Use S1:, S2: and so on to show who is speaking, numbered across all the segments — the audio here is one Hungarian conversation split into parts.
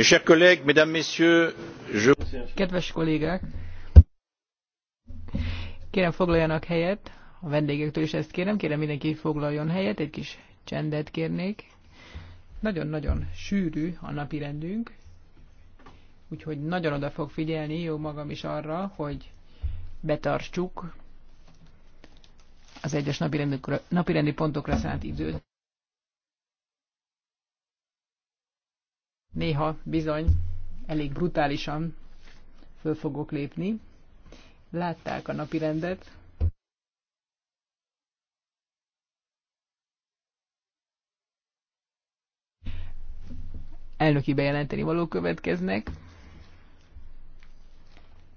S1: Mes chers Kedves kollégák! Kérem foglaljanak helyet, a vendégektől is ezt kérem, kérem mindenki foglaljon helyet, egy kis csendet kérnék. Nagyon-nagyon sűrű a napirendünk, úgyhogy nagyon oda fog figyelni jó magam is arra, hogy betartsuk az egyes napirendi pontokra szánt időt. néha bizony elég brutálisan föl fogok lépni. Látták a napi rendet. Elnöki bejelenteni való következnek.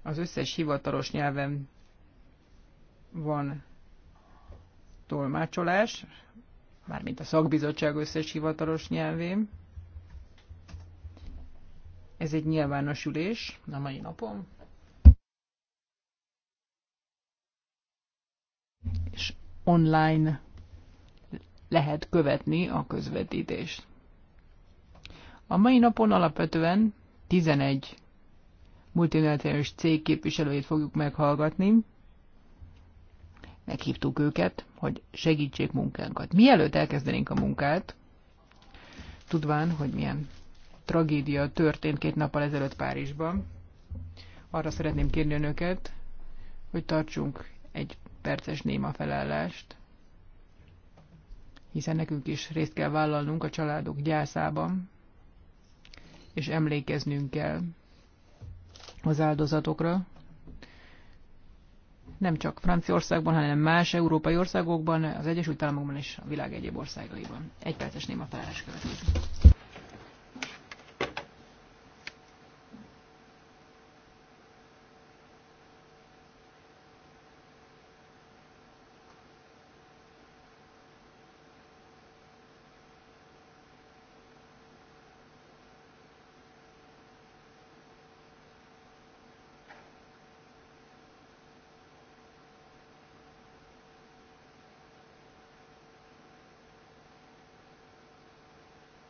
S1: Az összes hivatalos nyelven van tolmácsolás, mármint a szakbizottság összes hivatalos nyelvén. Ez egy nyilvános ülés a mai napon. És online lehet követni a közvetítést. A mai napon alapvetően 11 multinacionális cég képviselőjét fogjuk meghallgatni. Meghívtuk őket, hogy segítsék munkánkat. Mielőtt elkezdenénk a munkát, tudván, hogy milyen tragédia történt két nappal ezelőtt Párizsban. Arra szeretném kérni önöket, hogy tartsunk egy perces néma felállást, hiszen nekünk is részt kell vállalnunk a családok gyászában, és emlékeznünk kell az áldozatokra, nem csak Franciaországban, hanem más európai országokban, az Egyesült Államokban és a világ egyéb országaiban. Egy perces néma felállás következik.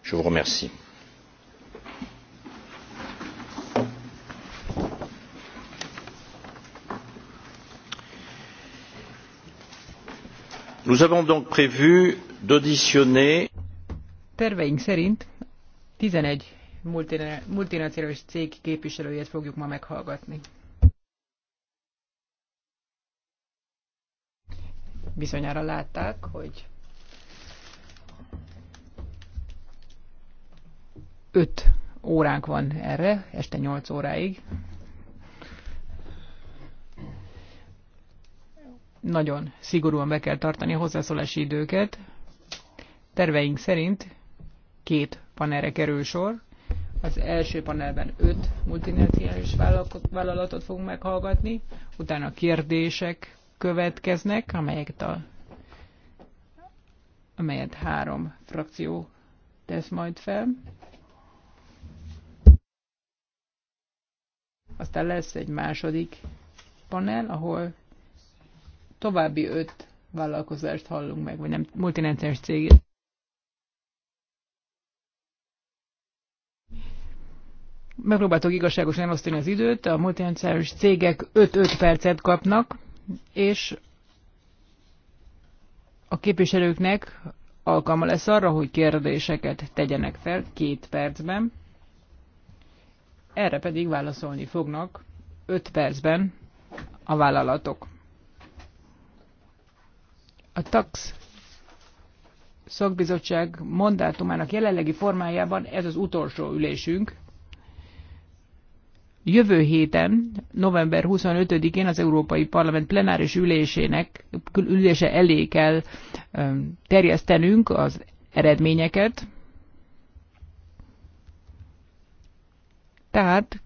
S2: je vous remercie.
S3: nous avons donc prévu d'auditionner
S1: terveink szerint 11 multinacionális cég képviselőjét fogjuk ma meghallgatni. Bizonyára látták, hogy 5 óránk van erre, este 8 óráig. Nagyon szigorúan be kell tartani a hozzászólási időket. Terveink szerint két panelre kerül sor. Az első panelben öt multinacionális vállalatot fogunk meghallgatni, utána kérdések következnek, amelyeket a, amelyet három frakció tesz majd fel. Aztán lesz egy második panel, ahol további öt vállalkozást hallunk meg, vagy nem multinacionalis cégét. Megpróbáltok igazságosan elosztani az időt, a multinacionalis cégek 5-5 percet kapnak, és a képviselőknek alkalma lesz arra, hogy kérdéseket tegyenek fel két percben. Erre pedig válaszolni fognak 5 percben a vállalatok. A TAX szakbizottság mandátumának jelenlegi formájában ez az utolsó ülésünk. Jövő héten, november 25-én az Európai Parlament plenáris ülésének ülése elé kell terjesztenünk az eredményeket. Tehát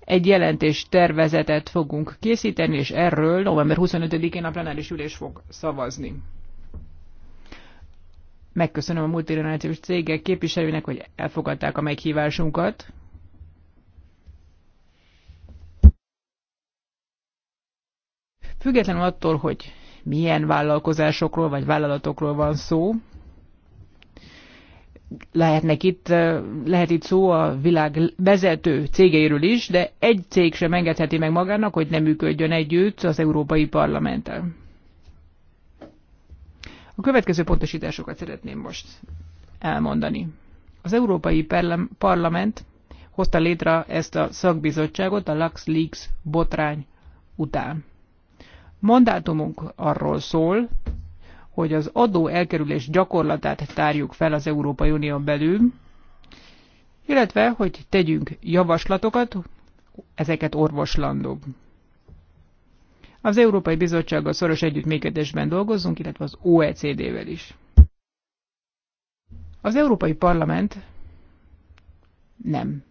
S1: egy jelentés tervezetet fogunk készíteni, és erről november 25-én a plenáris ülés fog szavazni. Megköszönöm a multirenációs cégek képviselőinek, hogy elfogadták a meghívásunkat. Függetlenül attól, hogy milyen vállalkozásokról vagy vállalatokról van szó, lehetnek itt, lehet itt szó a világ vezető cégeiről is, de egy cég sem engedheti meg magának, hogy nem működjön együtt az Európai Parlamenttel. A következő pontosításokat szeretném most elmondani. Az Európai Parlament hozta létre ezt a szakbizottságot a LuxLeaks botrány után. Mandátumunk arról szól, hogy az adó elkerülés gyakorlatát tárjuk fel az Európai Unión belül, illetve, hogy tegyünk javaslatokat, ezeket orvoslandó. Az Európai Bizottsággal szoros együttműködésben dolgozunk, illetve az OECD-vel is. Az Európai Parlament nem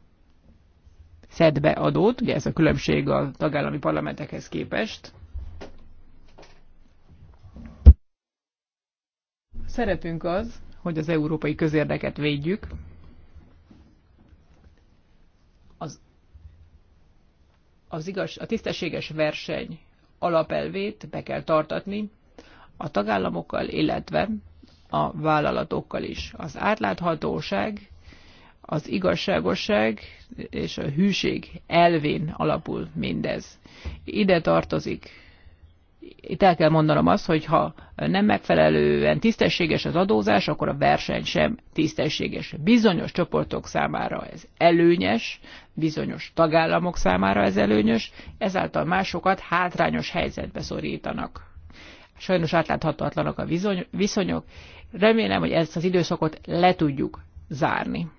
S1: szed be adót, ugye ez a különbség a tagállami parlamentekhez képest. Szerepünk az, hogy az európai közérdeket védjük, az, az igaz, a tisztességes verseny alapelvét be kell tartatni a tagállamokkal, illetve a vállalatokkal is. Az átláthatóság, az igazságosság és a hűség elvén alapul mindez. Ide tartozik itt el kell mondanom azt, hogy ha nem megfelelően tisztességes az adózás, akkor a verseny sem tisztességes. Bizonyos csoportok számára ez előnyes, bizonyos tagállamok számára ez előnyös, ezáltal másokat hátrányos helyzetbe szorítanak. Sajnos átláthatatlanak a viszonyok. Remélem, hogy ezt az időszakot le tudjuk zárni.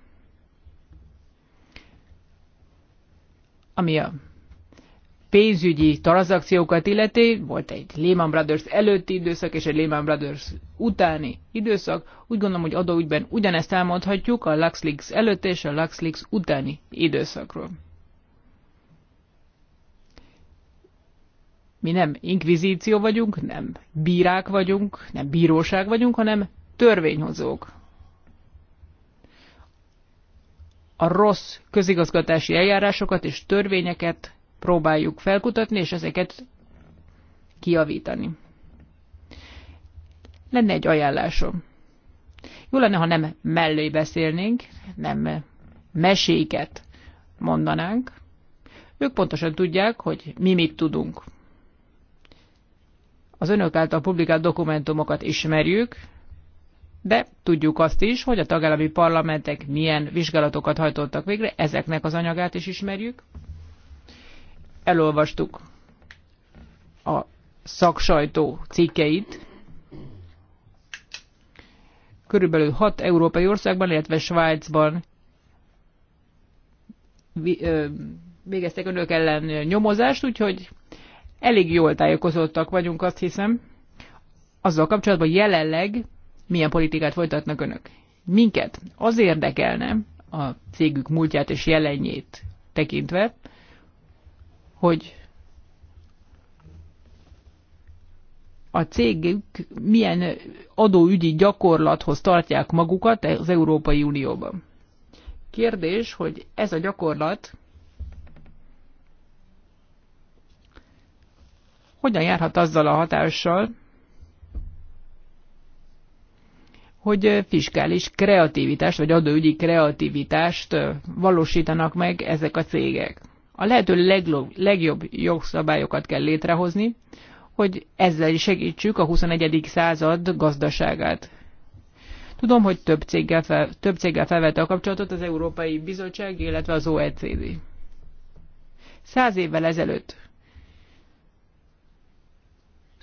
S1: Ami a pénzügyi tranzakciókat illeti, volt egy Lehman Brothers előtti időszak és egy Lehman Brothers utáni időszak, úgy gondolom, hogy adóügyben ugyanezt elmondhatjuk a LuxLeaks előtt és a LuxLeaks utáni időszakról. Mi nem inkvizíció vagyunk, nem bírák vagyunk, nem bíróság vagyunk, hanem törvényhozók. A rossz közigazgatási eljárásokat és törvényeket próbáljuk felkutatni, és ezeket kiavítani. Lenne egy ajánlásom. Jó lenne, ha nem mellé beszélnénk, nem meséket mondanánk. Ők pontosan tudják, hogy mi mit tudunk. Az önök által publikált dokumentumokat ismerjük, de tudjuk azt is, hogy a tagállami parlamentek milyen vizsgálatokat hajtottak végre, ezeknek az anyagát is ismerjük elolvastuk a szaksajtó cikkeit. Körülbelül hat európai országban, illetve Svájcban végeztek önök ellen nyomozást, úgyhogy elég jól tájékozottak vagyunk, azt hiszem, azzal kapcsolatban jelenleg milyen politikát folytatnak önök. Minket az érdekelne, a cégük múltját és jelenjét tekintve, hogy a cégük milyen adóügyi gyakorlathoz tartják magukat az Európai Unióban. Kérdés, hogy ez a gyakorlat hogyan járhat azzal a hatással, hogy fiskális kreativitást, vagy adóügyi kreativitást valósítanak meg ezek a cégek. A lehető legjobb, legjobb jogszabályokat kell létrehozni, hogy ezzel is segítsük a 21. század gazdaságát. Tudom, hogy több céggel, fel, több céggel felvette a kapcsolatot az Európai Bizottság, illetve az OECD. Száz évvel ezelőtt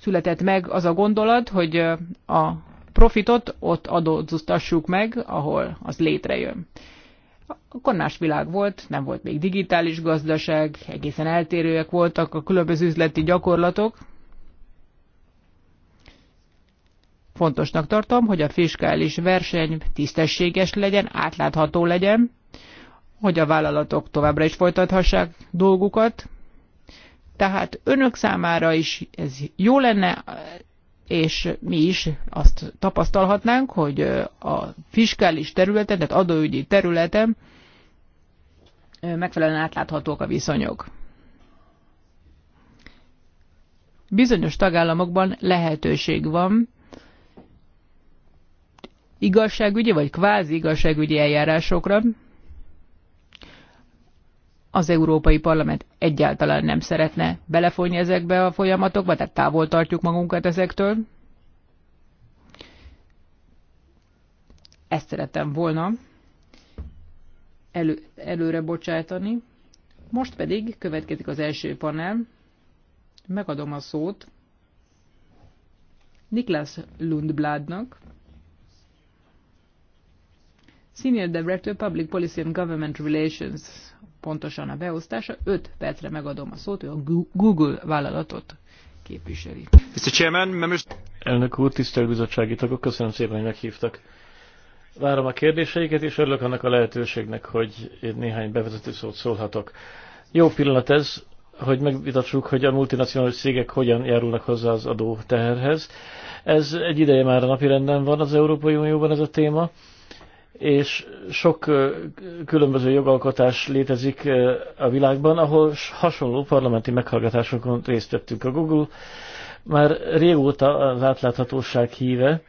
S1: született meg az a gondolat, hogy a profitot ott adóztassuk meg, ahol az létrejön akkor más világ volt, nem volt még digitális gazdaság, egészen eltérőek voltak a különböző üzleti gyakorlatok. Fontosnak tartom, hogy a fiskális verseny tisztességes legyen, átlátható legyen, hogy a vállalatok továbbra is folytathassák dolgukat. Tehát önök számára is ez jó lenne, és mi is azt tapasztalhatnánk, hogy a fiskális területen, tehát adóügyi területen megfelelően átláthatók a viszonyok. Bizonyos tagállamokban lehetőség van igazságügyi vagy kvázi igazságügyi eljárásokra, az Európai Parlament egyáltalán nem szeretne belefolyni ezekbe a folyamatokba, tehát távol tartjuk magunkat ezektől. Ezt szerettem volna elő, előre bocsájtani. Most pedig következik az első panel. Megadom a szót Niklas Lundbladnak, Senior Director Public Policy and Government Relations pontosan a beosztása. 5 percre megadom a szót, hogy a Google vállalatot képviseli.
S3: Mr. Chairman, members... Elnök úr, tisztelt bizottsági tagok, köszönöm szépen, hogy meghívtak. Várom a kérdéseiket, és örülök annak a lehetőségnek, hogy én néhány bevezető szót szólhatok. Jó pillanat ez, hogy megvitassuk, hogy a multinacionális cégek hogyan járulnak hozzá az adó teherhez. Ez egy ideje már a napirenden van az Európai Unióban ez a téma, és sok különböző jogalkotás létezik a világban, ahol hasonló parlamenti meghallgatásokon részt vettünk. A Google már régóta az átláthatóság híve,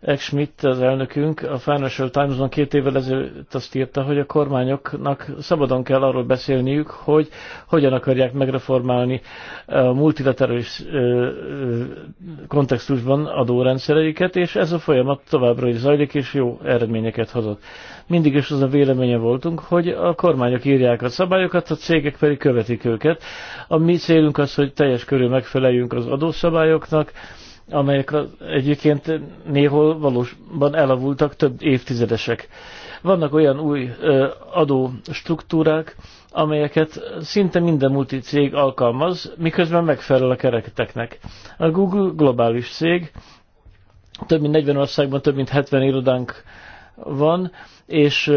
S3: Eck Schmidt, az elnökünk, a Financial Times-ban két évvel ezelőtt azt írta, hogy a kormányoknak szabadon kell arról beszélniük, hogy hogyan akarják megreformálni a multilaterális kontextusban adórendszereiket, és ez a folyamat továbbra is zajlik, és jó eredményeket hozott. Mindig is az a véleménye voltunk, hogy a kormányok írják a szabályokat, a cégek pedig követik őket. A mi célunk az, hogy teljes körül megfeleljünk az adószabályoknak, amelyek egyébként néhol valósban elavultak több évtizedesek. Vannak olyan új adó struktúrák, amelyeket szinte minden multicég alkalmaz, miközben megfelel a kereketeknek. A Google globális cég, több mint 40 országban több mint 70 irodánk van, és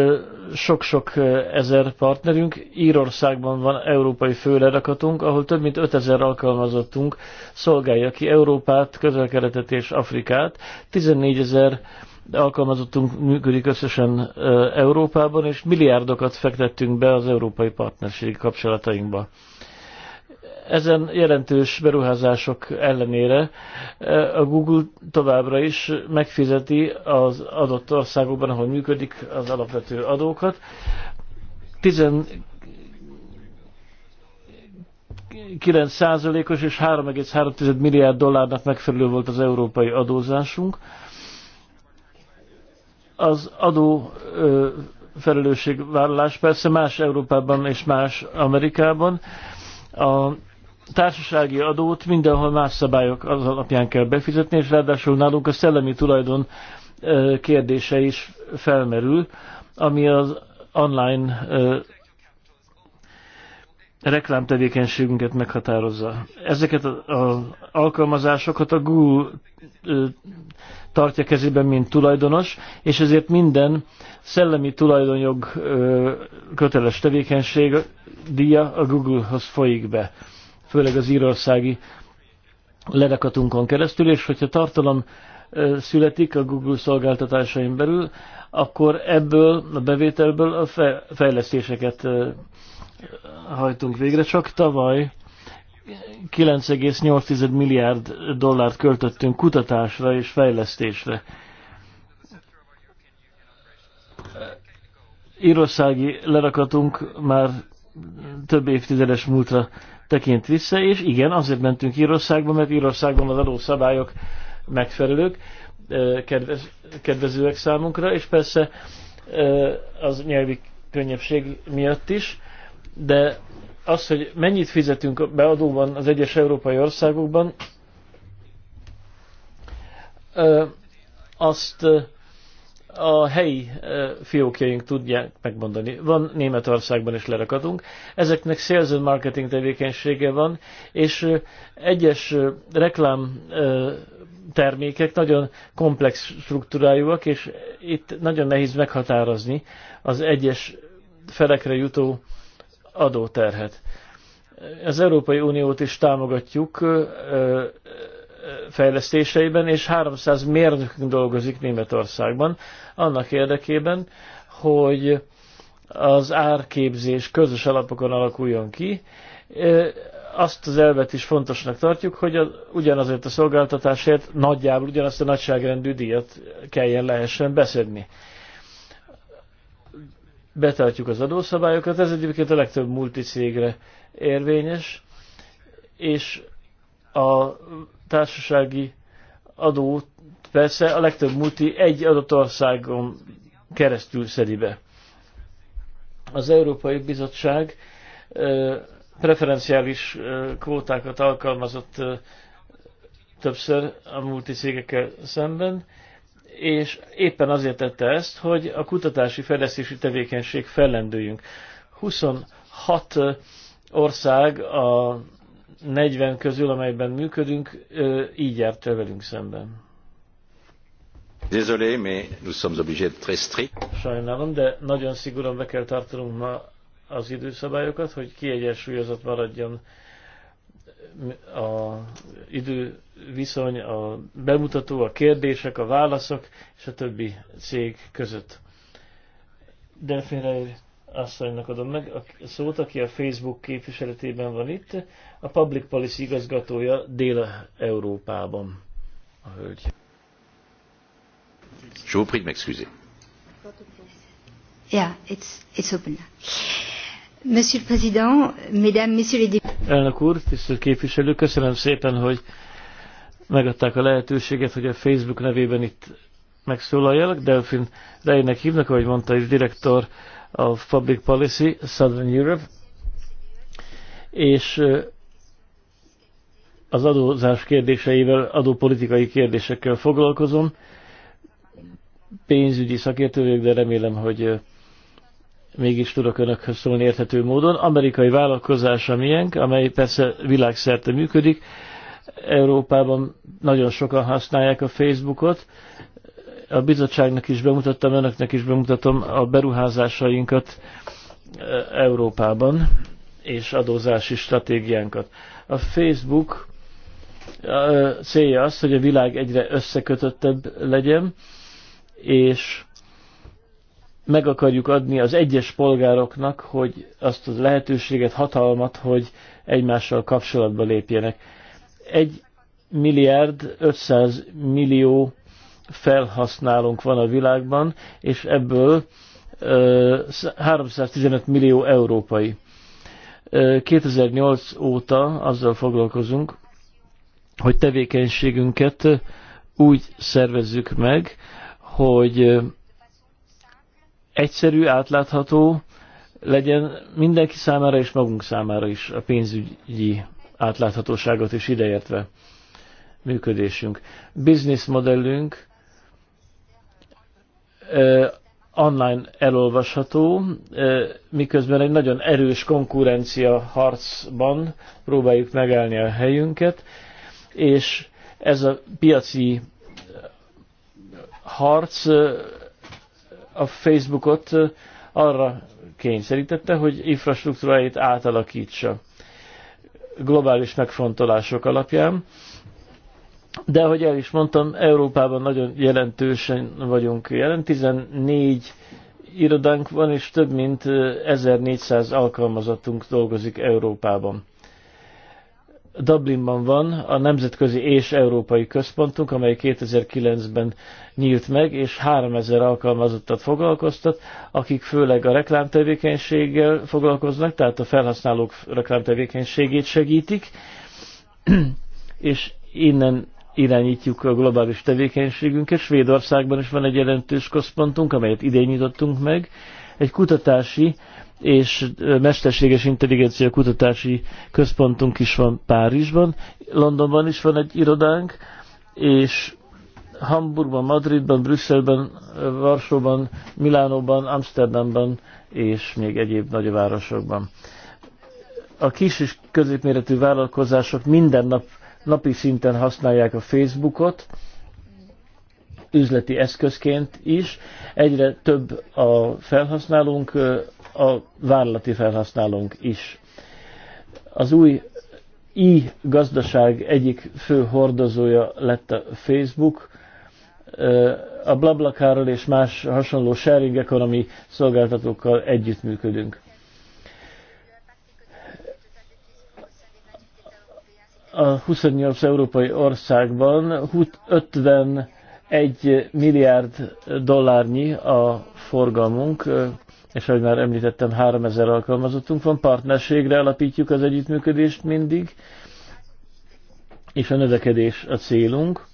S3: sok-sok ezer partnerünk. Írországban van európai főlerakatunk, ahol több mint 5000 alkalmazottunk szolgálja ki Európát, közel és Afrikát. 14 ezer alkalmazottunk működik összesen Európában, és milliárdokat fektettünk be az európai partnerségi kapcsolatainkba. Ezen jelentős beruházások ellenére e, a Google továbbra is megfizeti az adott országokban, ahol működik az alapvető adókat. 19%-os és 3,3 milliárd dollárnak megfelelő volt az európai adózásunk. Az adó felelősségvállalás persze más Európában és más Amerikában. A társasági adót mindenhol más szabályok az alapján kell befizetni, és ráadásul nálunk a szellemi tulajdon kérdése is felmerül, ami az online reklámtevékenységünket meghatározza. Ezeket az alkalmazásokat a Google tartja kezében, mint tulajdonos, és ezért minden szellemi tulajdonjog köteles tevékenység díja a Google-hoz folyik be főleg az írországi ledakatunkon keresztül, és hogyha tartalom születik a Google szolgáltatásaim belül, akkor ebből a bevételből a fejlesztéseket hajtunk végre. Csak tavaly 9,8 milliárd dollárt költöttünk kutatásra és fejlesztésre. Írországi lerakatunk már több évtizedes múltra tekint vissza, és igen, azért mentünk Írországba, mert Írországban az adószabályok megfelelők, kedvez, kedvezőek számunkra, és persze az nyelvi könnyebbség miatt is, de az, hogy mennyit fizetünk beadóban az egyes európai országokban, azt a helyi fiókjaink tudják megmondani. Van Németországban is lerakadunk. Ezeknek sales and marketing tevékenysége van, és egyes reklám termékek nagyon komplex struktúrájúak, és itt nagyon nehéz meghatározni az egyes felekre jutó adóterhet. Az Európai Uniót is támogatjuk fejlesztéseiben, és 300 mérnök dolgozik Németországban, annak érdekében, hogy az árképzés közös alapokon alakuljon ki. Azt az elvet is fontosnak tartjuk, hogy a, ugyanazért a szolgáltatásért nagyjából ugyanazt a nagyságrendű díjat kelljen lehessen beszedni. Betartjuk az adószabályokat, ez egyébként a legtöbb multicégre érvényes, és a társasági adót persze a legtöbb multi egy adott országon keresztül szedi be. Az Európai Bizottság preferenciális kvótákat alkalmazott többször a multi cégekkel szemben, és éppen azért tette ezt, hogy a kutatási fejlesztési tevékenység fellendüljünk. 26 ország a 40 közül, amelyben működünk, így járt el velünk szemben.
S4: Désolé, mais nous sommes obligés de très strict.
S3: Sajnálom, de nagyon szigorúan be kell tartanunk ma az időszabályokat, hogy kiegyensúlyozott maradjon a viszony, a bemutató, a kérdések, a válaszok és a többi cég között. Delfin asszonynak adom meg a szót, aki a Facebook képviseletében van itt, a Public Policy igazgatója Dél-Európában a hölgy.
S4: Je megszűzé. Ja,
S5: Yeah, it's, it's open. Monsieur le Président, Mesdames, Messieurs les
S3: députés. Elnök úr, tisztelt képviselő, köszönöm szépen, hogy megadták a lehetőséget, hogy a Facebook nevében itt megszólaljak. Delfin Rejnek hívnak, ahogy mondta is direktor of Public Policy, Southern Europe, és az adózás kérdéseivel, adópolitikai kérdésekkel foglalkozom. Pénzügyi vagyok, de remélem, hogy mégis tudok önökhöz szólni érthető módon. Amerikai vállalkozása miénk, amely persze világszerte működik. Európában nagyon sokan használják a Facebookot, a bizottságnak is bemutattam, önöknek is bemutatom a beruházásainkat eh, Európában és adózási stratégiánkat. A Facebook eh, célja az, hogy a világ egyre összekötöttebb legyen, és meg akarjuk adni az egyes polgároknak, hogy azt a lehetőséget, hatalmat, hogy egymással kapcsolatba lépjenek. Egy milliárd 500 millió felhasználónk van a világban, és ebből 315 millió európai. 2008 óta azzal foglalkozunk, hogy tevékenységünket úgy szervezzük meg, hogy egyszerű, átlátható legyen mindenki számára és magunk számára is a pénzügyi átláthatóságot is ideértve működésünk. Business modellünk online elolvasható, miközben egy nagyon erős konkurencia harcban próbáljuk megállni a helyünket, és ez a piaci harc a Facebookot arra kényszerítette, hogy infrastruktúráit átalakítsa globális megfontolások alapján, de ahogy el is mondtam, Európában nagyon jelentősen vagyunk jelen. 14 irodánk van, és több mint 1400 alkalmazottunk dolgozik Európában. Dublinban van a Nemzetközi és Európai Központunk, amely 2009-ben nyílt meg, és 3000 alkalmazottat foglalkoztat, akik főleg a reklámtevékenységgel foglalkoznak, tehát a felhasználók reklámtevékenységét segítik, és innen irányítjuk a globális tevékenységünket. Svédországban is van egy jelentős központunk, amelyet idén nyitottunk meg. Egy kutatási és mesterséges intelligencia kutatási központunk is van Párizsban, Londonban is van egy irodánk, és Hamburgban, Madridban, Brüsszelben, Varsóban, Milánóban, Amsterdamban és még egyéb nagyvárosokban. A kis és középméretű vállalkozások minden nap napi szinten használják a Facebookot, üzleti eszközként is. Egyre több a felhasználónk, a vállalati felhasználónk is. Az új i-gazdaság egyik fő hordozója lett a Facebook, a Blablakáról és más hasonló sharing economy szolgáltatókkal együttműködünk. a 28 európai országban 51 milliárd dollárnyi a forgalmunk, és ahogy már említettem, 3000 alkalmazottunk van, partnerségre alapítjuk az együttműködést mindig, és a növekedés a célunk.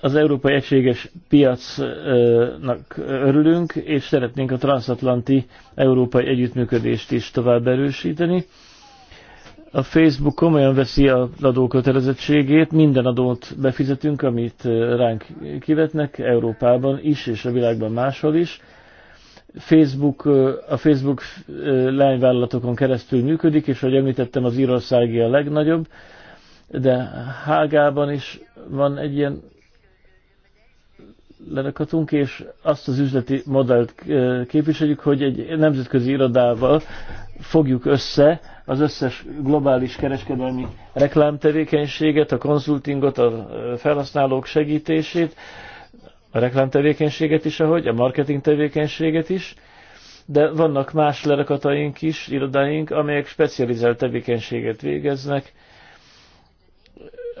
S3: Az Európai Egységes Piacnak örülünk, és szeretnénk a transatlanti európai együttműködést is tovább erősíteni a Facebook komolyan veszi a kötelezettségét, minden adót befizetünk, amit ránk kivetnek, Európában is, és a világban máshol is. Facebook, a Facebook lányvállalatokon keresztül működik, és ahogy említettem, az írországi a legnagyobb, de Hágában is van egy ilyen lerakatunk és azt az üzleti modellt eh, képviseljük, hogy egy nemzetközi irodával fogjuk össze az összes globális kereskedelmi reklámtevékenységet, a konzultingot, a eh, felhasználók segítését, a reklámtevékenységet is, ahogy a marketing tevékenységet is, de vannak más lerakataink is, irodáink, amelyek specializált tevékenységet végeznek,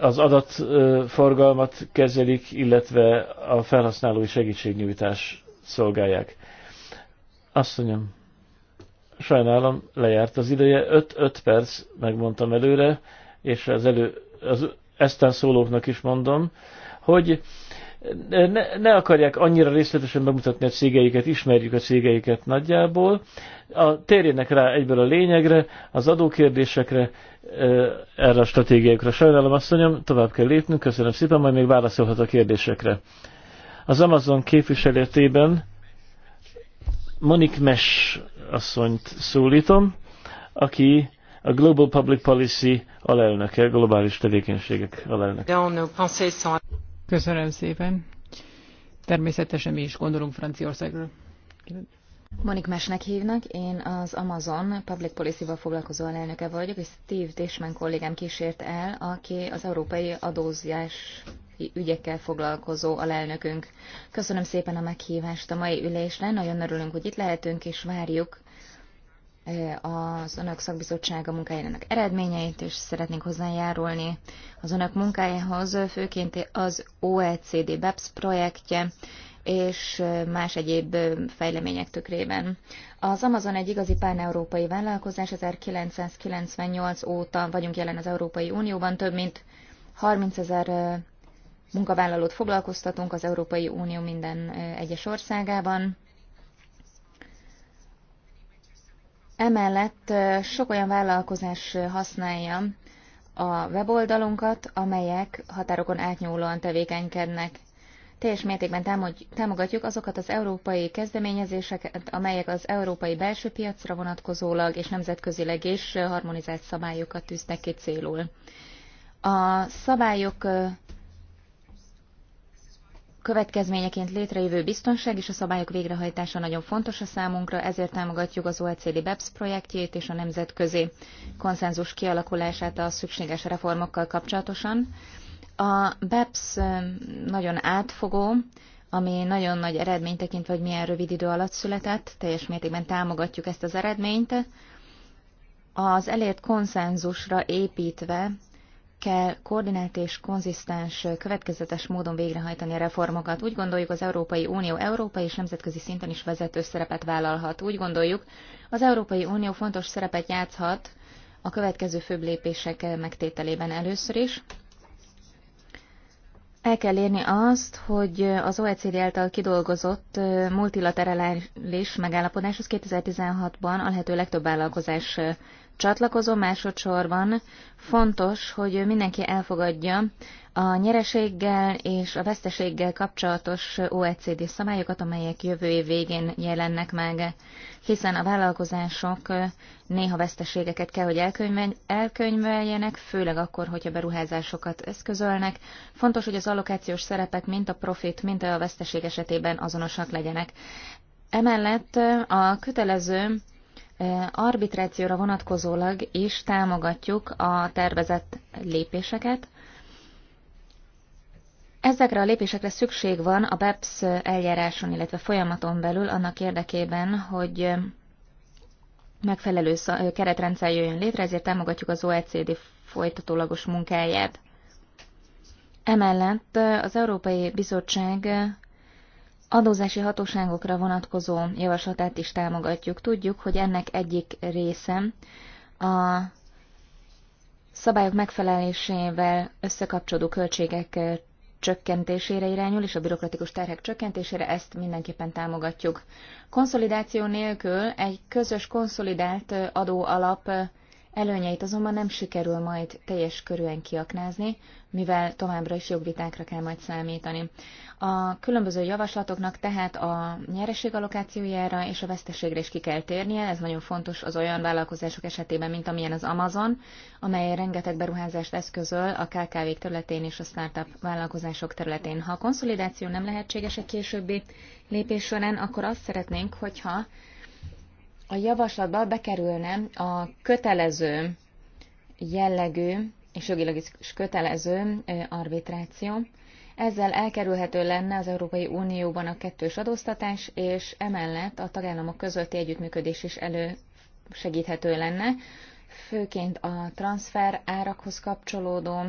S3: az adatforgalmat kezelik, illetve a felhasználói segítségnyújtás szolgálják. Azt mondjam, sajnálom, lejárt az ideje, 5-5 perc, megmondtam előre, és az elő, az eztán szólóknak is mondom, hogy ne, ne akarják annyira részletesen bemutatni a cégeiket, ismerjük a cégeiket nagyjából. A, térjenek rá egyből a lényegre, az adókérdésekre, erre a stratégiákra. Sajnálom, asszonyom, tovább kell lépnünk, köszönöm szépen, majd még válaszolhat a kérdésekre. Az Amazon képviseletében Monik Mesh asszonyt szólítom, aki a Global Public Policy alelnöke, globális tevékenységek alelnöke.
S1: Köszönöm szépen. Természetesen mi is gondolunk Franciaországra.
S5: Monik Mesnek hívnak, én az Amazon Public Policy-val foglalkozó elnöke vagyok, és Steve Dishman kollégám kísért el, aki az európai adózás ügyekkel foglalkozó alelnökünk. Köszönöm szépen a meghívást a mai ülésre, nagyon örülünk, hogy itt lehetünk, és várjuk az önök szakbizottsága munkájának eredményeit, és szeretnénk hozzájárulni az önök munkájához, főként az OECD BEPS projektje, és más egyéb fejlemények tükrében. Az Amazon egy igazi pán-európai vállalkozás, 1998 óta vagyunk jelen az Európai Unióban, több mint 30 ezer munkavállalót foglalkoztatunk az Európai Unió minden egyes országában. Emellett sok olyan vállalkozás használja a weboldalunkat, amelyek határokon átnyúlóan tevékenykednek. Teljes mértékben támogatjuk azokat az európai kezdeményezéseket, amelyek az európai belső piacra vonatkozólag és nemzetközileg is harmonizált szabályokat tűztek ki célul. A szabályok következményeként létrejövő biztonság és a szabályok végrehajtása nagyon fontos a számunkra, ezért támogatjuk az OECD BEPS projektjét és a nemzetközi konszenzus kialakulását a szükséges reformokkal kapcsolatosan. A BEPS nagyon átfogó, ami nagyon nagy eredmény tekintve, hogy milyen rövid idő alatt született, teljes mértékben támogatjuk ezt az eredményt. Az elért konszenzusra építve kell koordinált és konzisztens, következetes módon végrehajtani a reformokat. Úgy gondoljuk, az Európai Unió európai és nemzetközi szinten is vezető szerepet vállalhat. Úgy gondoljuk, az Európai Unió fontos szerepet játszhat a következő főbb lépések megtételében először is. El kell érni azt, hogy az OECD által kidolgozott multilaterális az 2016-ban a lehető legtöbb vállalkozás csatlakozom, másodszorban fontos, hogy mindenki elfogadja a nyereséggel és a veszteséggel kapcsolatos OECD szabályokat, amelyek jövő év végén jelennek meg, hiszen a vállalkozások néha veszteségeket kell, hogy elkönyveljenek, főleg akkor, hogyha beruházásokat eszközölnek. Fontos, hogy az allokációs szerepek mint a profit, mint a veszteség esetében azonosak legyenek. Emellett a kötelező arbitrációra vonatkozólag is támogatjuk a tervezett lépéseket. Ezekre a lépésekre szükség van a BEPS eljáráson, illetve folyamaton belül annak érdekében, hogy megfelelő keretrendszer jöjjön létre, ezért támogatjuk az OECD folytatólagos munkáját. Emellett az Európai Bizottság adózási hatóságokra vonatkozó javaslatát is támogatjuk. Tudjuk, hogy ennek egyik része a szabályok megfelelésével összekapcsolódó költségek csökkentésére irányul, és a bürokratikus terhek csökkentésére ezt mindenképpen támogatjuk. Konszolidáció nélkül egy közös konszolidált adóalap Előnyeit azonban nem sikerül majd teljes körűen kiaknázni, mivel továbbra is jogvitákra kell majd számítani. A különböző javaslatoknak tehát a nyereség allokációjára és a veszteségre is ki kell térnie, ez nagyon fontos az olyan vállalkozások esetében, mint amilyen az Amazon, amely rengeteg beruházást eszközöl a kkv területén és a startup vállalkozások területén. Ha a konszolidáció nem lehetséges egy későbbi lépés során, akkor azt szeretnénk, hogyha a javaslatba bekerülne a kötelező jellegű és jogilag is kötelező arbitráció. Ezzel elkerülhető lenne az Európai Unióban a kettős adóztatás, és emellett a tagállamok közötti együttműködés is elősegíthető lenne, főként a transfer árakhoz kapcsolódó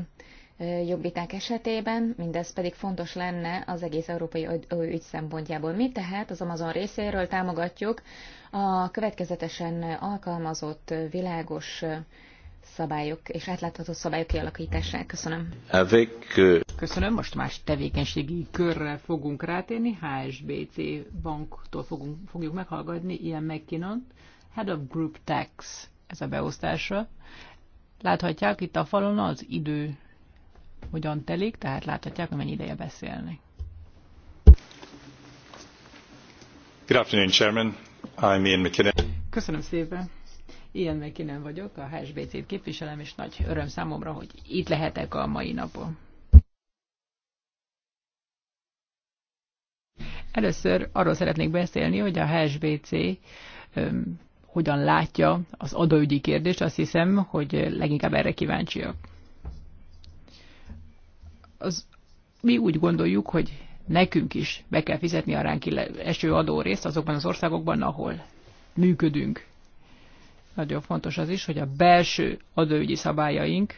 S5: jobbiták esetében, mindez pedig fontos lenne az egész európai ügy szempontjából. Mi tehát az Amazon részéről támogatjuk a következetesen alkalmazott világos szabályok és átlátható szabályok kialakítását. Köszönöm. Avec, Köszönöm, most más tevékenységi körre fogunk rátérni. HSBC banktól fogunk,
S1: fogjuk meghallgatni ilyen mckinnon Head of Group Tax, ez a beosztása. Láthatják itt a falon az idő hogyan telik, tehát láthatják, hogy mennyi ideje beszélni.
S2: Good afternoon, Chairman. I'm Ian McKinnon.
S1: Köszönöm szépen. Ilyen McKinnon vagyok, a HSBC-t képviselem, és nagy öröm számomra, hogy itt lehetek a mai napon. Először arról szeretnék beszélni, hogy a HSBC öm, hogyan látja az adóügyi kérdést, azt hiszem, hogy leginkább erre kíváncsiak. Az, mi úgy gondoljuk, hogy nekünk is be kell fizetni a ránk eső adórészt azokban az országokban, ahol működünk. Nagyon fontos az is, hogy a belső adóügyi szabályaink,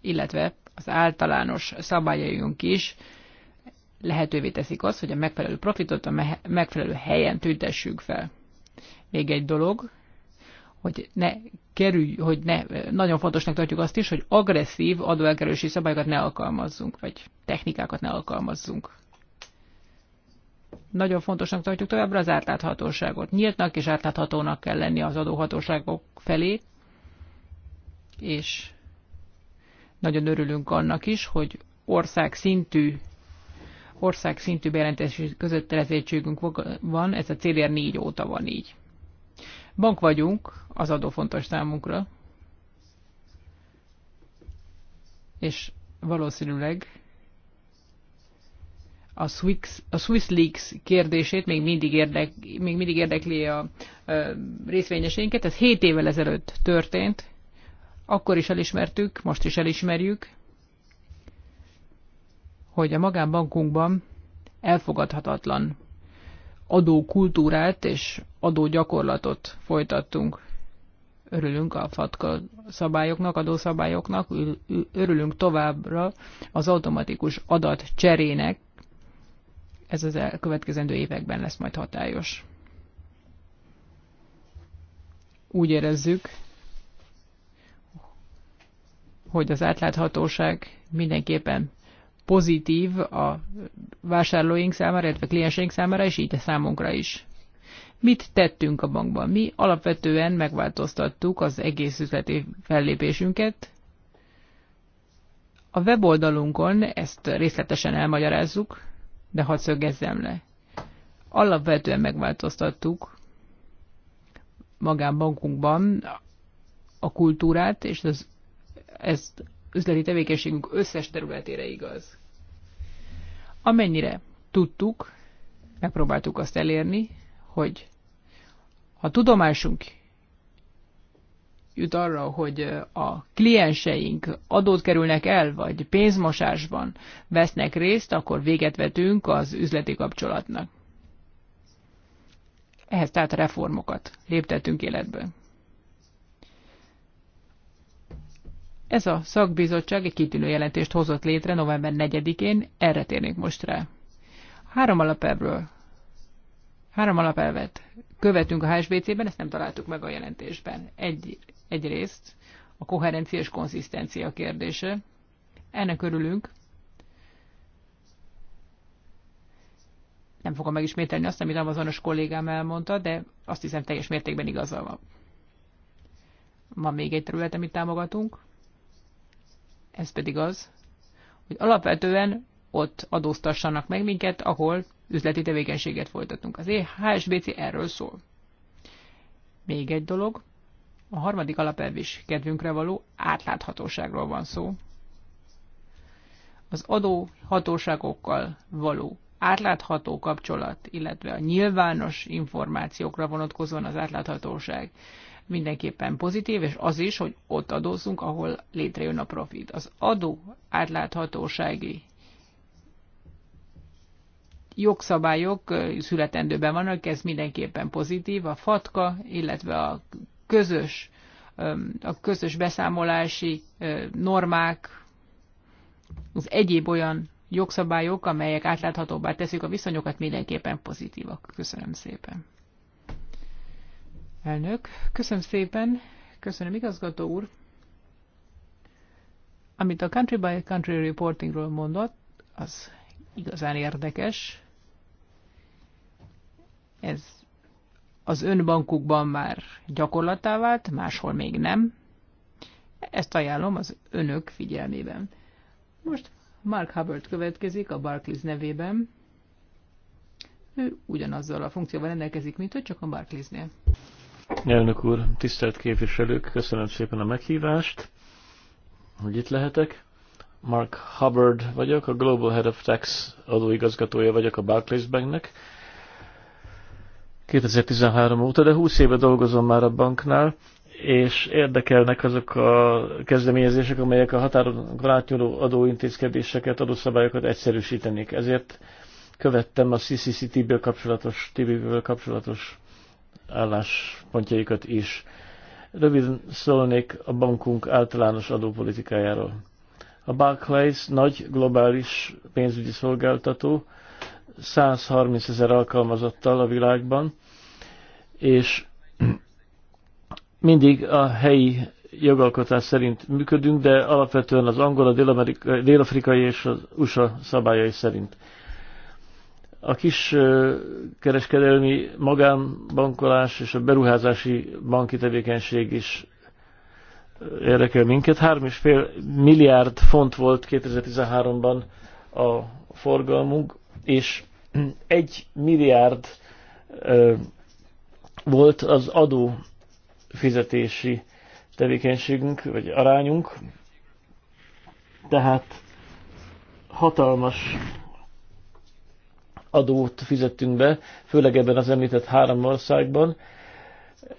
S1: illetve az általános szabályaink is lehetővé teszik azt, hogy a megfelelő profitot a megfelelő helyen tüntessünk fel. Még egy dolog, hogy ne kerülj, hogy ne, nagyon fontosnak tartjuk azt is, hogy agresszív adóelkerülési szabályokat ne alkalmazzunk, vagy technikákat ne alkalmazzunk. Nagyon fontosnak tartjuk továbbra az átláthatóságot. Nyíltnak és átláthatónak kell lenni az adóhatóságok felé, és nagyon örülünk annak is, hogy ország szintű ország szintű bejelentési között van, ez a CDR 4 óta van így. Bank vagyunk, az adó fontos számunkra, és valószínűleg a Swiss, a Swiss Leaks kérdését még mindig, érdek, még mindig érdekli a, a részvényeseinket. Ez 7 évvel ezelőtt történt. Akkor is elismertük, most is elismerjük, hogy a magánbankunkban elfogadhatatlan adókultúrát és adógyakorlatot folytattunk. Örülünk a FATKA szabályoknak, adószabályoknak, örülünk továbbra az automatikus adat cserének. Ez az elkövetkezendő években lesz majd hatályos. Úgy érezzük, hogy az átláthatóság mindenképpen pozitív a vásárlóink számára, illetve klienseink számára, és így a számunkra is. Mit tettünk a bankban? Mi alapvetően megváltoztattuk az egész üzleti fellépésünket. A weboldalunkon ezt részletesen elmagyarázzuk, de hadd szögezzem le. Alapvetően megváltoztattuk magánbankunkban a kultúrát, és ez, ez üzleti tevékenységünk összes területére igaz. Amennyire tudtuk, megpróbáltuk azt elérni, hogy ha tudomásunk jut arra, hogy a klienseink adót kerülnek el, vagy pénzmosásban vesznek részt, akkor véget vetünk az üzleti kapcsolatnak. Ehhez tehát reformokat léptettünk életbe. Ez a szakbizottság egy kitűnő jelentést hozott létre november 4-én, erre térnék most rá. Három alapelvről. Három alapelvet követünk a HSBC-ben, ezt nem találtuk meg a jelentésben. Egy, egyrészt a koherencia és konzisztencia kérdése. Ennek örülünk. Nem fogom megismételni azt, amit Amazonos kollégám elmondta, de azt hiszem teljes mértékben igaza van. Van még egy terület, amit támogatunk, ez pedig az, hogy alapvetően ott adóztassanak meg minket, ahol üzleti tevékenységet folytatunk. Az HSBC erről szól. Még egy dolog, a harmadik alapelv is kedvünkre való átláthatóságról van szó. Az adó hatóságokkal való átlátható kapcsolat, illetve a nyilvános információkra vonatkozóan az átláthatóság mindenképpen pozitív, és az is, hogy ott adózzunk, ahol létrejön a profit. Az adó átláthatósági jogszabályok születendőben vannak, ez mindenképpen pozitív. A FATKA, illetve a közös, a közös beszámolási normák, az egyéb olyan jogszabályok, amelyek átláthatóbbá teszik a viszonyokat, mindenképpen pozitívak. Köszönöm szépen. Elnök, köszönöm szépen, köszönöm igazgató úr. Amit a Country by Country Reportingról mondott, az igazán érdekes. Ez az önbankukban már gyakorlatá vált, máshol még nem. Ezt ajánlom az önök figyelmében. Most Mark Hubbard következik a Barclays nevében. Ő ugyanazzal a funkcióval rendelkezik, mint hogy csak a Barclaysnél.
S3: Elnök úr, tisztelt képviselők, köszönöm szépen a meghívást, hogy itt lehetek. Mark Hubbard vagyok, a Global Head of Tax adóigazgatója vagyok a Barclays Banknek. 2013 óta, de 20 éve dolgozom már a banknál, és érdekelnek azok a kezdeményezések, amelyek a határon átnyúló adóintézkedéseket, adószabályokat egyszerűsítenék. Ezért követtem a CCCTB-ből kapcsolatos, TB-ből kapcsolatos álláspontjaikat is. Röviden szólnék a bankunk általános adópolitikájáról. A Barclays nagy globális pénzügyi szolgáltató, 130 ezer alkalmazottal a világban, és mindig a helyi jogalkotás szerint működünk, de alapvetően az angol, a dél-afrikai dél és az USA szabályai szerint. A kis kereskedelmi magánbankolás és a beruházási banki tevékenység is érdekel minket. 3,5 milliárd font volt 2013-ban a forgalmunk, és 1 milliárd volt az adó fizetési tevékenységünk, vagy arányunk. Tehát hatalmas adót fizettünk be, főleg ebben az említett három országban.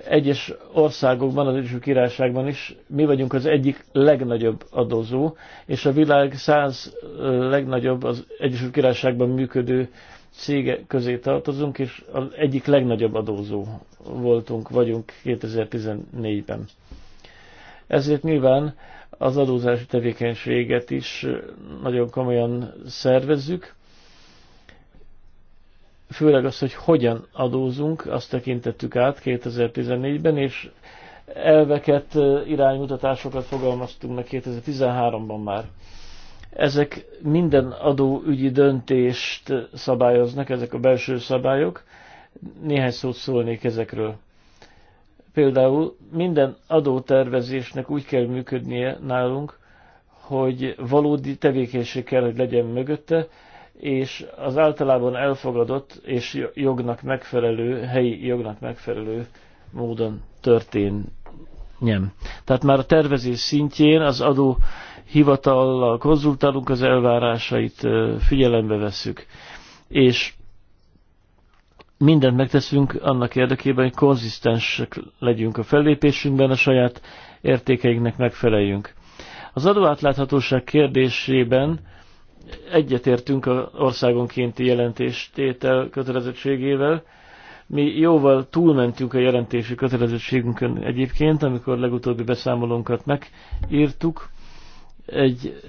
S3: Egyes országokban, az Egyesült Királyságban is mi vagyunk az egyik legnagyobb adózó, és a világ száz legnagyobb az Egyesült Királyságban működő cége közé tartozunk, és az egyik legnagyobb adózó voltunk, vagyunk 2014-ben. Ezért nyilván az adózási tevékenységet is nagyon komolyan szervezzük, főleg az, hogy hogyan adózunk, azt tekintettük át 2014-ben, és elveket, iránymutatásokat fogalmaztunk meg 2013-ban már. Ezek minden adóügyi döntést szabályoznak, ezek a belső szabályok. Néhány szót szólnék ezekről. Például minden adótervezésnek úgy kell működnie nálunk, hogy valódi tevékenység kell, hogy legyen mögötte, és az általában elfogadott és jognak megfelelő, helyi jognak megfelelő módon történjen. Tehát már a tervezés szintjén az adó hivatallal konzultálunk, az elvárásait figyelembe vesszük, és mindent megteszünk annak érdekében, hogy konzisztensek legyünk a fellépésünkben, a saját értékeinknek megfeleljünk. Az adóátláthatóság kérdésében egyetértünk az országonkénti jelentéstétel kötelezettségével. Mi jóval túlmentünk a jelentési kötelezettségünkön egyébként, amikor legutóbbi beszámolónkat megírtuk. Egy,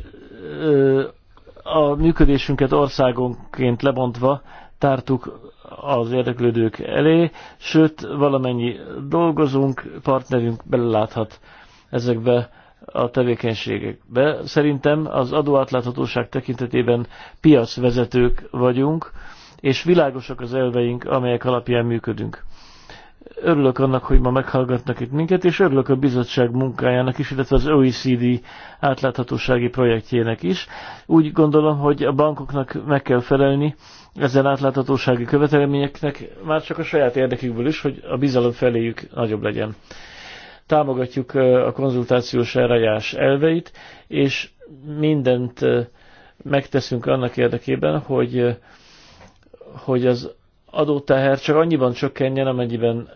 S3: a működésünket országonként lebontva tártuk az érdeklődők elé, sőt valamennyi dolgozunk, partnerünk beleláthat ezekbe a tevékenységekbe. Szerintem az adóátláthatóság tekintetében piacvezetők vagyunk, és világosak az elveink, amelyek alapján működünk. Örülök annak, hogy ma meghallgatnak itt minket, és örülök a bizottság munkájának is, illetve az OECD átláthatósági projektjének is. Úgy gondolom, hogy a bankoknak meg kell felelni ezen átláthatósági követelményeknek, már csak a saját érdekükből is, hogy a bizalom feléjük nagyobb legyen támogatjuk a konzultációs eljárás elveit, és mindent megteszünk annak érdekében, hogy, hogy az adóteher csak annyiban csökkenjen, amennyiben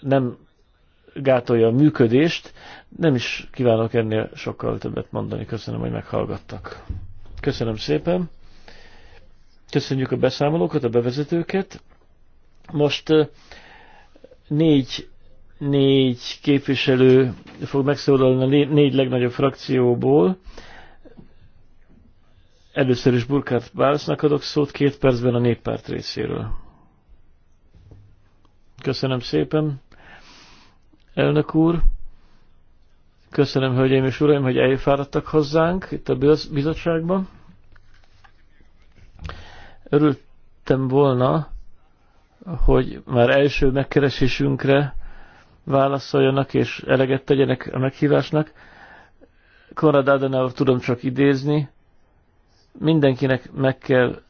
S3: nem gátolja a működést. Nem is kívánok ennél sokkal többet mondani. Köszönöm, hogy meghallgattak. Köszönöm szépen. Köszönjük a beszámolókat, a bevezetőket. Most négy négy képviselő fog megszólalni a négy legnagyobb frakcióból. Először is Burkhard Bálsznak adok szót két percben a néppárt részéről. Köszönöm szépen, elnök úr. Köszönöm, hölgyeim és uraim, hogy elfáradtak hozzánk itt a bizottságban. Örültem volna, hogy már első megkeresésünkre válaszoljanak és eleget tegyenek a meghívásnak. Konrad Adenauer tudom csak idézni, mindenkinek meg kell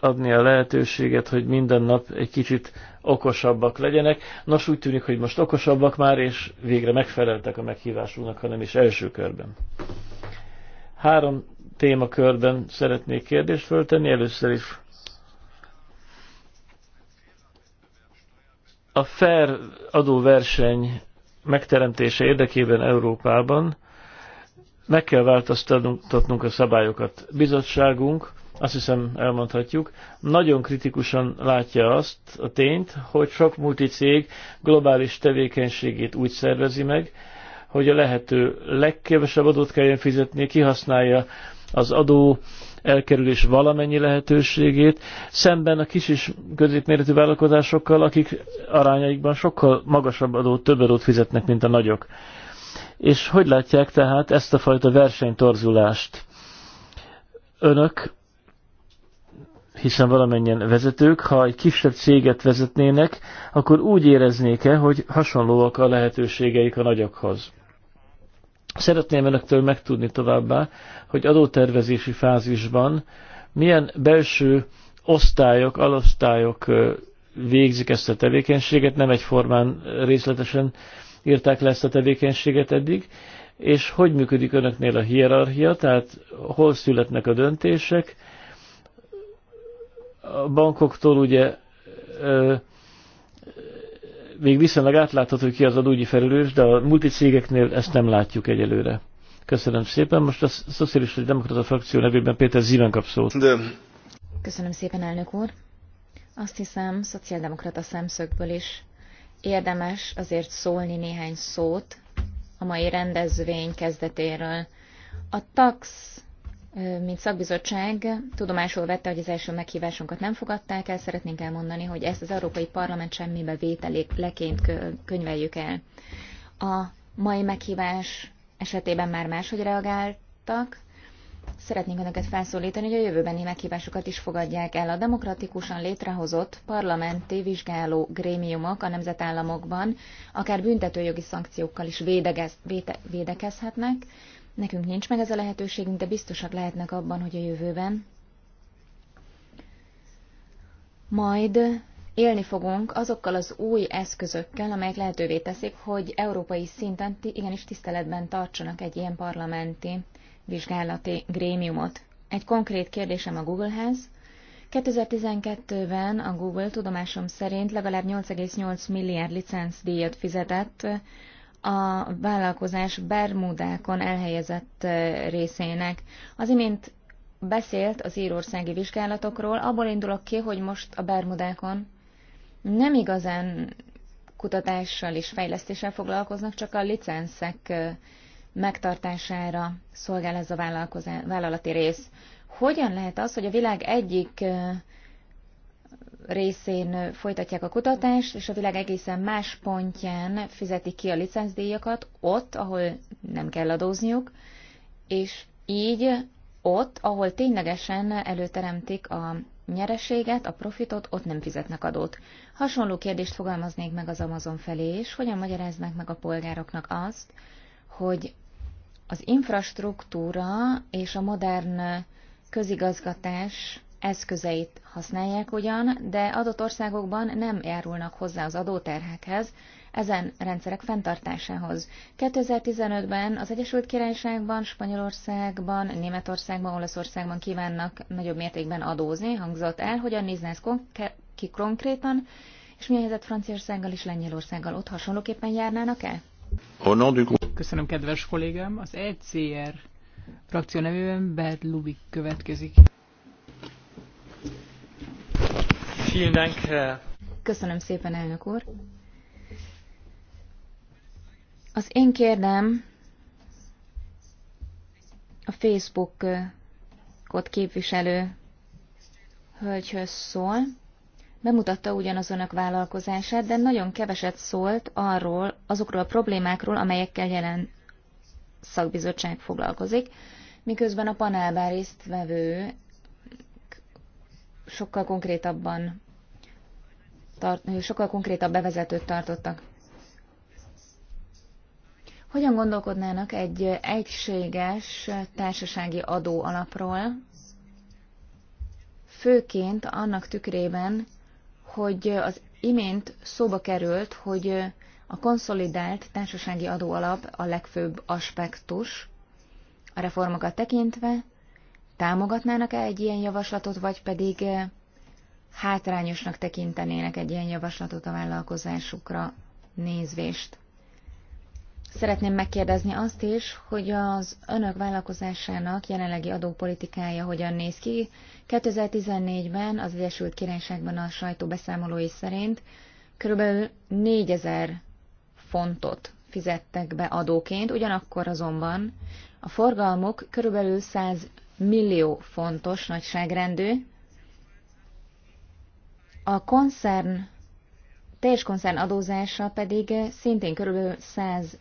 S3: adni a lehetőséget, hogy minden nap egy kicsit okosabbak legyenek. Nos, úgy tűnik, hogy most okosabbak már, és végre megfeleltek a meghívásunknak, hanem is első körben. Három témakörben szeretnék kérdést föltenni. Először is a fair adóverseny megteremtése érdekében Európában meg kell változtatnunk a szabályokat. Bizottságunk, azt hiszem elmondhatjuk, nagyon kritikusan látja azt a tényt, hogy sok multicég globális tevékenységét úgy szervezi meg, hogy a lehető legkevesebb adót kelljen fizetni, kihasználja az adó elkerülés valamennyi lehetőségét, szemben a kis és középméretű vállalkozásokkal, akik arányaikban sokkal magasabb adót, több adót fizetnek, mint a nagyok. És hogy látják tehát ezt a fajta versenytorzulást? Önök, hiszen valamennyien vezetők, ha egy kisebb céget vezetnének, akkor úgy éreznék-e, hogy hasonlóak a lehetőségeik a nagyokhoz? Szeretném önöktől megtudni továbbá, hogy adótervezési fázisban milyen belső osztályok, alosztályok végzik ezt a tevékenységet, nem egyformán részletesen írták le ezt a tevékenységet eddig, és hogy működik önöknél a hierarchia, tehát hol születnek a döntések. A bankoktól ugye még viszonylag átlátható ki az adógyi felülős, de a multicégeknél ezt nem látjuk egyelőre. Köszönöm szépen. Most a Szocialista és Demokrata frakció nevében Péter Zíven kap szót. De...
S5: Köszönöm szépen, elnök úr. Azt hiszem, szociáldemokrata szemszögből is érdemes azért szólni néhány szót a mai rendezvény kezdetéről. A tax mint szakbizottság tudomásul vette, hogy az első meghívásunkat nem fogadták el, szeretnénk elmondani, hogy ezt az Európai Parlament semmibe leként könyveljük el. A mai meghívás esetében már máshogy reagáltak, Szeretnénk önöket felszólítani, hogy a jövőbeni meghívásokat is fogadják el. A demokratikusan létrehozott parlamenti vizsgáló grémiumok a nemzetállamokban akár büntetőjogi szankciókkal is védekez, véde, védekezhetnek, Nekünk nincs meg ez a lehetőségünk, de biztosak lehetnek abban, hogy a jövőben majd élni fogunk azokkal az új eszközökkel, amelyek lehetővé teszik, hogy európai szinten igenis tiszteletben tartsanak egy ilyen parlamenti vizsgálati grémiumot. Egy konkrét kérdésem a Googlehez. 2012-ben a Google tudomásom szerint legalább 8,8 milliárd licenc díjat fizetett a vállalkozás Bermudákon elhelyezett részének. Az imént beszélt az írországi vizsgálatokról, abból indulok ki, hogy most a Bermudákon nem igazán kutatással és fejlesztéssel foglalkoznak, csak a licenszek megtartására szolgál ez a vállalati rész. Hogyan lehet az, hogy a világ egyik részén folytatják a kutatást, és a világ egészen más pontján fizetik ki a licencdíjakat, ott, ahol nem kell adózniuk, és így ott, ahol ténylegesen előteremtik a nyereséget, a profitot, ott nem fizetnek adót. Hasonló kérdést fogalmaznék meg az Amazon felé is, hogyan magyaráznak meg a polgároknak azt, hogy az infrastruktúra és a modern közigazgatás eszközeit használják ugyan, de adott országokban nem járulnak hozzá az adóterhekhez, ezen rendszerek fenntartásához. 2015-ben az Egyesült Királyságban, Spanyolországban, Németországban, Olaszországban kívánnak nagyobb mértékben adózni, hangzott el, hogyan nézne ez ki konkrétan, és mi a helyzet Franciaországgal és Lengyelországgal ott hasonlóképpen járnának el?
S1: Köszönöm, kedves kollégám. Az ECR frakció nevében Bert Lubik következik.
S3: Köszönöm
S5: szépen, elnök úr. Az én kérdem a Facebookot képviselő hölgyhöz szól. Bemutatta ugyanaz önök vállalkozását, de nagyon keveset szólt arról, azokról a problémákról, amelyekkel jelen szakbizottság foglalkozik, miközben a panelben résztvevő sokkal konkrétabban, tart, sokkal konkrétabb bevezetőt tartottak. Hogyan gondolkodnának egy egységes társasági adó alapról, főként annak tükrében, hogy az imént szóba került, hogy a konszolidált társasági adóalap a legfőbb aspektus a reformokat tekintve, támogatnának-e egy ilyen javaslatot, vagy pedig eh, hátrányosnak tekintenének egy ilyen javaslatot a vállalkozásukra nézvést. Szeretném megkérdezni azt is, hogy az önök vállalkozásának jelenlegi adópolitikája hogyan néz ki. 2014-ben az Egyesült Királyságban a sajtó beszámolói szerint körülbelül 4000 fontot fizettek be adóként, ugyanakkor azonban a forgalmuk körülbelül 100 millió fontos nagyságrendű. A koncern, teljes koncern adózása pedig szintén körülbelül 100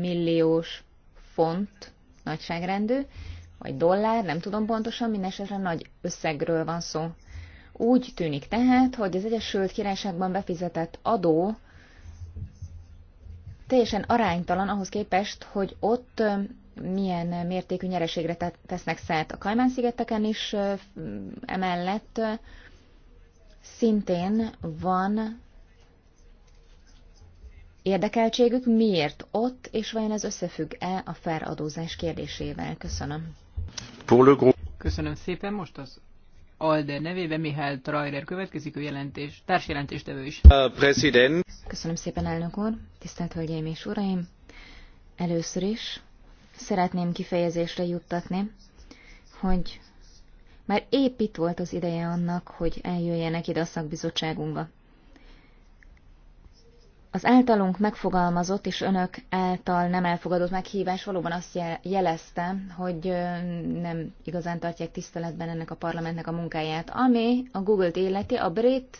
S5: milliós font nagyságrendű, vagy dollár, nem tudom pontosan, mindesetre nagy összegről van szó. Úgy tűnik tehát, hogy az Egyesült Királyságban befizetett adó teljesen aránytalan ahhoz képest, hogy ott milyen mértékű nyereségre tesznek szert a Kajmán-szigeteken is, emellett szintén van érdekeltségük, miért ott, és vajon ez összefügg-e a feladózás kérdésével? Köszönöm. Köszönöm szépen,
S1: most az Alder nevében Mihály Trajler következik, ő jelentés, társjelentéstevő is.
S5: Uh,
S4: president.
S5: Köszönöm szépen, elnök úr, tisztelt hölgyeim és uraim. Először is szeretném kifejezésre juttatni, hogy már épp itt volt az ideje annak, hogy eljöjjenek ide a szakbizottságunkba. Az általunk megfogalmazott és önök által nem elfogadott meghívás valóban azt jelezte, hogy nem igazán tartják tiszteletben ennek a parlamentnek a munkáját, ami a Google-t illeti, a brit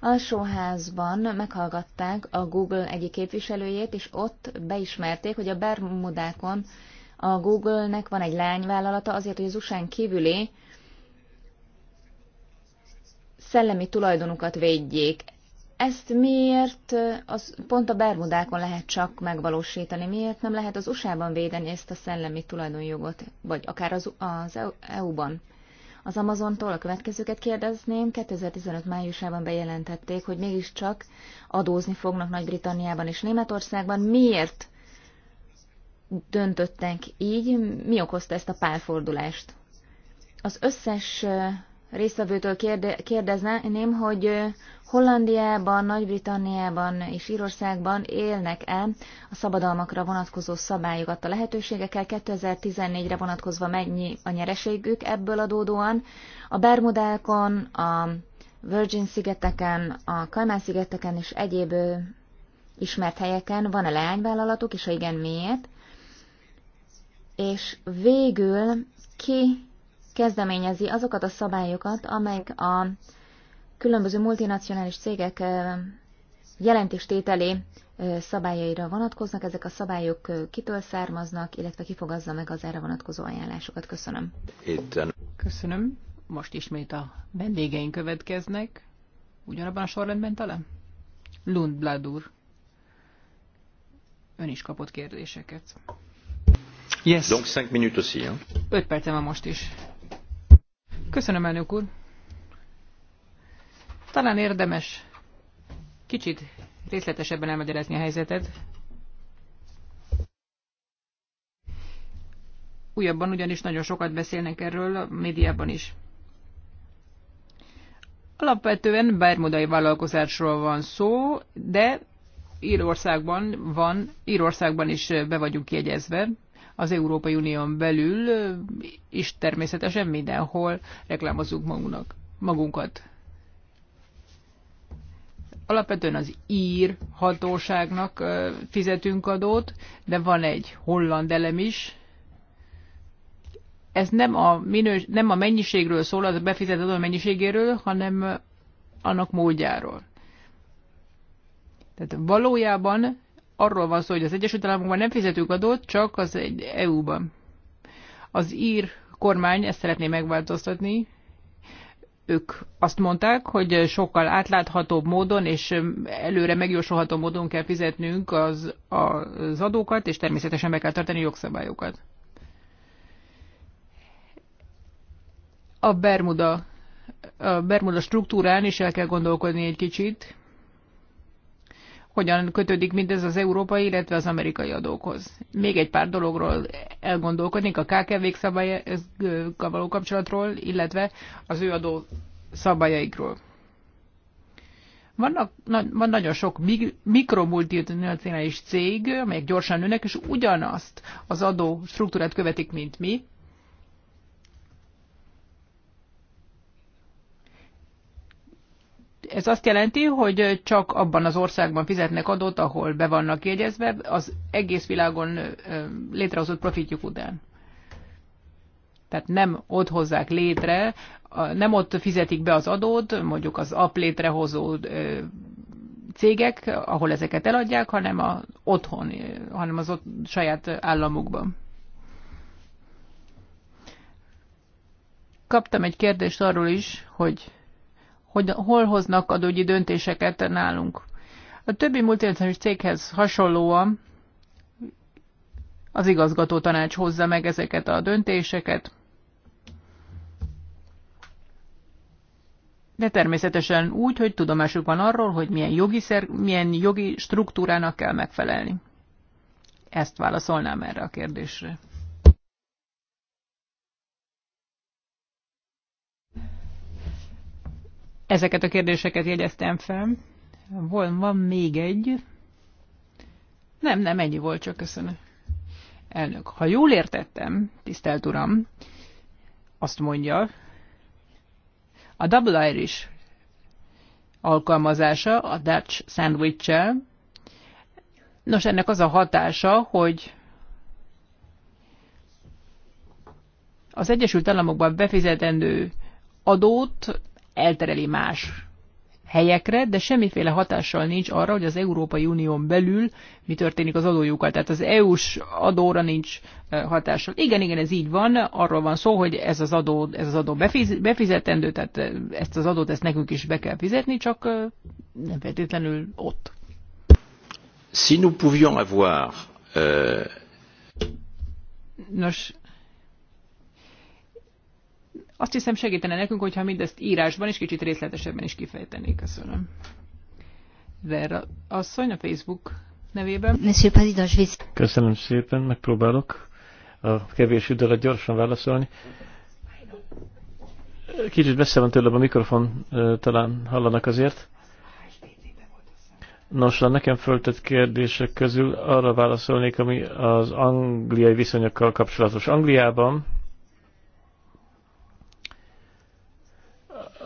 S5: Alsóházban meghallgatták a Google egyik képviselőjét, és ott beismerték, hogy a Bermudákon a Google-nek van egy lányvállalata azért, hogy az usa kívüli szellemi tulajdonukat védjék. Ezt miért az, pont a Bermudákon lehet csak megvalósítani? Miért nem lehet az USA-ban védeni ezt a szellemi tulajdonjogot, vagy akár az, az EU-ban? Az Amazontól a következőket kérdezném. 2015 májusában bejelentették, hogy mégiscsak adózni fognak Nagy-Britanniában és Németországban. Miért döntöttek így? Mi okozta ezt a pálfordulást? Az összes résztvevőtől kérde- kérdezném, hogy Hollandiában, Nagy-Britanniában és Írországban élnek-e a szabadalmakra vonatkozó szabályokat a lehetőségekkel, 2014-re vonatkozva mennyi a nyereségük ebből adódóan. A Bermudákon, a Virgin-szigeteken, a Kajmán-szigeteken és egyéb ismert helyeken van-e leányvállalatok, és ha igen, miért? És végül ki kezdeményezi azokat a szabályokat, amelyek a különböző multinacionális cégek jelentéstételi szabályaira vonatkoznak, ezek a szabályok kitől származnak, illetve kifogazza meg az erre vonatkozó ajánlásokat. Köszönöm. Köszönöm. Most ismét a vendégeink következnek. Ugyanabban a sorrendben talán?
S1: Lund Bladur. Ön is kapott kérdéseket. Yes. Donc 5 minutes aussi. Hein? 5 percem van most is. Köszönöm, elnök úr. Talán érdemes kicsit részletesebben elmagyarázni a helyzetet. Újabban ugyanis nagyon sokat beszélnek erről a médiában is. Alapvetően bermudai vállalkozásról van szó, de Írországban van, Írországban is be vagyunk jegyezve, az Európai Unión belül, és természetesen mindenhol reklámozzuk magunknak, magunkat. Alapvetően az ír hatóságnak fizetünk adót, de van egy holland elem is. Ez nem a, minős, nem a mennyiségről szól, az a befizetett adó mennyiségéről, hanem annak módjáról. Tehát valójában arról van szó, hogy az Egyesült Államokban nem fizetünk adót, csak az EU-ban. E az ír kormány ezt szeretné megváltoztatni. Ők azt mondták, hogy sokkal átláthatóbb módon és előre megjósolható módon kell fizetnünk az, az adókat, és természetesen be kell tartani jogszabályokat. A Bermuda, a Bermuda struktúrán is el kell gondolkodni egy kicsit, hogyan kötődik mindez az európai, illetve az amerikai adókhoz. Még egy pár dologról elgondolkodnék, a KKV-k szabályokkal való kapcsolatról, illetve az ő adó szabályaikról. Vannak, na, van nagyon sok mikromultinacionális cég, amelyek gyorsan nőnek, és ugyanazt az adó struktúrát követik, mint mi, ez azt jelenti, hogy csak abban az országban fizetnek adót, ahol be vannak jegyezve az egész világon létrehozott profitjuk után. Tehát nem ott hozzák létre, nem ott fizetik be az adót, mondjuk az app létrehozó cégek, ahol ezeket eladják, hanem a, otthon, hanem az ott saját államukban. Kaptam egy kérdést arról is, hogy hogy hol hoznak adógyi döntéseket nálunk. A többi multinacionális céghez hasonlóan az igazgató tanács hozza meg ezeket a döntéseket, de természetesen úgy, hogy tudomásuk van arról, hogy milyen jogi, szer, milyen jogi struktúrának kell megfelelni. Ezt válaszolnám erre a kérdésre. Ezeket a kérdéseket jegyeztem fel. Van, van még egy. Nem, nem, ennyi volt, csak köszönöm. Elnök, ha jól értettem, tisztelt uram, azt mondja, a Double Irish alkalmazása a Dutch sandwich -el. Nos, ennek az a hatása, hogy az Egyesült Államokban befizetendő adót eltereli más helyekre, de semmiféle hatással nincs arra, hogy az Európai Unión belül mi történik az adójukkal. Tehát az EU-s adóra nincs hatással. Igen, igen, ez így van. Arról van szó, hogy ez az adó, ez az adó befizetendő, tehát ezt az adót ezt nekünk is be kell fizetni, csak nem feltétlenül ott. Si nous pouvions avoir, euh... Nos, azt hiszem segítene nekünk, hogyha mindezt írásban és kicsit részletesebben is kifejtenék. Köszönöm. Vera asszony a Facebook nevében.
S3: Köszönöm szépen, megpróbálok a kevés időre gyorsan válaszolni. Kicsit messze van tőlem a mikrofon, talán hallanak azért. Nos, a nekem föltett kérdések közül arra válaszolnék, ami az angliai viszonyokkal kapcsolatos. Angliában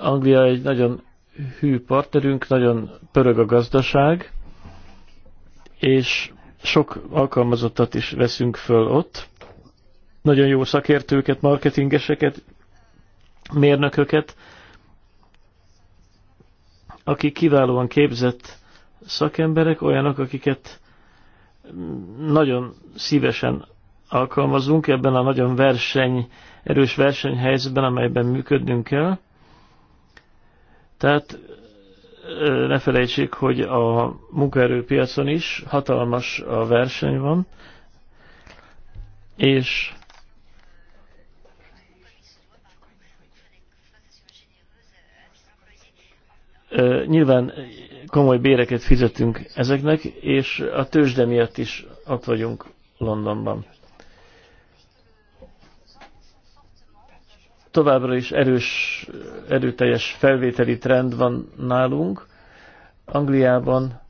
S3: Anglia egy nagyon hű partnerünk, nagyon pörög a gazdaság, és sok alkalmazottat is veszünk föl ott. Nagyon jó szakértőket, marketingeseket, mérnököket, akik kiválóan képzett szakemberek, olyanok, akiket nagyon szívesen alkalmazunk ebben a nagyon verseny, erős versenyhelyzetben, amelyben működnünk kell. Tehát ne felejtsék, hogy a munkaerőpiacon is hatalmas a verseny van, és nyilván komoly béreket fizetünk ezeknek, és a tőzsde miatt is ott vagyunk Londonban. továbbra is erős, erőteljes felvételi trend van nálunk. Angliában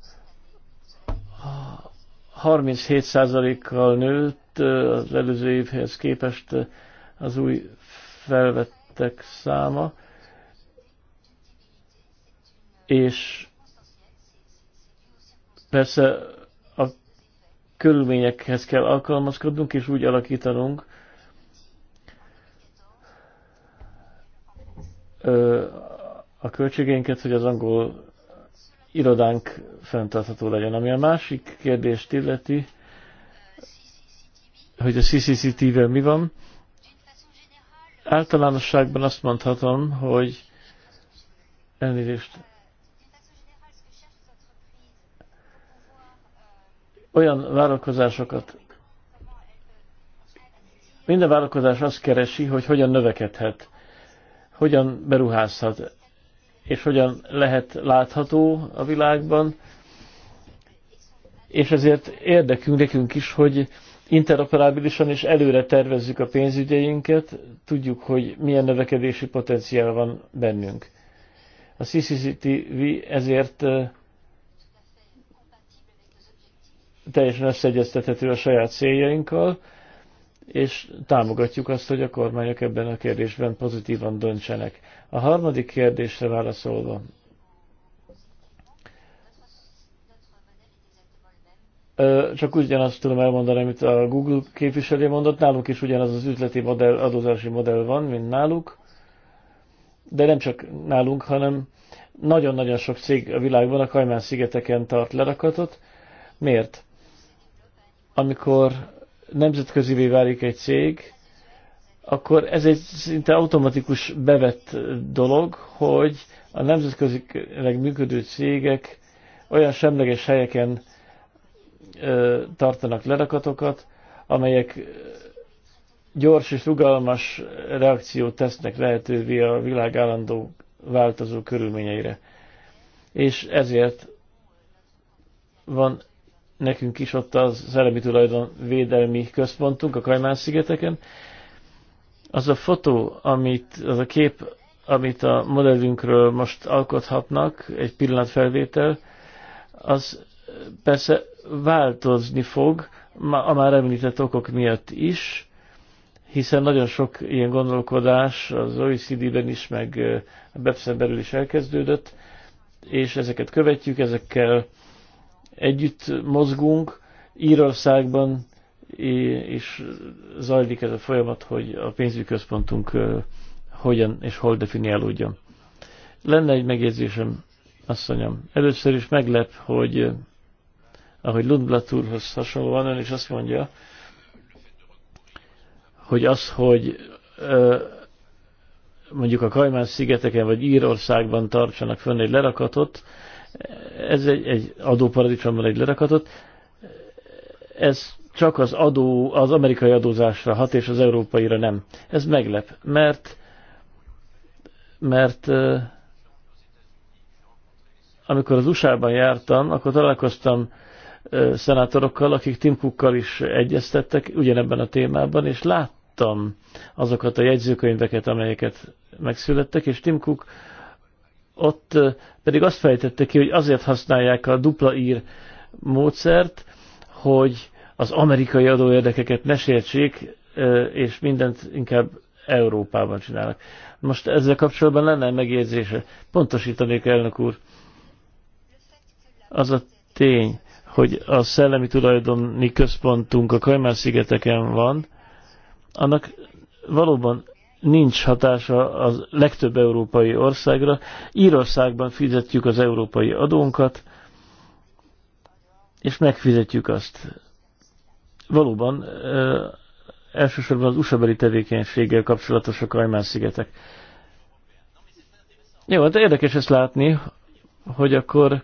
S3: 37%-kal nőtt az előző évhez képest az új felvettek száma, és persze a körülményekhez kell alkalmazkodnunk, és úgy alakítanunk, a költségeinket, hogy az angol irodánk fenntartható legyen. Ami a másik kérdést illeti, hogy a CCCTV-vel mi van, általánosságban azt mondhatom, hogy elnézést, olyan vállalkozásokat, minden vállalkozás azt keresi, hogy hogyan növekedhet hogyan beruházhat, és hogyan lehet látható a világban, és ezért érdekünk nekünk is, hogy interoperábilisan és előre tervezzük a pénzügyeinket, tudjuk, hogy milyen növekedési potenciál van bennünk. A CCCTV ezért teljesen összeegyeztethető a saját céljainkkal, és támogatjuk azt, hogy a kormányok ebben a kérdésben pozitívan döntsenek. A harmadik kérdésre válaszolva, csak ugyanazt tudom elmondani, amit a Google képviselő mondott, nálunk is ugyanaz az üzleti modell, adózási modell van, mint náluk, de nem csak nálunk, hanem nagyon-nagyon sok cég a világban a Kajmán szigeteken tart lerakatot. Miért? Amikor nemzetközivé válik egy cég, akkor ez egy szinte automatikus bevett dolog, hogy a nemzetközileg működő cégek olyan semleges helyeken ö, tartanak lerakatokat, amelyek gyors és rugalmas reakciót tesznek lehetővé a világ állandó változó körülményeire. És ezért van nekünk is ott az szellemi tulajdon védelmi központunk a Kajmán-szigeteken. Az a fotó, amit, az a kép, amit a modellünkről most alkothatnak, egy pillanatfelvétel, az persze változni fog, a már említett okok miatt is, hiszen nagyon sok ilyen gondolkodás az OECD-ben is, meg a belül is elkezdődött, és ezeket követjük, ezekkel együtt mozgunk. Írországban és zajlik ez a folyamat, hogy a pénzügyi központunk hogyan és hol definiálódjon. Lenne egy megjegyzésem, asszonyom. Először is meglep, hogy ahogy Lundblatt úrhoz hasonlóan ön is azt mondja, hogy az, hogy mondjuk a Kajmán szigeteken vagy Írországban tartsanak fönn egy lerakatot, ez egy, egy adóparadicsomban egy lerakatot, ez csak az adó, az amerikai adózásra hat, és az európaira nem. Ez meglep, mert mert amikor az USA-ban jártam, akkor találkoztam szenátorokkal, akik Tim Cookkal is egyeztettek ugyanebben a témában, és láttam azokat a jegyzőkönyveket, amelyeket megszülettek, és Tim Cook ott pedig azt fejtette ki, hogy azért használják a dupla ír módszert, hogy az amerikai adóérdekeket ne sértsék, és mindent inkább Európában csinálnak. Most ezzel kapcsolatban lenne megjegyzése. Pontosítanék, elnök úr. Az a tény, hogy a szellemi tulajdoni központunk a Kajmán szigeteken van, annak valóban nincs hatása a legtöbb európai országra. Írországban fizetjük az európai adónkat, és megfizetjük azt. Valóban elsősorban az USA-beli tevékenységgel kapcsolatos a Kajmán-szigetek. Jó, hát érdekes ezt látni, hogy akkor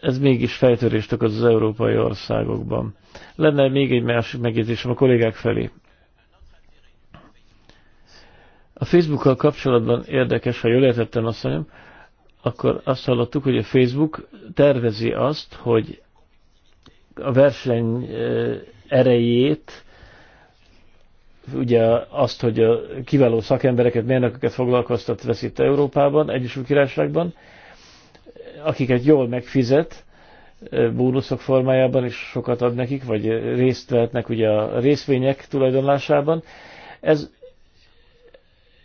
S3: ez mégis fejtörést okoz az európai országokban. Lenne még egy másik megjegyzésem a kollégák felé. A Facebookkal kapcsolatban érdekes, ha jól értettem, asszonyom, akkor azt hallottuk, hogy a Facebook tervezi azt, hogy a verseny eh, erejét, ugye azt, hogy a kiváló szakembereket, mérnököket foglalkoztat vesz itt Európában, Egyesült Királyságban, akiket jól megfizet, eh, bónuszok formájában is sokat ad nekik, vagy részt vehetnek ugye a részvények tulajdonlásában. Ez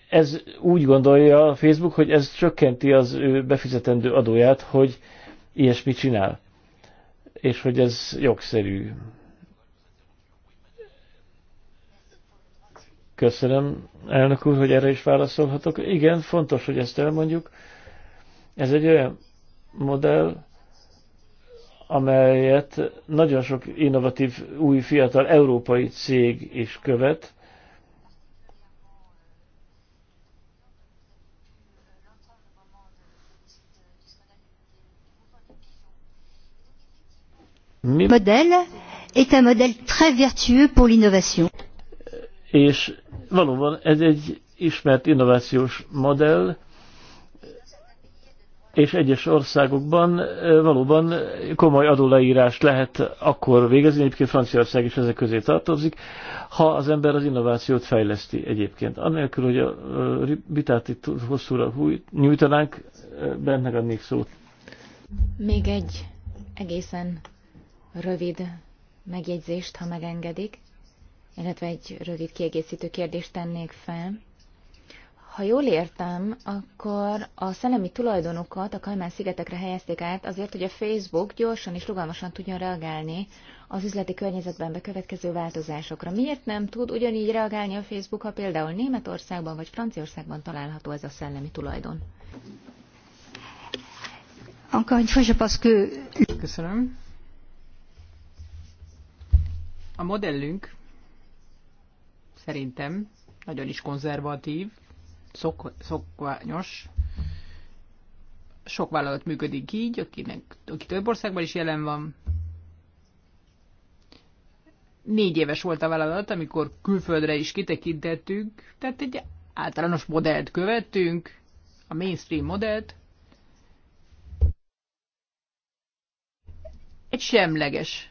S3: ez úgy gondolja a Facebook, hogy ez csökkenti az ő befizetendő adóját, hogy ilyesmit csinál. És hogy ez jogszerű. Köszönöm, elnök úr, hogy erre is válaszolhatok. Igen, fontos, hogy ezt elmondjuk. Ez egy olyan modell, amelyet nagyon sok innovatív új fiatal európai cég is követ,
S2: modell est un modèle très vertueux pour l'innovation.
S3: És valóban ez egy ismert innovációs modell, és egyes országokban valóban komoly adóleírást lehet akkor végezni, egyébként Franciaország is ezek közé tartozik, ha az ember az innovációt fejleszti egyébként. Annélkül, hogy a vitát itt hosszúra nyújtanánk, bennek adnék szót.
S5: Még egy egészen rövid megjegyzést, ha megengedik, illetve egy rövid kiegészítő kérdést tennék fel. Ha jól értem, akkor a szellemi tulajdonokat a Kajmán szigetekre helyezték át azért, hogy a Facebook gyorsan és rugalmasan tudjon reagálni az üzleti környezetben bekövetkező változásokra. Miért nem tud ugyanígy reagálni a Facebook, ha például Németországban vagy Franciaországban található ez a szellemi tulajdon?
S1: Köszönöm. A modellünk szerintem nagyon is konzervatív, szok, szokványos. Sok vállalat működik így, akinek, aki több országban is jelen van. Négy éves volt a vállalat, amikor külföldre is kitekintettünk, tehát egy általános modellt követtünk, a mainstream modellt. Egy semleges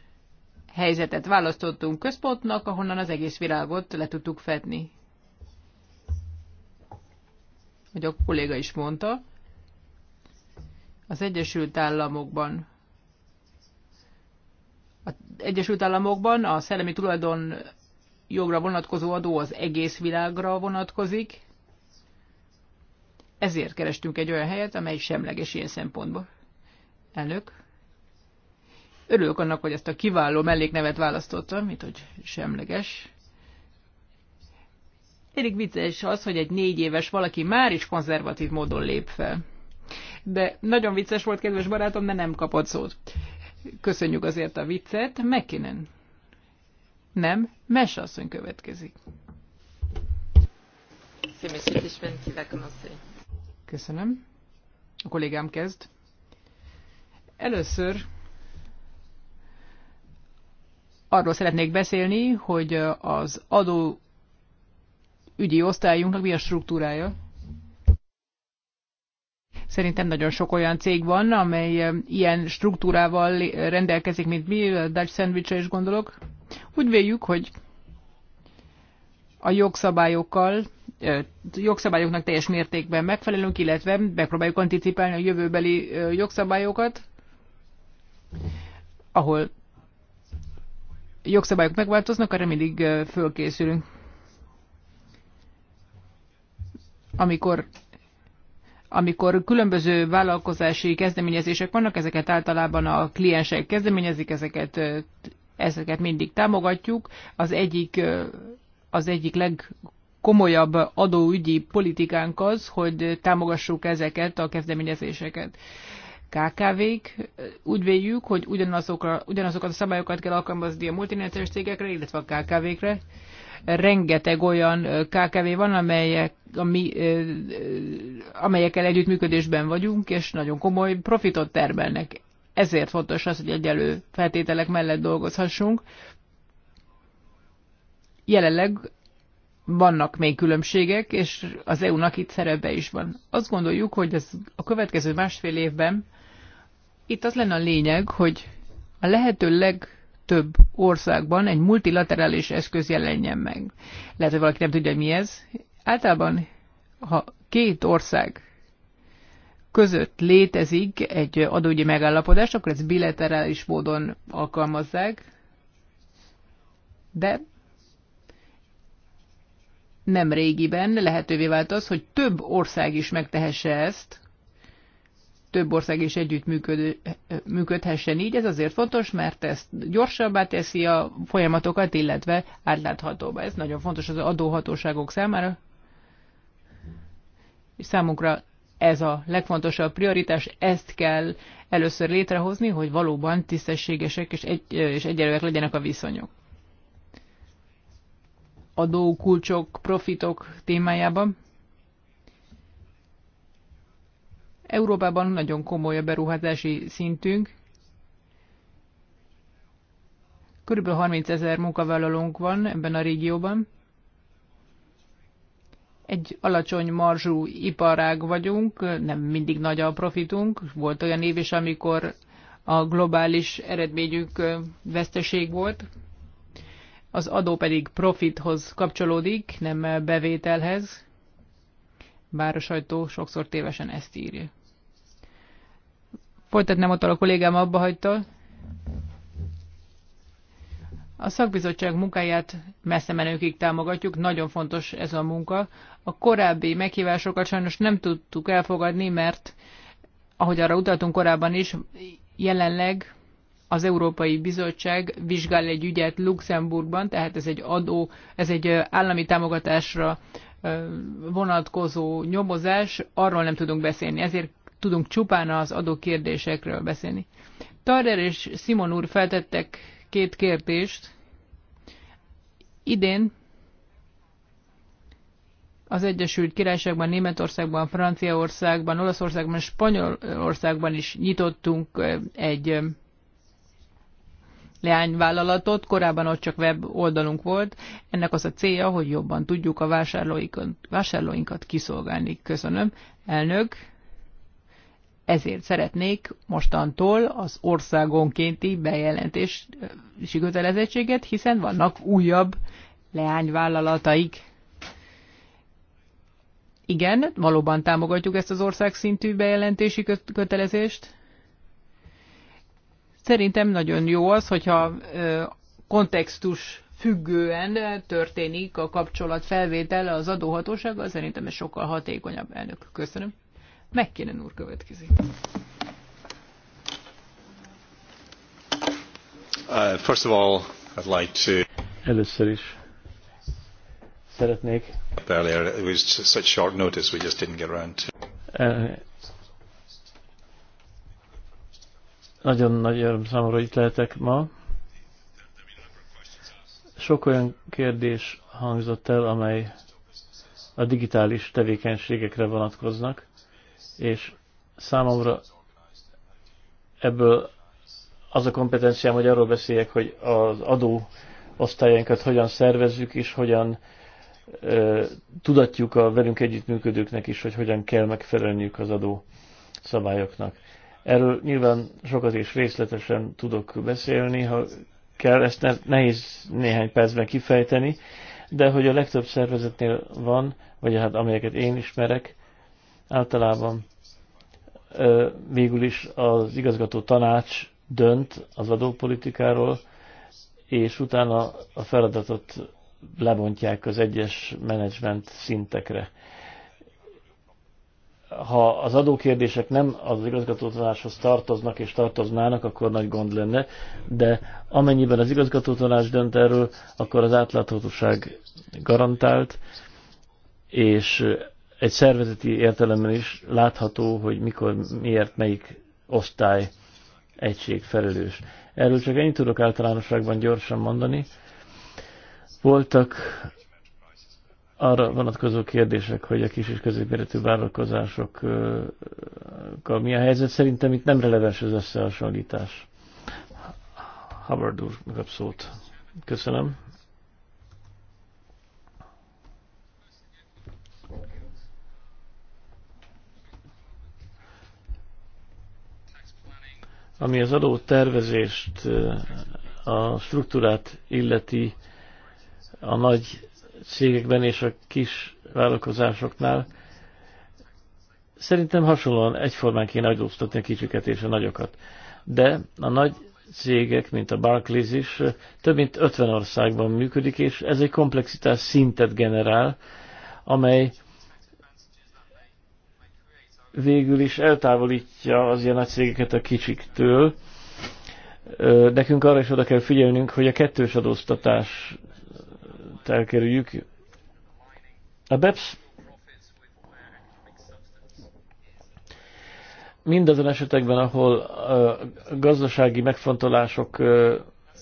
S1: helyzetet választottunk központnak, ahonnan az egész világot le tudtuk fedni. Hogy a kolléga is mondta, az Egyesült Államokban az Egyesült Államokban a szellemi tulajdon jogra vonatkozó adó az egész világra vonatkozik, ezért kerestünk egy olyan helyet, amely semleges ilyen szempontból. Elnök, Örülök annak, hogy ezt a kiváló melléknevet választottam, mint hogy semleges. Elég vicces az, hogy egy négy éves valaki már is konzervatív módon lép fel. De nagyon vicces volt, kedves barátom, de nem kapott szót. Köszönjük azért a viccet. Mekinen. Nem, Mesasszony következik. Köszönöm. A kollégám kezd. Először arról szeretnék beszélni, hogy az adó ügyi osztályunknak mi a struktúrája. Szerintem nagyon sok olyan cég van, amely ilyen struktúrával rendelkezik, mint mi, a Dutch sandwich is gondolok. Úgy véljük, hogy a jogszabályokkal, jogszabályoknak teljes mértékben megfelelünk, illetve megpróbáljuk anticipálni a jövőbeli jogszabályokat, ahol jogszabályok megváltoznak, arra mindig fölkészülünk. Amikor amikor különböző vállalkozási kezdeményezések vannak, ezeket általában a kliensek kezdeményezik, ezeket, ezeket mindig támogatjuk. Az egyik, az egyik legkomolyabb adóügyi politikánk az, hogy támogassuk ezeket a kezdeményezéseket. KKV-k. Úgy véljük, hogy ugyanazokra, ugyanazokat a szabályokat kell alkalmazni a multinacionalis cégekre, illetve a KKV-kre. Rengeteg olyan KKV van, amelyek, ami, amelyekkel együttműködésben vagyunk, és nagyon komoly profitot termelnek. Ezért fontos az, hogy egyelő feltételek mellett dolgozhassunk. Jelenleg vannak még különbségek, és az EU-nak itt szerepe is van. Azt gondoljuk, hogy ez a következő másfél évben itt az lenne a lényeg, hogy a lehető legtöbb országban egy multilaterális eszköz jelenjen meg. Lehet, hogy valaki nem tudja, mi ez. Általában, ha két ország között létezik egy adógyi megállapodás, akkor ezt bilaterális módon alkalmazzák, de nem régiben lehetővé vált az, hogy több ország is megtehesse ezt, több ország is együtt működő, működhessen így. Ez azért fontos, mert ez gyorsabbá teszi a folyamatokat, illetve átláthatóbbá. Ez nagyon fontos az adóhatóságok számára, és számunkra ez a legfontosabb prioritás, ezt kell először létrehozni, hogy valóban tisztességesek és, egy, és egyenlőek legyenek a viszonyok. Adókulcsok, profitok témájában Európában nagyon komoly a beruházási szintünk. Körülbelül 30 ezer munkavállalónk van ebben a régióban. Egy alacsony marzsú iparág vagyunk, nem mindig nagy a profitunk. Volt olyan év is, amikor a globális eredményünk veszteség volt. Az adó pedig profithoz kapcsolódik, nem bevételhez, bár a sajtó sokszor tévesen ezt írja. Folytatnám ott, a kollégám abba hagyta. A szakbizottság munkáját messze menőkig támogatjuk, nagyon fontos ez a munka. A korábbi meghívásokat sajnos nem tudtuk elfogadni, mert ahogy arra utaltunk korábban is, jelenleg az Európai Bizottság vizsgál egy ügyet Luxemburgban, tehát ez egy adó, ez egy állami támogatásra vonatkozó nyomozás, arról nem tudunk beszélni. Ezért tudunk csupán az adókérdésekről beszélni. Tarder és Simon úr feltettek két kérdést. Idén az Egyesült Királyságban, Németországban, Franciaországban, Olaszországban, Spanyolországban is nyitottunk egy leányvállalatot, korábban ott csak web oldalunk volt. Ennek az a célja, hogy jobban tudjuk a vásárlóinkat, vásárlóinkat kiszolgálni. Köszönöm. Elnök, ezért szeretnék mostantól az országonkénti bejelentési kötelezettséget, hiszen vannak újabb leányvállalataik. Igen, valóban támogatjuk ezt az országszintű bejelentési kötelezést. Szerintem nagyon jó az, hogyha kontextus függően történik a kapcsolat felvétel az adóhatósággal, szerintem ez sokkal hatékonyabb elnök. Köszönöm. Megkinen úr következik.
S2: Uh, first of all, I'd like
S3: to... Először is szeretnék.
S2: Earlier, it was such short notice, we just didn't get around to.
S3: Uh, nagyon nagy öröm számomra, hogy itt lehetek ma. Sok olyan kérdés hangzott el, amely a digitális tevékenységekre vonatkoznak és számomra ebből az a kompetenciám, hogy arról beszéljek, hogy az adó osztályainkat hogyan szervezzük, és hogyan e, tudatjuk a velünk együttműködőknek is, hogy hogyan kell megfelelniük az adó szabályoknak. Erről nyilván sokat és részletesen tudok beszélni, ha kell, ezt ne, nehéz néhány percben kifejteni, de hogy a legtöbb szervezetnél van, vagy hát amelyeket én ismerek, Általában végül is az igazgató tanács dönt az adópolitikáról, és utána a feladatot lebontják az egyes menedzsment szintekre. Ha az adókérdések nem az igazgatótanáshoz tartoznak és tartoznának, akkor nagy gond lenne, de amennyiben az igazgatótanács dönt erről, akkor az átláthatóság garantált, és egy szervezeti értelemben is látható, hogy mikor, miért, melyik osztály egység felelős. Erről csak ennyit tudok általánosságban gyorsan mondani. Voltak arra vonatkozó kérdések, hogy a kis és középéretű vállalkozásokkal mi a helyzet. Szerintem itt nem releváns az összehasonlítás. Hubbard úr, megkap szót. Köszönöm. Ami az adó tervezést, a struktúrát illeti a nagy cégekben és a kis vállalkozásoknál, szerintem hasonlóan egyformán kéne adóztatni a kicsiket és a nagyokat. De a nagy cégek, mint a Barclays is, több mint 50 országban működik, és ez egy komplexitás szintet generál, amely végül is eltávolítja az ilyen nagy cégeket a kicsiktől. Nekünk arra is oda kell figyelnünk, hogy a kettős adóztatást elkerüljük. A BEPS mindazon esetekben, ahol a gazdasági megfontolások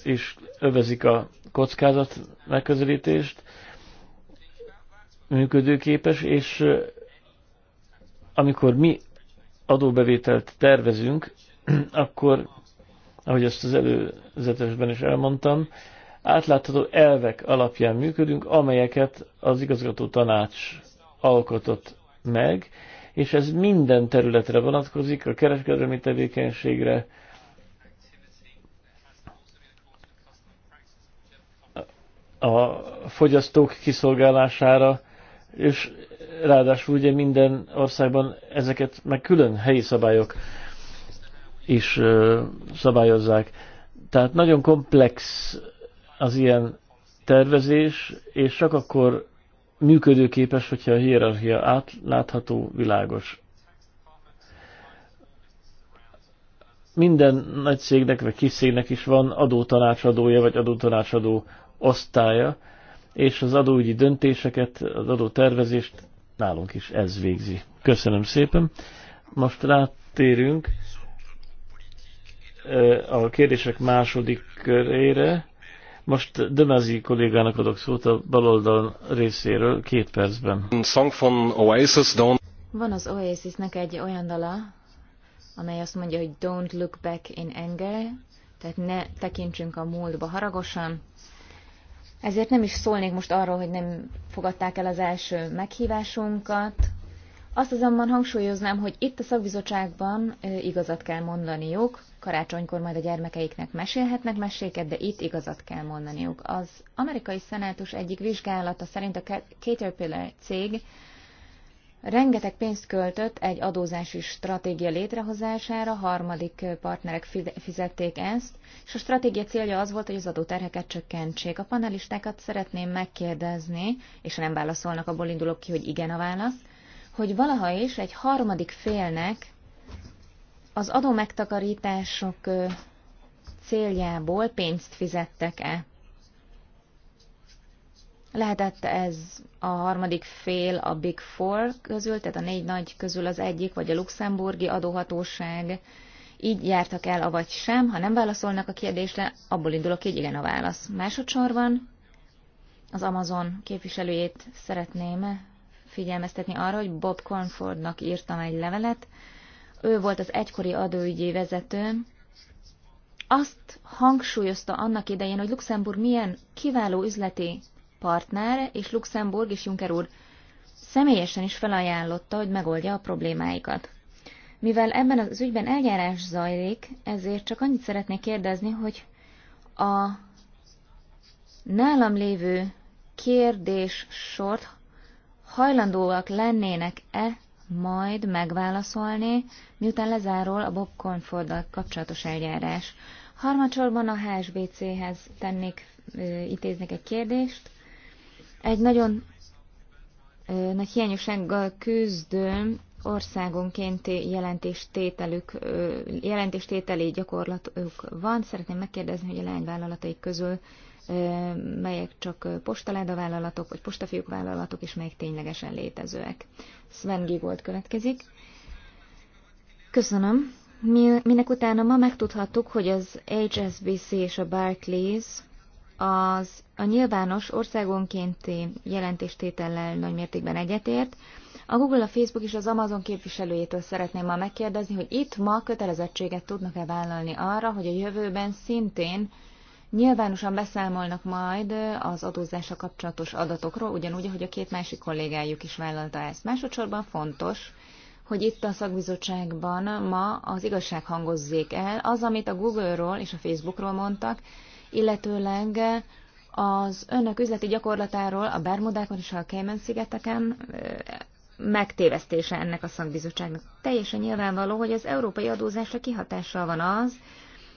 S3: is övezik a kockázat megközelítést, működőképes, és amikor mi adóbevételt tervezünk, akkor, ahogy ezt az előzetesben is elmondtam, átlátható elvek alapján működünk, amelyeket az igazgató tanács alkotott meg, és ez minden területre vonatkozik, a kereskedelmi tevékenységre, a fogyasztók kiszolgálására, és ráadásul ugye minden országban ezeket meg külön helyi szabályok is szabályozzák. Tehát nagyon komplex az ilyen tervezés, és csak akkor működőképes, hogyha a hierarchia átlátható, világos. Minden nagy cégnek vagy kis cégnek is van adótanácsadója vagy adótanácsadó osztálya, és az adóügyi döntéseket, az adótervezést nálunk is ez végzi. Köszönöm szépen. Most rátérünk a kérdések második körére. Most Dömezi kollégának adok szót a baloldal részéről két percben. Song az Oasis, don't...
S5: Van az Oasisnek egy olyan dala, amely azt mondja, hogy don't look back in anger, tehát ne tekintsünk a múltba haragosan. Ezért nem is szólnék most arról, hogy nem fogadták el az első meghívásunkat. Azt azonban hangsúlyoznám, hogy itt a szakbizottságban igazat kell mondaniuk, karácsonykor majd a gyermekeiknek mesélhetnek meséket, de itt igazat kell mondaniuk. Az amerikai szenátus egyik vizsgálata szerint a Caterpillar cég Rengeteg pénzt költött egy adózási stratégia létrehozására, harmadik partnerek fizették ezt, és a stratégia célja az volt, hogy az adóterheket csökkentsék. A panelistákat szeretném megkérdezni, és nem válaszolnak, abból indulok ki, hogy igen a válasz, hogy valaha is egy harmadik félnek az adó megtakarítások céljából pénzt fizettek-e Lehetett ez a harmadik fél a Big Four közül, tehát a négy nagy közül az egyik, vagy a luxemburgi adóhatóság. Így jártak el, avagy sem. Ha nem válaszolnak a kérdésre, abból indulok, hogy igen a válasz. Másodszorban az Amazon képviselőjét szeretném figyelmeztetni arra, hogy Bob Cornfordnak írtam egy levelet. Ő volt az egykori adóügyi vezető. Azt hangsúlyozta annak idején, hogy Luxemburg milyen kiváló üzleti partner, és Luxemburg és Juncker úr személyesen is felajánlotta, hogy megoldja a problémáikat. Mivel ebben az ügyben eljárás zajlik, ezért csak annyit szeretnék kérdezni, hogy a nálam lévő kérdés sort hajlandóak lennének-e majd megválaszolni, miután lezáról a Bob Conforddal kapcsolatos eljárás. Harmadsorban a HSBC-hez tennék, intéznék egy kérdést. Egy nagyon nagy hiányossággal küzdő országonkénti jelentéstételük, jelentéstételi gyakorlatuk van. Szeretném megkérdezni, hogy a lányvállalataik közül melyek csak vállalatok, vagy postafiúk vállalatok, és melyek ténylegesen létezőek. Sven volt következik. Köszönöm. Mi, minek utána ma megtudhattuk, hogy az HSBC és a Barclays az, a nyilvános országonkénti jelentéstétellel nagy mértékben egyetért. A Google, a Facebook és az Amazon képviselőjétől szeretném ma megkérdezni, hogy itt ma kötelezettséget tudnak-e vállalni arra, hogy a jövőben szintén nyilvánosan beszámolnak majd az adózása kapcsolatos adatokról, ugyanúgy, ahogy a két másik kollégájuk is vállalta ezt. Másodszorban fontos, hogy itt a szakbizottságban ma az igazság hangozzék el, az, amit a Google-ról és a Facebookról mondtak, illetőleg az önök üzleti gyakorlatáról a Bermudákon és a Cayman-szigeteken megtévesztése ennek a szakbizottságnak. Teljesen nyilvánvaló, hogy az európai adózásra kihatással van az,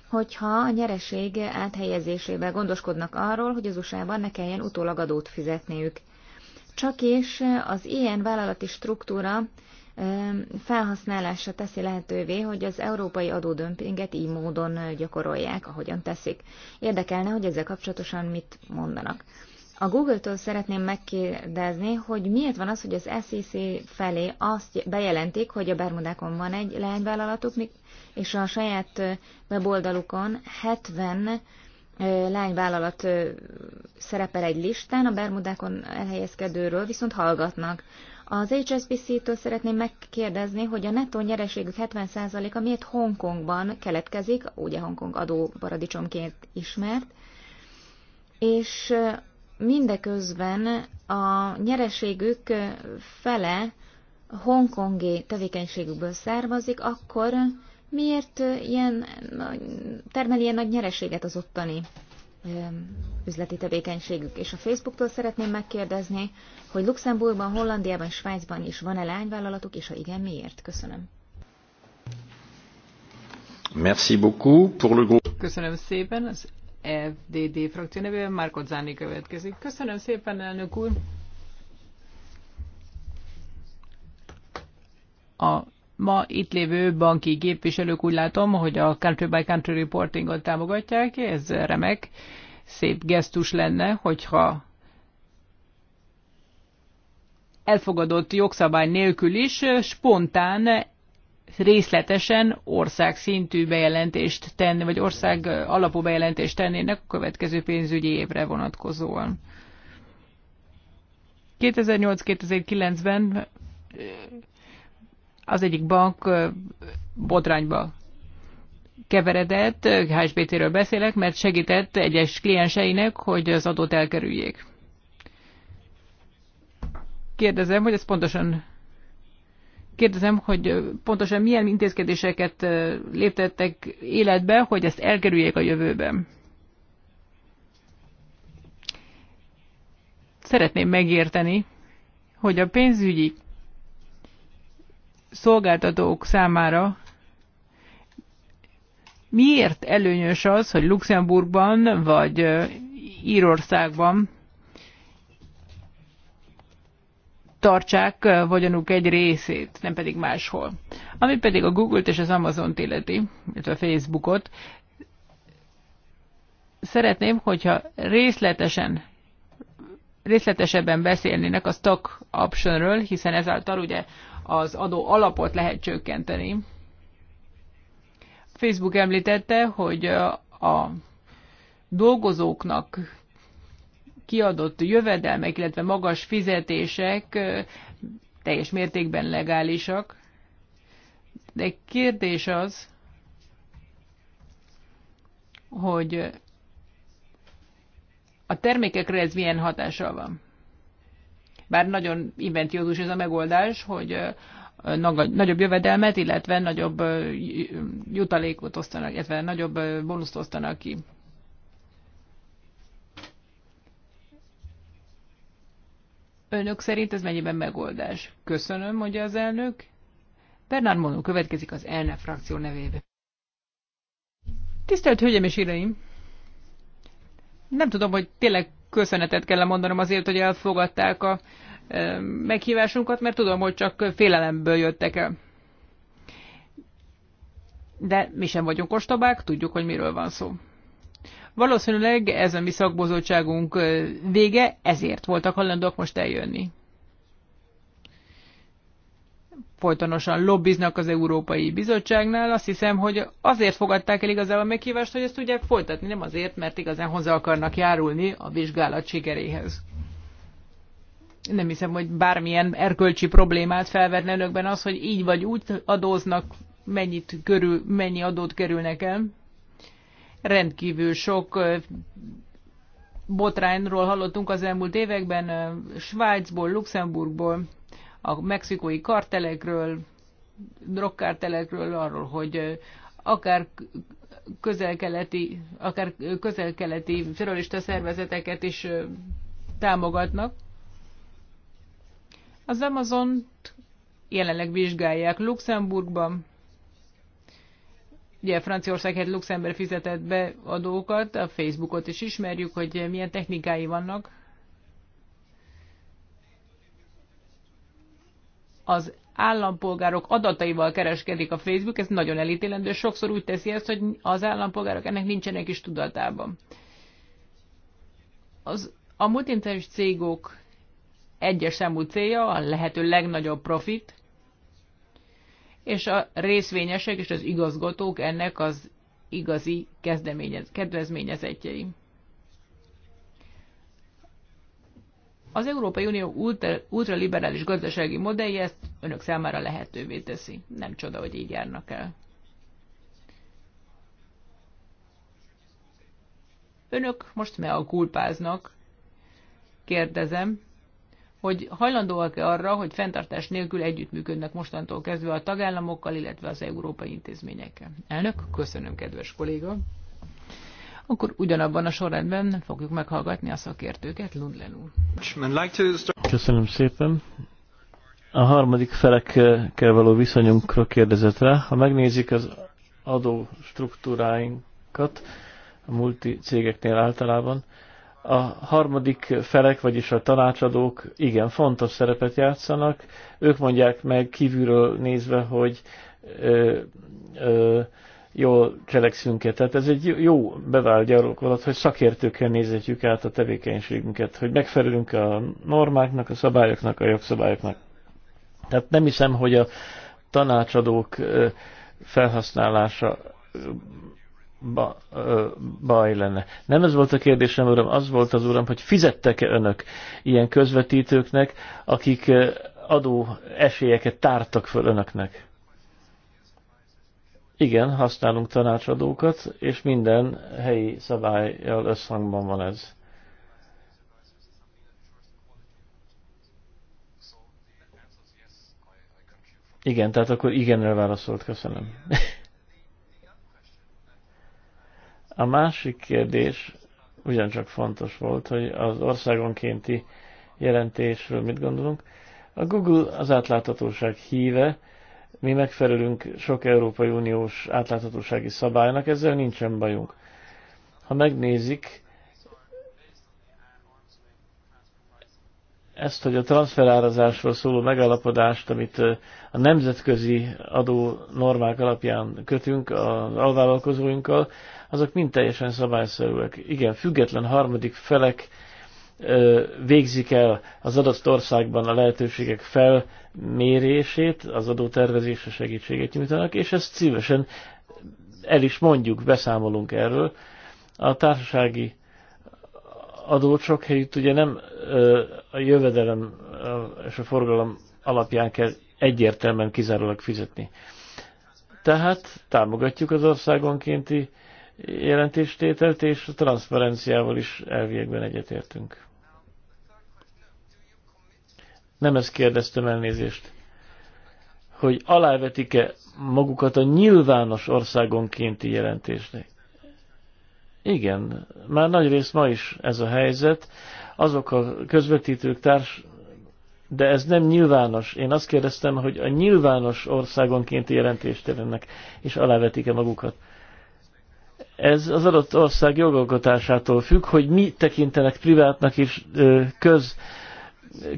S5: hogyha a nyereség áthelyezésével gondoskodnak arról, hogy az USA-ban ne kelljen utólag adót fizetniük. Csak is az ilyen vállalati struktúra felhasználása teszi lehetővé, hogy az európai adódömpinget így módon gyakorolják, ahogyan teszik. Érdekelne, hogy ezzel kapcsolatosan mit mondanak. A Google-től szeretném megkérdezni, hogy miért van az, hogy az SEC felé azt bejelentik, hogy a Bermudákon van egy lányvállalatuk, és a saját weboldalukon 70 lányvállalat szerepel egy listán, a Bermudákon elhelyezkedőről viszont hallgatnak. Az HSBC-től szeretném megkérdezni, hogy a nettó nyereségük 70%-a miért Hongkongban keletkezik, ugye Hongkong adó paradicsomként ismert, és mindeközben a nyereségük fele hongkongi tevékenységükből származik, akkor miért ilyen, termel ilyen nagy nyereséget az ottani üzleti tevékenységük. És a Facebooktól szeretném megkérdezni, hogy Luxemburgban, Hollandiában, Svájcban is van-e lányvállalatuk, és ha igen, miért? Köszönöm.
S2: Merci beaucoup pour le groupe.
S1: Köszönöm szépen. Az FDD frakció nevében Márkot Záni következik. Köszönöm szépen, elnök úr. A ma itt lévő banki képviselők úgy látom, hogy a country by country reportingot támogatják, ez remek, szép gesztus lenne, hogyha elfogadott jogszabály nélkül is spontán részletesen országszintű bejelentést tenni, vagy ország alapú bejelentést tennének a következő pénzügyi évre vonatkozóan. 2008-2009-ben az egyik bank botrányba keveredett, hsbt ről beszélek, mert segített egyes klienseinek, hogy az adót elkerüljék. Kérdezem, hogy ez pontosan kérdezem, hogy pontosan milyen intézkedéseket léptettek életbe, hogy ezt elkerüljék a jövőben. Szeretném megérteni, hogy a pénzügyi szolgáltatók számára miért előnyös az, hogy Luxemburgban vagy Írországban tartsák vagyonuk egy részét, nem pedig máshol. Ami pedig a Google-t és az Amazon-t illeti, illetve a Facebookot, szeretném, hogyha részletesen részletesebben beszélnének a stock optionről, hiszen ezáltal ugye az adó alapot lehet csökkenteni. Facebook említette, hogy a dolgozóknak kiadott jövedelmek, illetve magas fizetések teljes mértékben legálisak. De kérdés az, hogy a termékekre ez milyen hatással van bár nagyon inventiózus ez a megoldás, hogy nagyobb jövedelmet, illetve nagyobb jutalékot osztanak, illetve nagyobb bónuszt osztanak ki. Önök szerint ez mennyiben megoldás? Köszönöm, mondja az elnök. Bernard Monó következik az elnök frakció nevébe. Tisztelt Hölgyeim és Iraim! Nem tudom, hogy tényleg köszönetet kell mondanom azért, hogy elfogadták a e, meghívásunkat, mert tudom, hogy csak félelemből jöttek el. De mi sem vagyunk ostobák, tudjuk, hogy miről van szó. Valószínűleg ez a mi szakbozottságunk e, vége, ezért voltak hajlandóak most eljönni folytonosan lobbiznak az Európai Bizottságnál. Azt hiszem, hogy azért fogadták el igazából a meghívást, hogy ezt tudják folytatni, nem azért, mert igazán hozzá akarnak járulni a vizsgálat sikeréhez. Nem hiszem, hogy bármilyen erkölcsi problémát felvetne önökben az, hogy így vagy úgy adóznak, mennyit körül, mennyi adót kerülnek nekem. Rendkívül sok botrányról hallottunk az elmúlt években, Svájcból, Luxemburgból, a mexikói kartelekről, drogkártelekről, arról, hogy akár közelkeleti, akár közelkeleti terrorista szervezeteket is támogatnak. Az amazon jelenleg vizsgálják Luxemburgban. Ugye Franciaország hát Luxemburg fizetett be adókat, a Facebookot is ismerjük, hogy milyen technikái vannak. az állampolgárok adataival kereskedik a Facebook, ez nagyon elítélendő, sokszor úgy teszi ezt, hogy az állampolgárok ennek nincsenek is tudatában. Az, a multinteres cégok egyes számú célja a lehető legnagyobb profit, és a részvényesek és az igazgatók ennek az igazi kedvezményezetjei. Az Európai Unió ultraliberális gazdasági modellje ezt önök számára lehetővé teszi. Nem csoda, hogy így járnak el. Önök most me a kulpáznak. Kérdezem, hogy hajlandóak-e arra, hogy fenntartás nélkül együttműködnek mostantól kezdve a tagállamokkal, illetve az európai intézményekkel. Elnök, köszönöm, kedves kolléga akkor ugyanabban a sorrendben fogjuk meghallgatni a
S3: szakértőket, Lundlenú. Köszönöm szépen. A harmadik felekkel való viszonyunkra kérdezett rá. Ha megnézik az adó struktúráinkat, a multi cégeknél általában, a harmadik felek, vagyis a tanácsadók igen fontos szerepet játszanak. Ők mondják meg kívülről nézve, hogy ö, ö, jól cselekszünk-e. Tehát ez egy jó bevált gyarokolat, hogy szakértőkkel nézhetjük át a tevékenységünket, hogy megfelelünk a normáknak, a szabályoknak, a jogszabályoknak. Tehát nem hiszem, hogy a tanácsadók felhasználása ba, baj lenne. Nem ez volt a kérdésem, uram, az volt az uram, hogy fizettek-e önök ilyen közvetítőknek, akik adó esélyeket tártak föl önöknek? Igen, használunk tanácsadókat, és minden helyi szabályjal összhangban van ez. Igen, tehát akkor igenre válaszolt, köszönöm. A másik kérdés ugyancsak fontos volt, hogy az országonkénti jelentésről mit gondolunk. A Google az átláthatóság híve, mi megfelelünk sok Európai Uniós átláthatósági szabálynak, ezzel nincsen bajunk. Ha megnézik, ezt, hogy a transferárazásról szóló megállapodást, amit a nemzetközi adó normák alapján kötünk az alvállalkozóinkkal, azok mind teljesen szabályszerűek. Igen, független harmadik felek végzik el az adott országban a lehetőségek felmérését, az adótervezésre segítséget nyújtanak, és ezt szívesen el is mondjuk, beszámolunk erről. A társasági adócsok helyütt ugye nem a jövedelem és a forgalom alapján kell egyértelműen kizárólag fizetni. Tehát támogatjuk az országonkénti jelentéstételt, és a transzparenciával is elviekben egyetértünk nem ezt kérdeztem elnézést, hogy alávetik-e magukat a nyilvános országonkénti jelentésnek. Igen, már nagy rész ma is ez a helyzet. Azok a közvetítők társ, de ez nem nyilvános. Én azt kérdeztem, hogy a nyilvános országonkénti jelentést jelennek, és alávetik-e magukat. Ez az adott ország jogalkotásától függ, hogy mi tekintenek privátnak és köz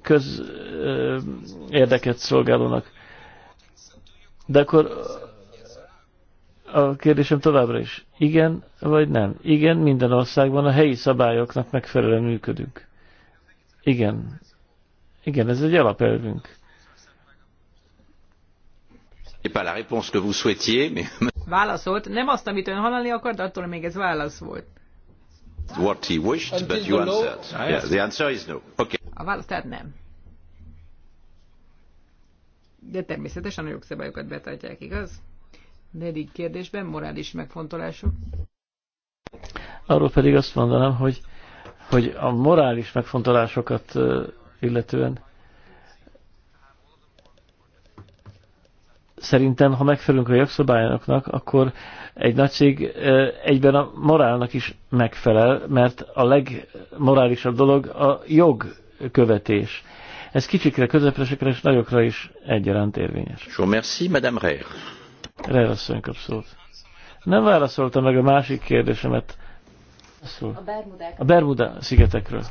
S3: közérdeket szolgálónak. De akkor a kérdésem továbbra is, igen vagy nem? Igen, minden országban a helyi szabályoknak megfelelően működünk. Igen. Igen, ez egy alapelvünk. Válaszolt, nem azt, amit
S1: ön hallani akart, attól még ez válasz volt
S4: what he wished, Until but you answered. No. Ah, yeah, the answer is no. Okay.
S1: A válasz tehát nem. De természetesen a jogszabályokat betartják, igaz? Negyedik kérdésben morális megfontolások.
S3: Arról pedig azt mondanám, hogy, hogy a morális megfontolásokat illetően szerintem, ha megfelelünk a jogszabályoknak, akkor egy nagy cég egyben a morálnak is megfelel, mert a legmorálisabb dolog a jogkövetés. Ez kicsikre, közepesekre és nagyokra is egyaránt érvényes. Jó, merci, Madame Rer. Rer asszony kap Nem válaszolta meg a másik kérdésemet. Szó. A Bermudák. A Bermuda szigetekről.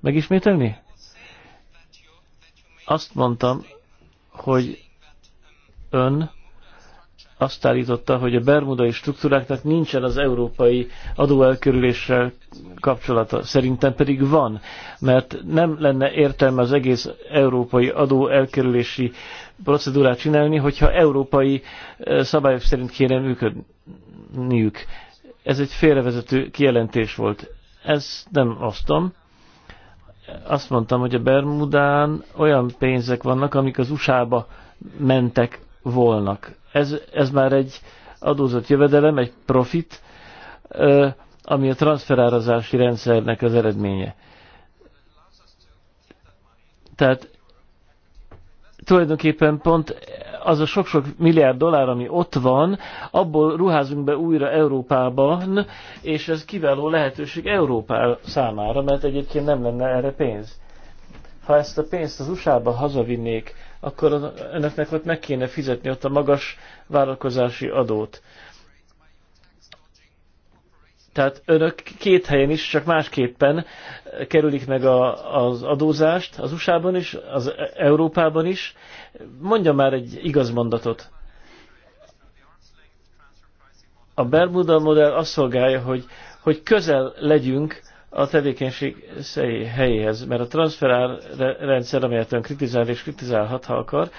S3: Megismételni? Azt mondtam, hogy ön azt állította, hogy a bermudai struktúráknak nincsen az európai adóelkerüléssel kapcsolata. Szerintem pedig van, mert nem lenne értelme az egész európai adóelkerülési procedúrát csinálni, hogyha európai szabályok szerint kéne működniük. Ez egy félrevezető kijelentés volt. Ezt nem osztom. Azt mondtam, hogy a Bermudán olyan pénzek vannak, amik az USA-ba mentek volnak. Ez, ez már egy adózott jövedelem, egy profit, ami a transferárazási rendszernek az eredménye. Tehát tulajdonképpen pont az a sok-sok milliárd dollár, ami ott van, abból ruházunk be újra Európában, és ez kiváló lehetőség Európá számára, mert egyébként nem lenne erre pénz. Ha ezt a pénzt az USA-ba hazavinnék, akkor ennek ott meg kéne fizetni ott a magas vállalkozási adót. Tehát önök két helyen is, csak másképpen kerülik meg a, az adózást, az USA-ban is, az Európában is. Mondja már egy igaz mondatot. A Bermuda modell azt szolgálja, hogy, hogy közel legyünk a tevékenység helyéhez, mert a transferár rendszer, amelyet ön kritizál és kritizálhat, ha akar,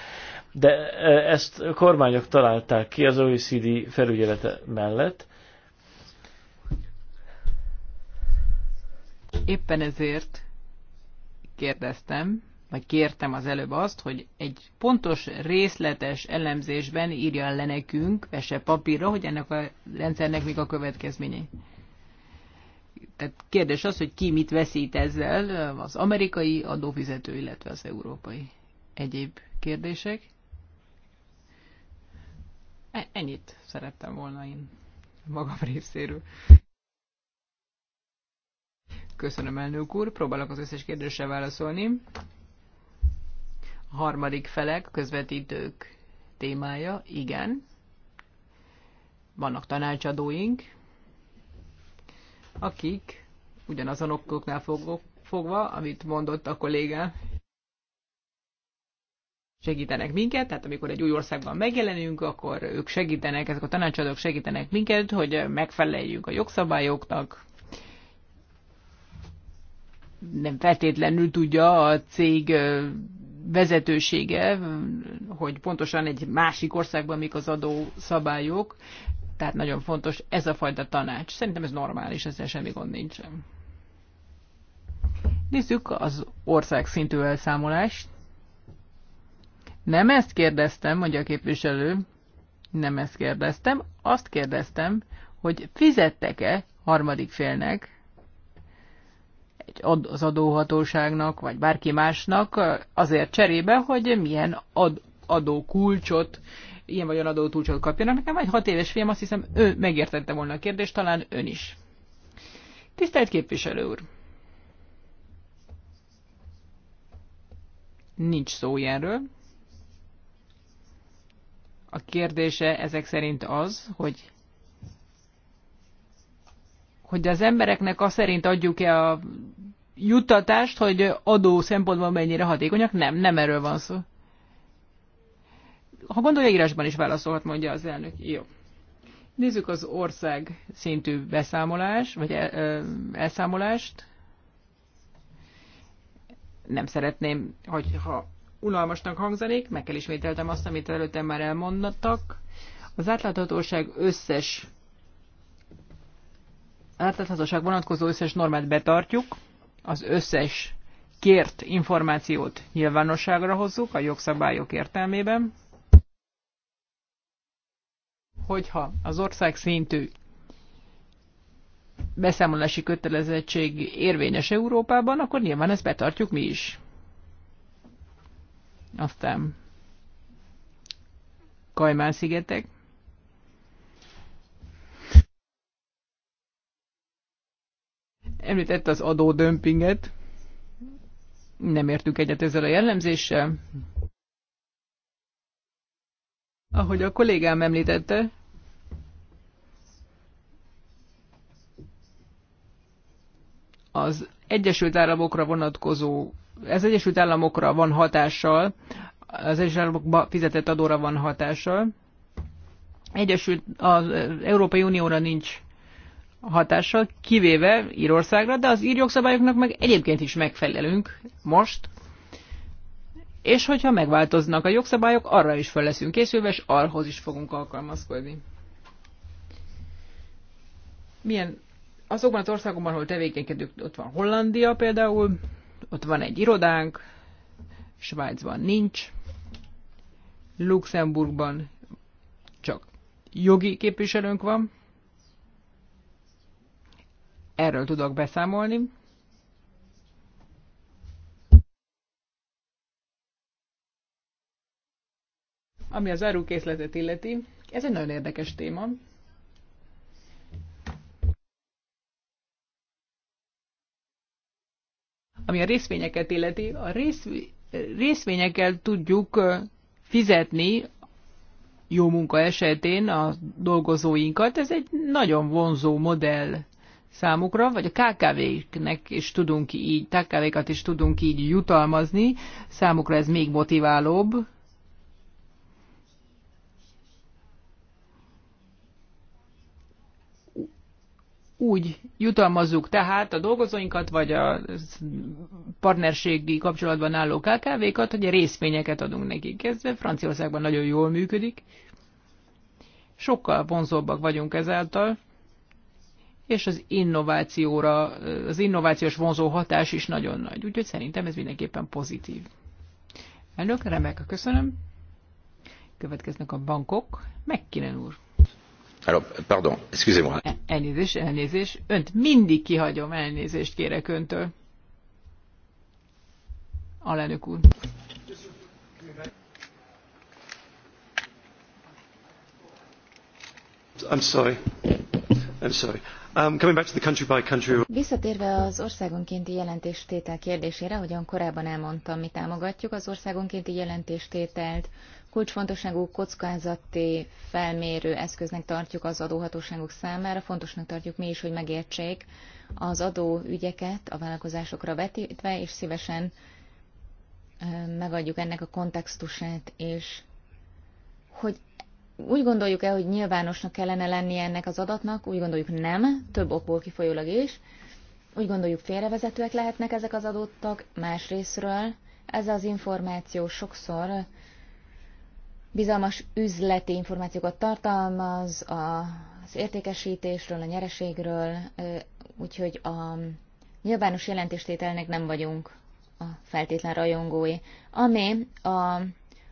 S3: de e, ezt a kormányok találták ki az OECD felügyelete mellett. Éppen
S1: ezért kérdeztem, vagy kértem az előbb azt, hogy egy pontos, részletes elemzésben írja le nekünk, vese papírra, hogy ennek a rendszernek még a következményei. Tehát kérdés az, hogy ki mit veszít ezzel, az amerikai adófizető, illetve az európai. Egyéb kérdések? E, ennyit szerettem volna én magam részéről. Köszönöm, elnök úr. Próbálok az összes kérdésre válaszolni. A harmadik felek, közvetítők témája, igen. Vannak tanácsadóink, akik ugyanazon okoknál fogva, amit mondott a kollégám, segítenek minket, tehát amikor egy új országban megjelenünk, akkor ők segítenek, ezek a tanácsadók segítenek minket, hogy megfeleljünk a jogszabályoknak. Nem feltétlenül tudja a cég vezetősége, hogy pontosan egy másik országban mik az adó szabályok, tehát nagyon fontos ez a fajta tanács. Szerintem ez normális, ezzel semmi gond nincsen. Nézzük az ország szintű elszámolást. Nem ezt kérdeztem, mondja a képviselő. Nem ezt kérdeztem. Azt kérdeztem, hogy fizettek-e harmadik félnek, egy az adóhatóságnak, vagy bárki másnak azért cserébe, hogy milyen ad, adókulcsot ilyen vagy olyan adótúcsot kapjanak. Nekem egy hat éves fiam, azt hiszem, ő megértette volna a kérdést, talán ön is. Tisztelt képviselő úr! Nincs szó ilyenről. A kérdése ezek szerint az, hogy hogy az embereknek azt szerint adjuk-e a juttatást, hogy adó szempontból mennyire hatékonyak. Nem, nem erről van szó ha gondolja, írásban is válaszolhat, mondja az elnök. Jó. Nézzük az ország szintű beszámolás, vagy el, ö, elszámolást. Nem szeretném, hogyha unalmasnak hangzanék, meg kell ismételtem azt, amit előttem már elmondtak. Az átláthatóság összes átláthatóság vonatkozó összes normát betartjuk, az összes kért információt nyilvánosságra hozzuk a jogszabályok értelmében, hogyha az ország szintű beszámolási kötelezettség érvényes Európában, akkor nyilván ezt betartjuk mi is. Aztán Kajmán-szigetek. Említett az adódömpinget. Nem értünk egyet ezzel a jellemzéssel. Ahogy a kollégám említette, az Egyesült Államokra vonatkozó, ez Egyesült Államokra van hatással, az Egyesült Államokba fizetett adóra van hatással. Egyesült, az Európai Unióra nincs hatással, kivéve Írországra, de az ír jogszabályoknak meg egyébként is megfelelünk most, és hogyha megváltoznak a jogszabályok, arra is fel leszünk készülve, és arhoz is fogunk alkalmazkodni. Milyen azokban az országokban, ahol tevékenykedünk, ott van Hollandia például, ott van egy irodánk, Svájcban nincs, Luxemburgban csak jogi képviselőnk van, erről tudok beszámolni. Ami az árukészletet illeti, ez egy nagyon érdekes téma. Ami a részvényeket illeti, a részv- részvényekkel tudjuk fizetni jó munka esetén a dolgozóinkat. Ez egy nagyon vonzó modell számukra, vagy a KKV-knek is tudunk így, KKV-kat is tudunk így jutalmazni, számukra ez még motiválóbb, úgy jutalmazzuk tehát a dolgozóinkat, vagy a partnerségi kapcsolatban álló KKV-kat, hogy részvényeket adunk nekik. Ez Franciaországban nagyon jól működik. Sokkal vonzóbbak vagyunk ezáltal, és az innovációra, az innovációs vonzó hatás is nagyon nagy. Úgyhogy szerintem ez mindenképpen pozitív. Elnök, remek, köszönöm. Következnek a bankok. Megkinen úr pardon, excusez-moi. Elnézést, elnézést. Önt mindig kihagyom, elnézést kérek öntől. Alelnök úr.
S2: I'm sorry. I'm sorry. Um, coming back to the country by country.
S5: Visszatérve az országonkénti jelentéstétel kérdésére, ahogyan korábban elmondtam, mi támogatjuk az országonkénti jelentéstételt, Kulcsfontosságú kockázati felmérő eszköznek tartjuk az adóhatóságok számára. Fontosnak tartjuk mi is, hogy megértsék az adóügyeket a vállalkozásokra vetítve, és szívesen megadjuk ennek a kontextusát, és hogy úgy gondoljuk-e, hogy nyilvánosnak kellene lennie ennek az adatnak, úgy gondoljuk nem, több okból kifolyólag is. Úgy gondoljuk félrevezetőek lehetnek ezek az adottak, Más részről. ez az információ sokszor bizalmas üzleti információkat tartalmaz az értékesítésről, a nyereségről, úgyhogy a nyilvános jelentéstételnek nem vagyunk a feltétlen rajongói. Ami a,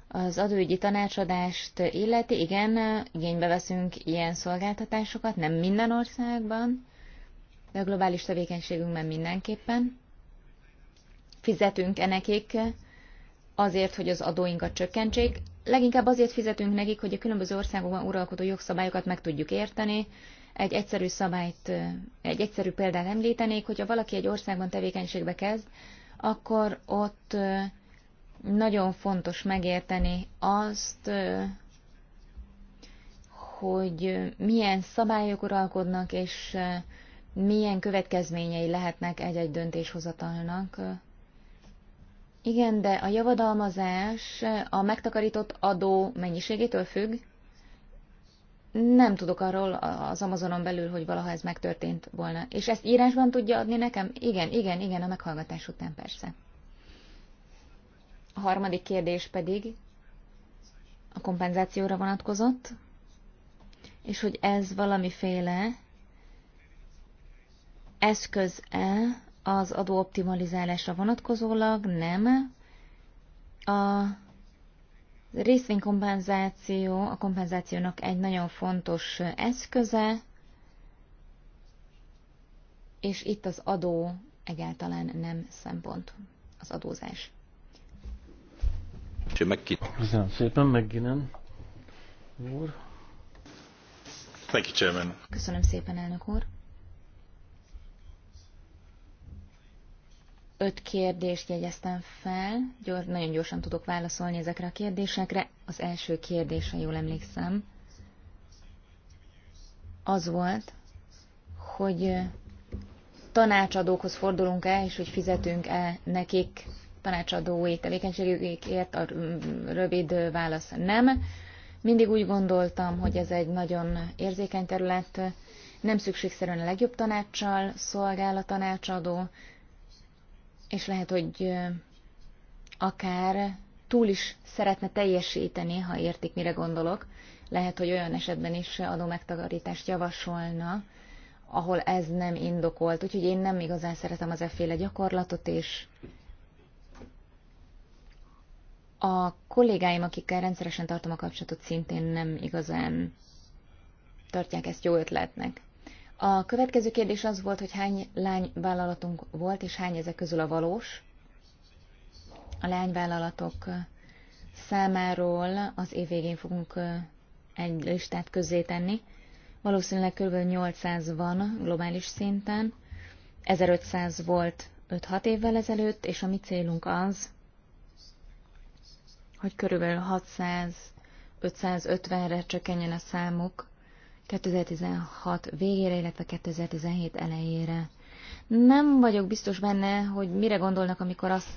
S5: az adóügyi tanácsadást illeti, igen, igénybe veszünk ilyen szolgáltatásokat, nem minden országban, de a globális tevékenységünkben mindenképpen. Fizetünk-e nekik azért, hogy az adóinkat csökkentsék? leginkább azért fizetünk nekik, hogy a különböző országokban uralkodó jogszabályokat meg tudjuk érteni. Egy egyszerű szabályt, egy egyszerű példát említenék, hogyha valaki egy országban tevékenységbe kezd, akkor ott nagyon fontos megérteni azt, hogy milyen szabályok uralkodnak, és milyen következményei lehetnek egy-egy döntéshozatalnak igen, de a javadalmazás a megtakarított adó mennyiségétől függ? Nem tudok arról az Amazonon belül, hogy valaha ez megtörtént volna. És ezt írásban tudja adni nekem? Igen, igen, igen, a meghallgatás után persze. A harmadik kérdés pedig a kompenzációra vonatkozott, és hogy ez valamiféle eszköz-e az adóoptimalizálásra vonatkozólag nem. A részvénykompenzáció a kompenzációnak egy nagyon fontos eszköze, és itt az adó egyáltalán nem szempont, az adózás.
S3: Köszönöm szépen, megginen
S2: úr.
S5: Köszönöm szépen, elnök úr. öt kérdést jegyeztem fel, gyors, nagyon gyorsan tudok válaszolni ezekre a kérdésekre. Az első kérdés, jól emlékszem, az volt, hogy tanácsadókhoz fordulunk-e, és hogy fizetünk-e nekik tanácsadói tevékenységükért, a mm, rövid válasz nem. Mindig úgy gondoltam, hogy ez egy nagyon érzékeny terület, nem szükségszerűen a legjobb tanácssal szolgál a tanácsadó, és lehet, hogy akár túl is szeretne teljesíteni, ha értik, mire gondolok. Lehet, hogy olyan esetben is adómegtakarítást javasolna, ahol ez nem indokolt. Úgyhogy én nem igazán szeretem az efféle gyakorlatot, és a kollégáim, akikkel rendszeresen tartom a kapcsolatot, szintén nem igazán tartják ezt jó ötletnek. A következő kérdés az volt, hogy hány lányvállalatunk volt, és hány ezek közül a valós. A lányvállalatok számáról az év végén fogunk egy listát tenni. Valószínűleg kb. 800 van globális szinten, 1500 volt 5-6 évvel ezelőtt, és a mi célunk az, hogy körülbelül 600-550-re csökkenjen a számuk 2016 végére, illetve 2017 elejére. Nem vagyok biztos benne, hogy mire gondolnak, amikor azt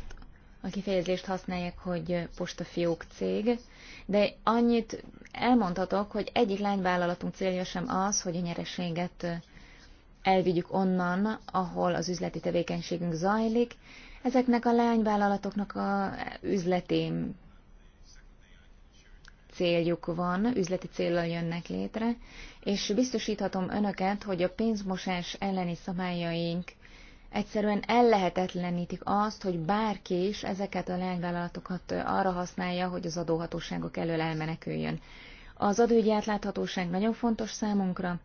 S5: a kifejezést használják, hogy postafiók cég, de annyit elmondhatok, hogy egyik lányvállalatunk célja sem az, hogy a nyereséget elvigyük onnan, ahol az üzleti tevékenységünk zajlik. Ezeknek a lányvállalatoknak a üzleti céljuk van, üzleti célra jönnek létre, és biztosíthatom önöket, hogy a pénzmosás elleni szabályaink egyszerűen ellehetetlenítik azt, hogy bárki is ezeket a leányvállalatokat arra használja, hogy az adóhatóságok elől elmeneküljön. Az adóügyi átláthatóság nagyon fontos számunkra,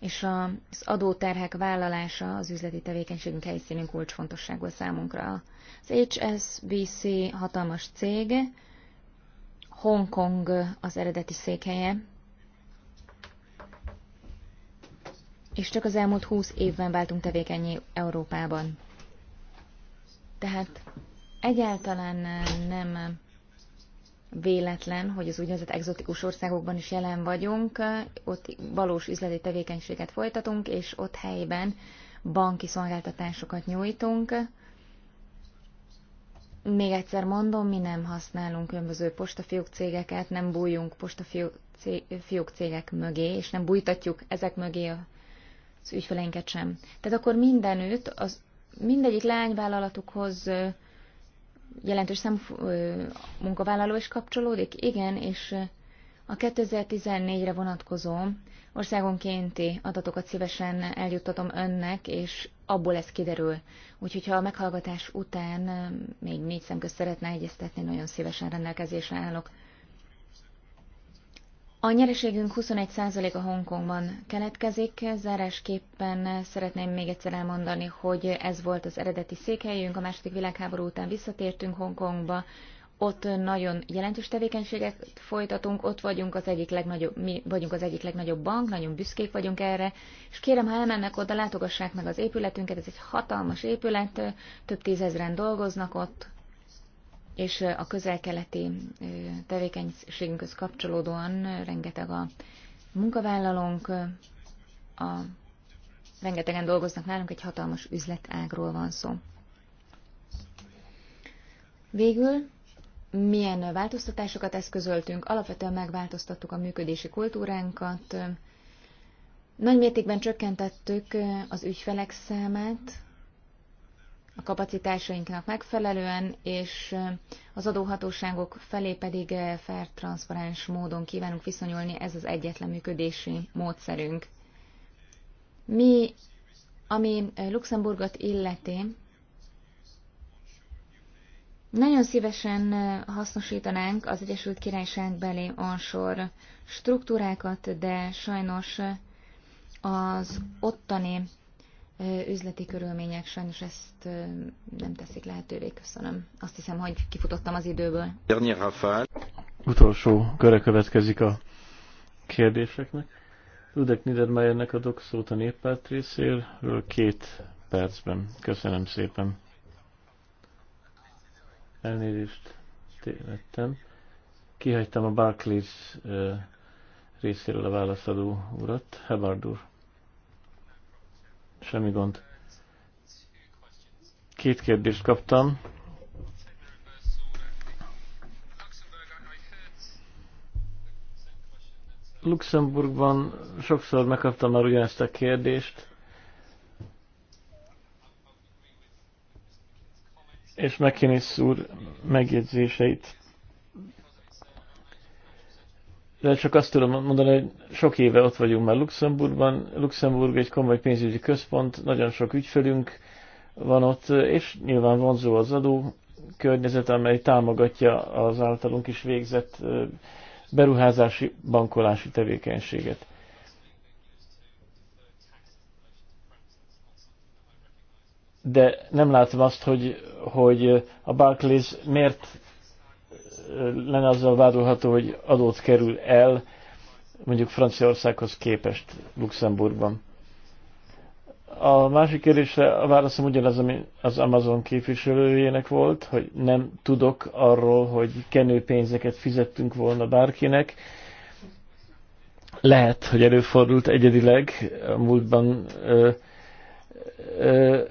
S5: és az adóterhek vállalása az üzleti tevékenységünk helyszínünk kulcsfontosságú számunkra. Az HSBC hatalmas cég, Hongkong az eredeti székhelye, és csak az elmúlt húsz évben váltunk tevékenyé Európában. Tehát egyáltalán nem véletlen, hogy az úgynevezett exotikus országokban is jelen vagyunk, ott valós üzleti tevékenységet folytatunk, és ott helyben banki szolgáltatásokat nyújtunk, még egyszer mondom, mi nem használunk különböző postafiók cégeket, nem bújunk postafiók cégek mögé, és nem bújtatjuk ezek mögé az ügyfeleinket sem. Tehát akkor mindenütt, az mindegyik lányvállalatukhoz jelentős szem munkavállaló is kapcsolódik? Igen, és a 2014-re vonatkozó országonkénti adatokat szívesen eljuttatom önnek, és abból ez kiderül. Úgyhogy ha a meghallgatás után még négy szemköz szeretne egyeztetni, nagyon szívesen rendelkezésre állok. A nyereségünk 21%-a Hongkongban keletkezik. Zárásképpen szeretném még egyszer elmondani, hogy ez volt az eredeti székhelyünk. A második világháború után visszatértünk Hongkongba, ott nagyon jelentős tevékenységet folytatunk, ott vagyunk az egyik legnagyobb, mi vagyunk az egyik legnagyobb bank, nagyon büszkék vagyunk erre, és kérem, ha elmennek oda, látogassák meg az épületünket, ez egy hatalmas épület, több tízezren dolgoznak ott, és a közel-keleti tevékenységünkhöz kapcsolódóan rengeteg a munkavállalónk, a, rengetegen dolgoznak nálunk, egy hatalmas üzletágról van szó. Végül milyen változtatásokat eszközöltünk, alapvetően megváltoztattuk a működési kultúránkat, nagy mértékben csökkentettük az ügyfelek számát a kapacitásainknak megfelelően, és az adóhatóságok felé pedig fair, transzparens módon kívánunk viszonyulni, ez az egyetlen működési módszerünk. Mi, ami Luxemburgot illeti, nagyon szívesen hasznosítanánk az Egyesült Királyság belé ansor struktúrákat, de sajnos az ottani üzleti körülmények sajnos ezt nem teszik lehetővé. Köszönöm. Azt hiszem, hogy kifutottam az időből.
S3: Utolsó köre következik a kérdéseknek. Ludek Niedermayernek adok szót a néppárt részéről két percben. Köszönöm szépen. Elnézést tévedtem. Kihagytam a Barclays részéről a válaszadó urat, Hebard úr. Semmi gond. Két kérdést kaptam. Luxemburgban sokszor megkaptam már ugyanezt a kérdést, és McKinnis úr megjegyzéseit. De csak azt tudom mondani, hogy sok éve ott vagyunk már Luxemburgban. Luxemburg egy komoly pénzügyi központ, nagyon sok ügyfelünk van ott, és nyilván vonzó az adó környezet, amely támogatja az általunk is végzett beruházási bankolási tevékenységet. de nem látom azt, hogy, hogy a Barclays miért lenne azzal vádolható, hogy adót kerül el, mondjuk Franciaországhoz képest Luxemburgban. A másik kérdésre a válaszom ugyanaz, ami az Amazon képviselőjének volt, hogy nem tudok arról, hogy kenőpénzeket fizettünk volna bárkinek. Lehet, hogy előfordult egyedileg, a múltban ö, ö,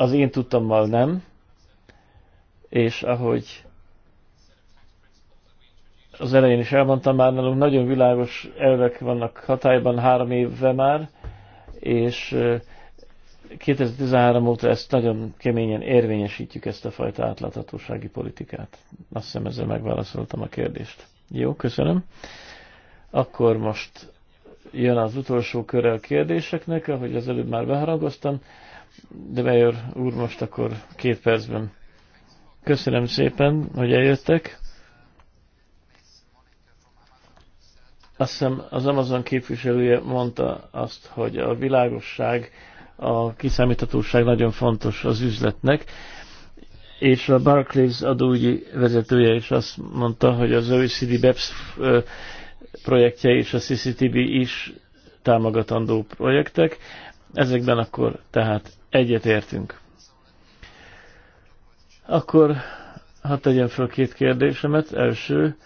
S3: az én tudtommal nem, és ahogy az elején is elmondtam már, nálunk nagyon világos elvek vannak hatályban három évve már, és 2013 óta ezt nagyon keményen érvényesítjük, ezt a fajta átláthatósági politikát. Azt hiszem ezzel megválaszoltam a kérdést. Jó, köszönöm. Akkor most jön az utolsó köre a kérdéseknek, ahogy az előbb már beharangoztam de Meyer úr most akkor két percben. Köszönöm szépen, hogy eljöttek. Azt hiszem az Amazon képviselője mondta azt, hogy a világosság, a kiszámíthatóság nagyon fontos az üzletnek, és a Barclays adóügyi vezetője is azt mondta, hogy az OECD BEPS projektje és a CCTV is támogatandó projektek. Ezekben akkor tehát Egyetértünk. Akkor hadd tegyem föl két kérdésemet. Első,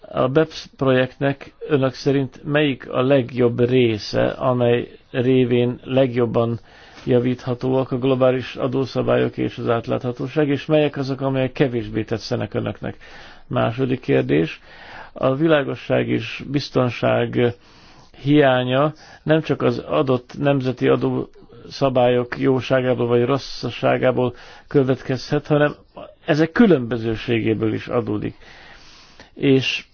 S3: a BEPS projektnek önök szerint melyik a legjobb része, amely révén legjobban javíthatóak a globális adószabályok és az átláthatóság, és melyek azok, amelyek kevésbé tetszenek önöknek? Második kérdés. A világosság és biztonság hiánya nem csak az adott nemzeti adó szabályok jóságából vagy rosszaságából következhet, hanem ezek különbözőségéből is adódik. És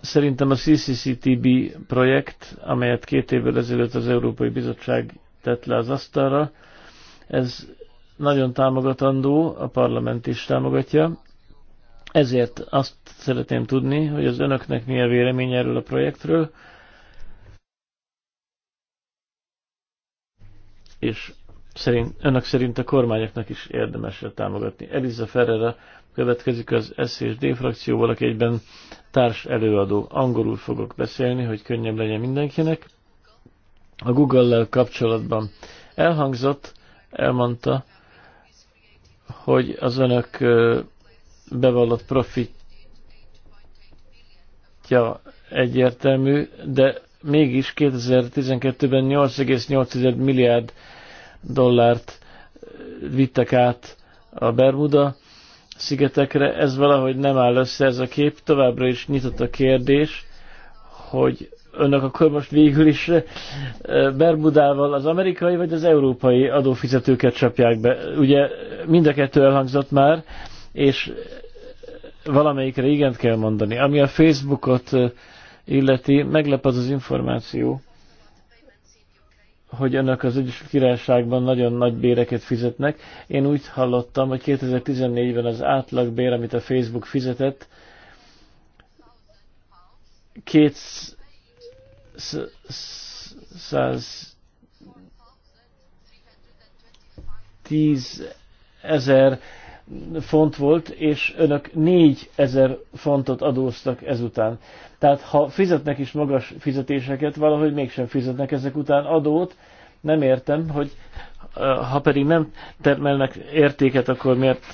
S3: szerintem a CCCTB projekt, amelyet két évvel ezelőtt az Európai Bizottság tett le az asztalra, ez nagyon támogatandó, a parlament is támogatja. Ezért azt szeretném tudni, hogy az önöknek mi a vélemény erről a projektről, és szerint, önök szerint a kormányoknak is érdemes támogatni. Eliza Ferreira következik az SZSD frakcióval, aki egyben társ előadó. Angolul fogok beszélni, hogy könnyebb legyen mindenkinek. A Google-lel kapcsolatban elhangzott, elmondta, hogy az önök bevallott profitja egyértelmű, de mégis 2012-ben 8,8 milliárd dollárt eh, vittek át a Bermuda szigetekre. Ez valahogy nem áll össze ez a kép. Továbbra is nyitott a kérdés, hogy önök akkor most végül is eh, Bermudával az amerikai vagy az európai adófizetőket csapják be. Ugye mind a kettő elhangzott már, és valamelyikre igent kell mondani. Ami a Facebookot eh, illeti, meglep az az információ, hogy önök az Egyesült Királyságban nagyon nagy béreket fizetnek. Én úgy hallottam, hogy 2014-ben az átlagbér, amit a Facebook fizetett, 210 ezer font volt, és önök 4000 fontot adóztak ezután. Tehát ha fizetnek is magas fizetéseket, valahogy mégsem fizetnek ezek után adót, nem értem, hogy ha pedig nem termelnek értéket, akkor miért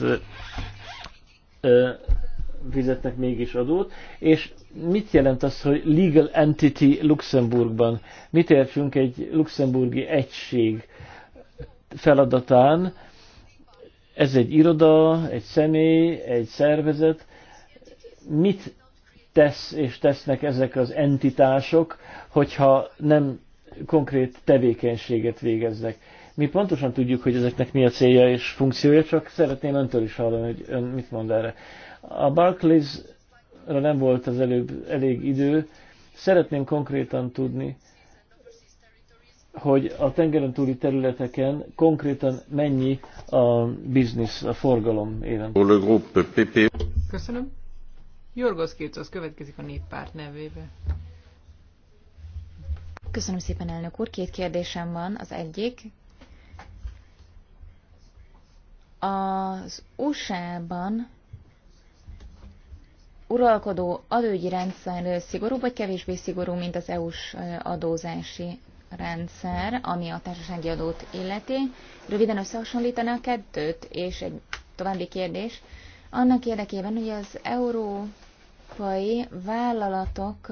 S3: fizetnek mégis adót, és mit jelent az, hogy legal entity Luxemburgban? Mit értsünk egy luxemburgi egység feladatán, ez egy iroda, egy személy, egy szervezet. Mit tesz és tesznek ezek az entitások, hogyha nem konkrét tevékenységet végeznek? Mi pontosan tudjuk, hogy ezeknek mi a célja és funkciója, csak szeretném öntől is hallani, hogy ön mit mond erre. A Barclays-ra nem volt az előbb elég idő. Szeretném konkrétan tudni, hogy a tengeren túli területeken konkrétan mennyi a biznisz, a forgalom éven.
S1: Köszönöm. Jorgos Kircosz következik a néppárt nevébe.
S5: Köszönöm szépen, elnök úr. Két kérdésem van. Az egyik, az USA-ban uralkodó adóügyi rendszer szigorúbb vagy kevésbé szigorú, mint az EU-s adózási rendszer, ami a társasági adót illeti. Röviden összehasonlítani a kettőt, és egy további kérdés. Annak érdekében, hogy az európai vállalatok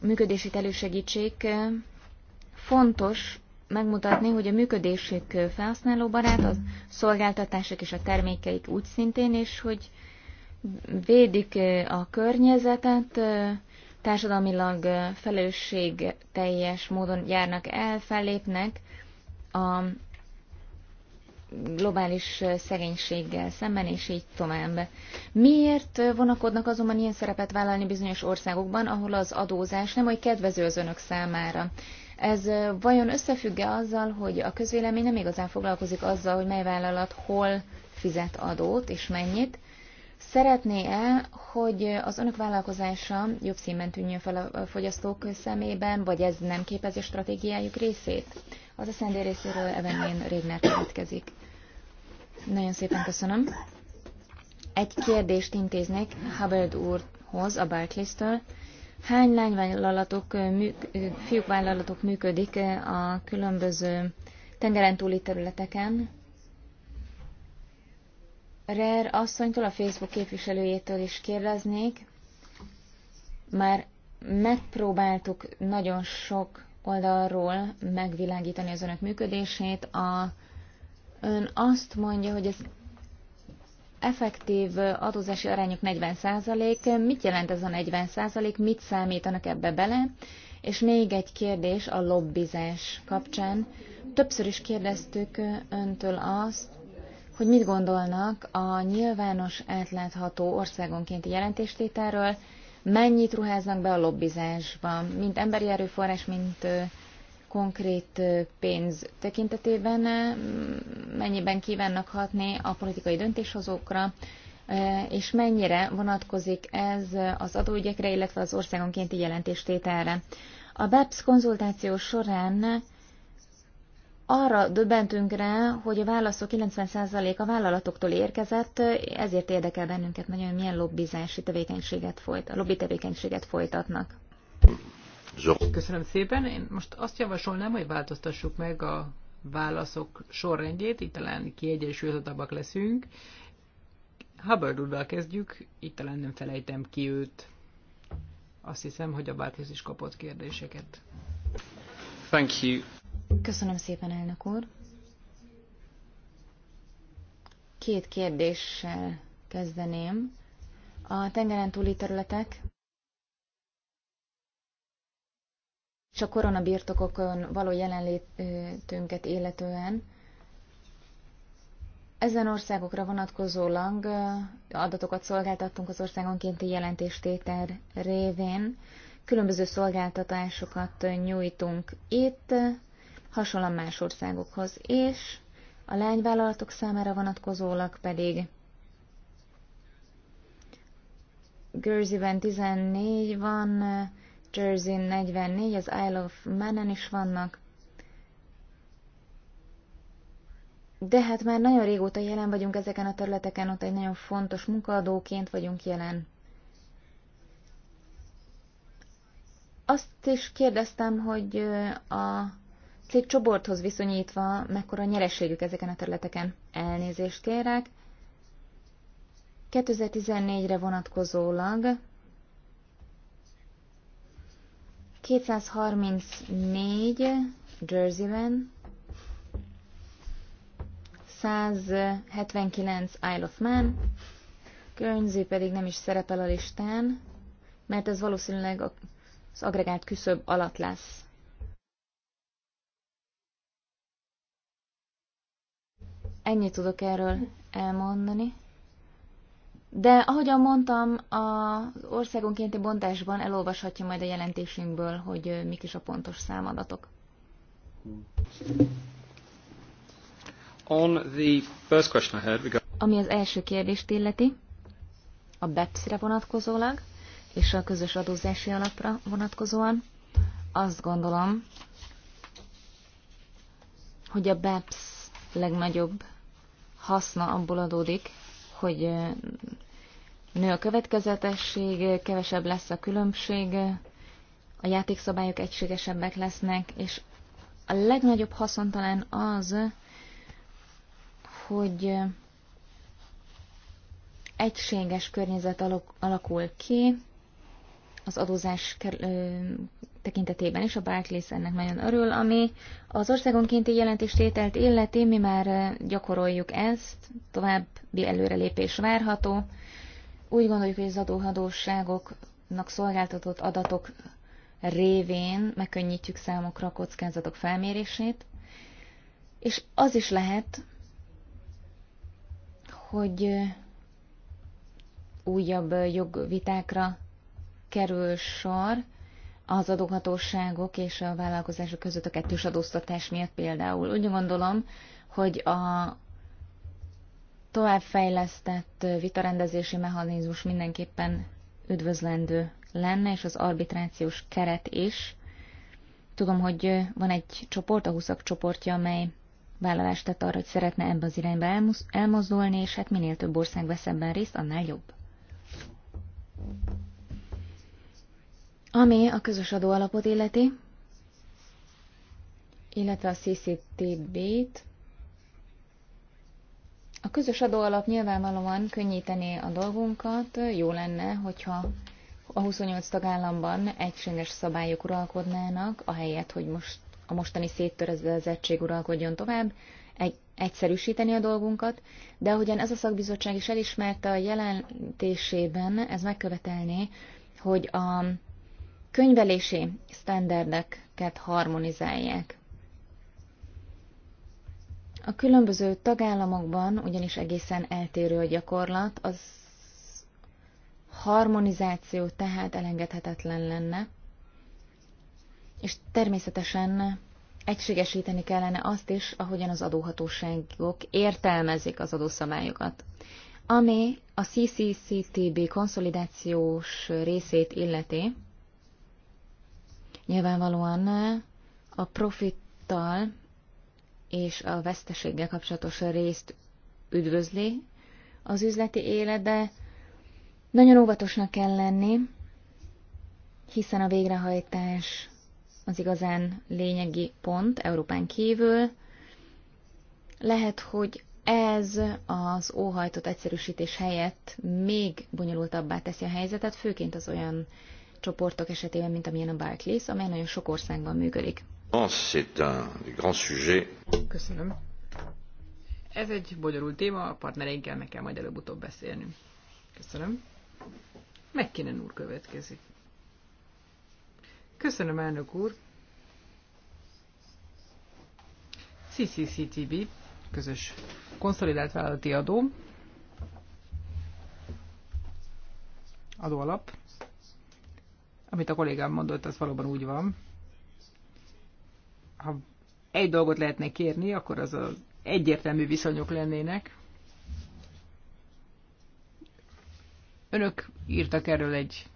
S5: működését elősegítsék, fontos megmutatni, hogy a működésük felhasználóbarát, a szolgáltatások és a termékeik úgy szintén, és hogy védik a környezetet, társadalmilag teljes módon járnak el, fellépnek a globális szegénységgel szemben, és így tovább. Miért vonakodnak azonban ilyen szerepet vállalni bizonyos országokban, ahol az adózás nem oly kedvező az önök számára? Ez vajon összefügg-e azzal, hogy a közvélemény nem igazán foglalkozik azzal, hogy mely vállalat hol fizet adót és mennyit, Szeretné-e, hogy az önök vállalkozása jobb színben tűnjön fel a fogyasztók szemében, vagy ez nem képezi a stratégiájuk részét? Az a szendély részéről Evelyn Régner következik. Nagyon szépen köszönöm. Egy kérdést intéznék Hubbard úrhoz, a Barclays-től. Hány lányvállalatok, fiúkvállalatok működik a különböző tengeren túli területeken, Rer asszonytól, a Facebook képviselőjétől is kérdeznék. Már megpróbáltuk nagyon sok oldalról megvilágítani az önök működését. A, ön azt mondja, hogy ez effektív adózási arányok 40%. Mit jelent ez a 40%? Mit számítanak ebbe bele? És még egy kérdés a lobbizás kapcsán. Többször is kérdeztük öntől azt, hogy mit gondolnak a nyilvános, átlátható országonkénti jelentéstételről, mennyit ruháznak be a lobbizásban, mint emberi erőforrás, mint konkrét pénz tekintetében, mennyiben kívánnak hatni a politikai döntéshozókra, és mennyire vonatkozik ez az adóügyekre, illetve az országonkénti jelentéstételre. A BEPS konzultáció során arra döbbentünk rá, hogy a válaszok 90%-a vállalatoktól érkezett, ezért érdekel bennünket nagyon, hogy milyen lobbizási tevékenységet folyt, lobby tevékenységet folytatnak.
S1: Köszönöm szépen. Én most azt javasolnám, hogy változtassuk meg a válaszok sorrendjét, itt talán kiegyensúlyozottabbak leszünk. Hubbard úrral kezdjük, itt talán nem felejtem ki őt. Azt hiszem, hogy a bárkész is kapott kérdéseket. Thank you.
S5: Köszönöm szépen, elnök úr. Két kérdéssel kezdeném. A tengeren túli területek és a koronabirtokokon való jelenlétünket illetően ezen országokra vonatkozólag adatokat szolgáltattunk az országonkénti jelentéstétel révén. Különböző szolgáltatásokat nyújtunk itt, hasonlóan más országokhoz, és a lányvállalatok számára vonatkozólag pedig Jerseyben ben 14 van, Jersey 44, az Isle of Man-en is vannak. De hát már nagyon régóta jelen vagyunk ezeken a területeken, ott egy nagyon fontos munkaadóként vagyunk jelen. Azt is kérdeztem, hogy a csoporthoz viszonyítva mekkora nyereségük ezeken a területeken. Elnézést kérek. 2014-re vonatkozólag 234 Jerseyben, 179 Isle of Man, Guernsey pedig nem is szerepel a listán, mert ez valószínűleg az agregált küszöb alatt lesz. Ennyit tudok erről elmondani. De ahogyan mondtam, az országonkénti bontásban elolvashatja majd a jelentésünkből, hogy mik is a pontos számadatok.
S2: On the first question I heard, got...
S5: Ami az első kérdést illeti, a BEPS-re vonatkozólag, és a közös adózási alapra vonatkozóan, azt gondolom, hogy a BEPS legnagyobb haszna abból adódik, hogy nő a következetesség, kevesebb lesz a különbség, a játékszabályok egységesebbek lesznek, és a legnagyobb haszon talán az, hogy egységes környezet alakul ki, az adózás tekintetében is, a Barclays ennek nagyon örül, ami az országonkénti jelentéstételt illeti, mi már gyakoroljuk ezt, további előrelépés várható. Úgy gondoljuk, hogy az adóhadóságoknak szolgáltatott adatok révén megkönnyítjük számokra a kockázatok felmérését, és az is lehet, hogy újabb jogvitákra kerül sor az adóhatóságok és a vállalkozások között a kettős adóztatás miatt például. Úgy gondolom, hogy a továbbfejlesztett vitarendezési mechanizmus mindenképpen üdvözlendő lenne, és az arbitrációs keret is. Tudom, hogy van egy csoport, a huszak csoportja, amely vállalást tett arra, hogy szeretne ebbe az irányba elmozdulni, és hát minél több ország vesz ebben részt, annál jobb. Ami a közös adóalapot illeti, illetve a CCTB-t, a közös adóalap nyilvánvalóan könnyítené a dolgunkat, jó lenne, hogyha a 28 tagállamban egységes szabályok uralkodnának, ahelyett, hogy most a mostani széttörezettség uralkodjon tovább, egy, egyszerűsíteni a dolgunkat, de ahogyan ez a szakbizottság is elismerte a jelentésében, ez megkövetelné, hogy a könyvelési sztenderdeket harmonizálják. A különböző tagállamokban ugyanis egészen eltérő a gyakorlat, az harmonizáció tehát elengedhetetlen lenne, és természetesen egységesíteni kellene azt is, ahogyan az adóhatóságok értelmezik az adószabályokat. Ami a CCCTB konszolidációs részét illeti, Nyilvánvalóan a profittal és a veszteséggel kapcsolatos részt üdvözli az üzleti élet, de nagyon óvatosnak kell lenni, hiszen a végrehajtás az igazán lényegi pont Európán kívül. Lehet, hogy ez az óhajtott egyszerűsítés helyett még bonyolultabbá teszi a helyzetet, főként az olyan csoportok esetében, mint amilyen a Barclays, amely nagyon sok országban működik. Ah, Köszönöm.
S1: Ez egy bonyolult téma, a partnereinkkel meg kell majd előbb-utóbb beszélni. Köszönöm. Megkinen úr következik. Köszönöm, elnök úr. CCCTV, közös konszolidált vállalati adó, adóalap. Amit a kollégám mondott, az valóban úgy van. Ha egy dolgot lehetne kérni, akkor az az egyértelmű viszonyok lennének. Önök írtak erről egy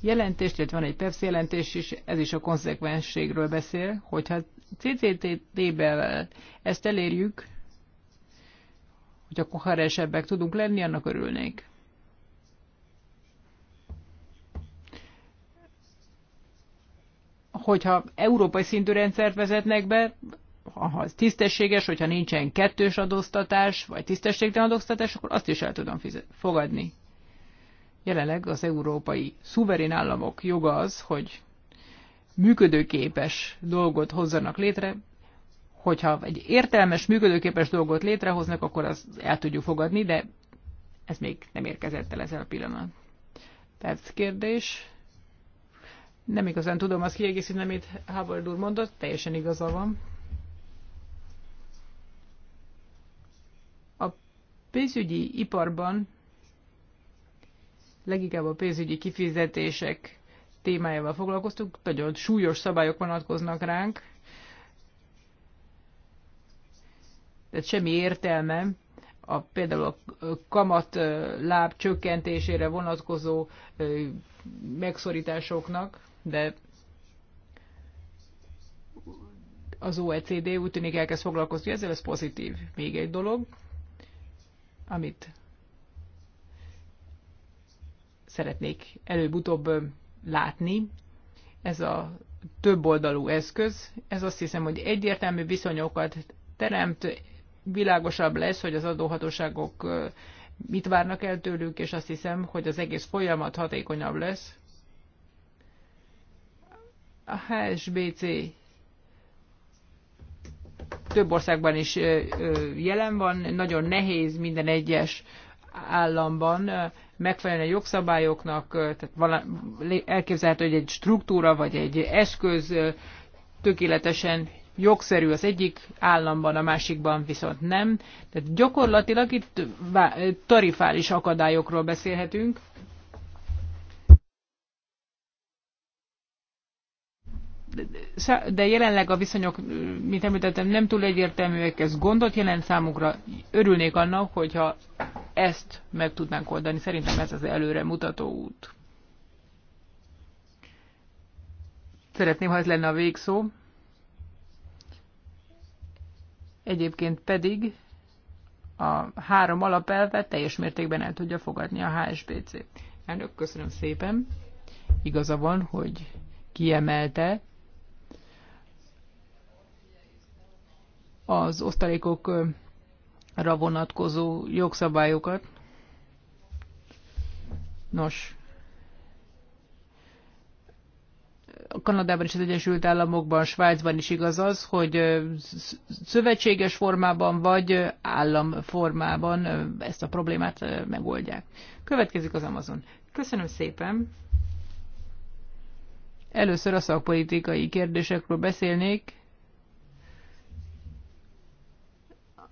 S1: jelentést, illetve van egy PEPSZ jelentés is, ez is a konzekvenségről beszél, hogyha CCTT-vel ezt elérjük, hogyha koherensebbek tudunk lenni, annak örülnék. hogyha európai szintű rendszert vezetnek be, ha az tisztességes, hogyha nincsen kettős adóztatás, vagy tisztességtelen adóztatás, akkor azt is el tudom fogadni. Jelenleg az európai szuverén államok joga az, hogy működőképes dolgot hozzanak létre, hogyha egy értelmes, működőképes dolgot létrehoznak, akkor azt el tudjuk fogadni, de ez még nem érkezett el ezzel a pillanat. Perc kérdés. Nem igazán tudom azt kiegészíteni, amit Howard úr mondott, teljesen igaza van. A pénzügyi iparban leginkább a pénzügyi kifizetések témájával foglalkoztunk, nagyon súlyos szabályok vonatkoznak ránk, tehát semmi értelme a, például a kamat láb csökkentésére vonatkozó megszorításoknak de az OECD úgy tűnik elkezd foglalkozni ezzel, ez pozitív. Még egy dolog, amit szeretnék előbb-utóbb látni, ez a többoldalú eszköz. Ez azt hiszem, hogy egyértelmű viszonyokat teremt, világosabb lesz, hogy az adóhatóságok mit várnak el tőlük, és azt hiszem, hogy az egész folyamat hatékonyabb lesz. A HSBC több országban is jelen van, nagyon nehéz minden egyes államban megfelelni a jogszabályoknak, tehát elképzelhető, hogy egy struktúra vagy egy eszköz tökéletesen jogszerű az egyik államban, a másikban viszont nem. Tehát gyakorlatilag itt tarifális akadályokról beszélhetünk. de jelenleg a viszonyok, mint említettem, nem túl egyértelműek, ez gondot jelent számukra. Örülnék annak, hogyha ezt meg tudnánk oldani. Szerintem ez az előre mutató út. Szeretném, ha ez lenne a végszó. Egyébként pedig a három alapelvet teljes mértékben el tudja fogadni a HSBC. Elnök, köszönöm szépen. Igaza van, hogy kiemelte, az osztalékokra vonatkozó jogszabályokat. Nos, Kanadában és az Egyesült Államokban, Svájcban is igaz az, hogy szövetséges formában vagy államformában ezt a problémát megoldják. Következik az Amazon. Köszönöm szépen! Először a szakpolitikai kérdésekről beszélnék,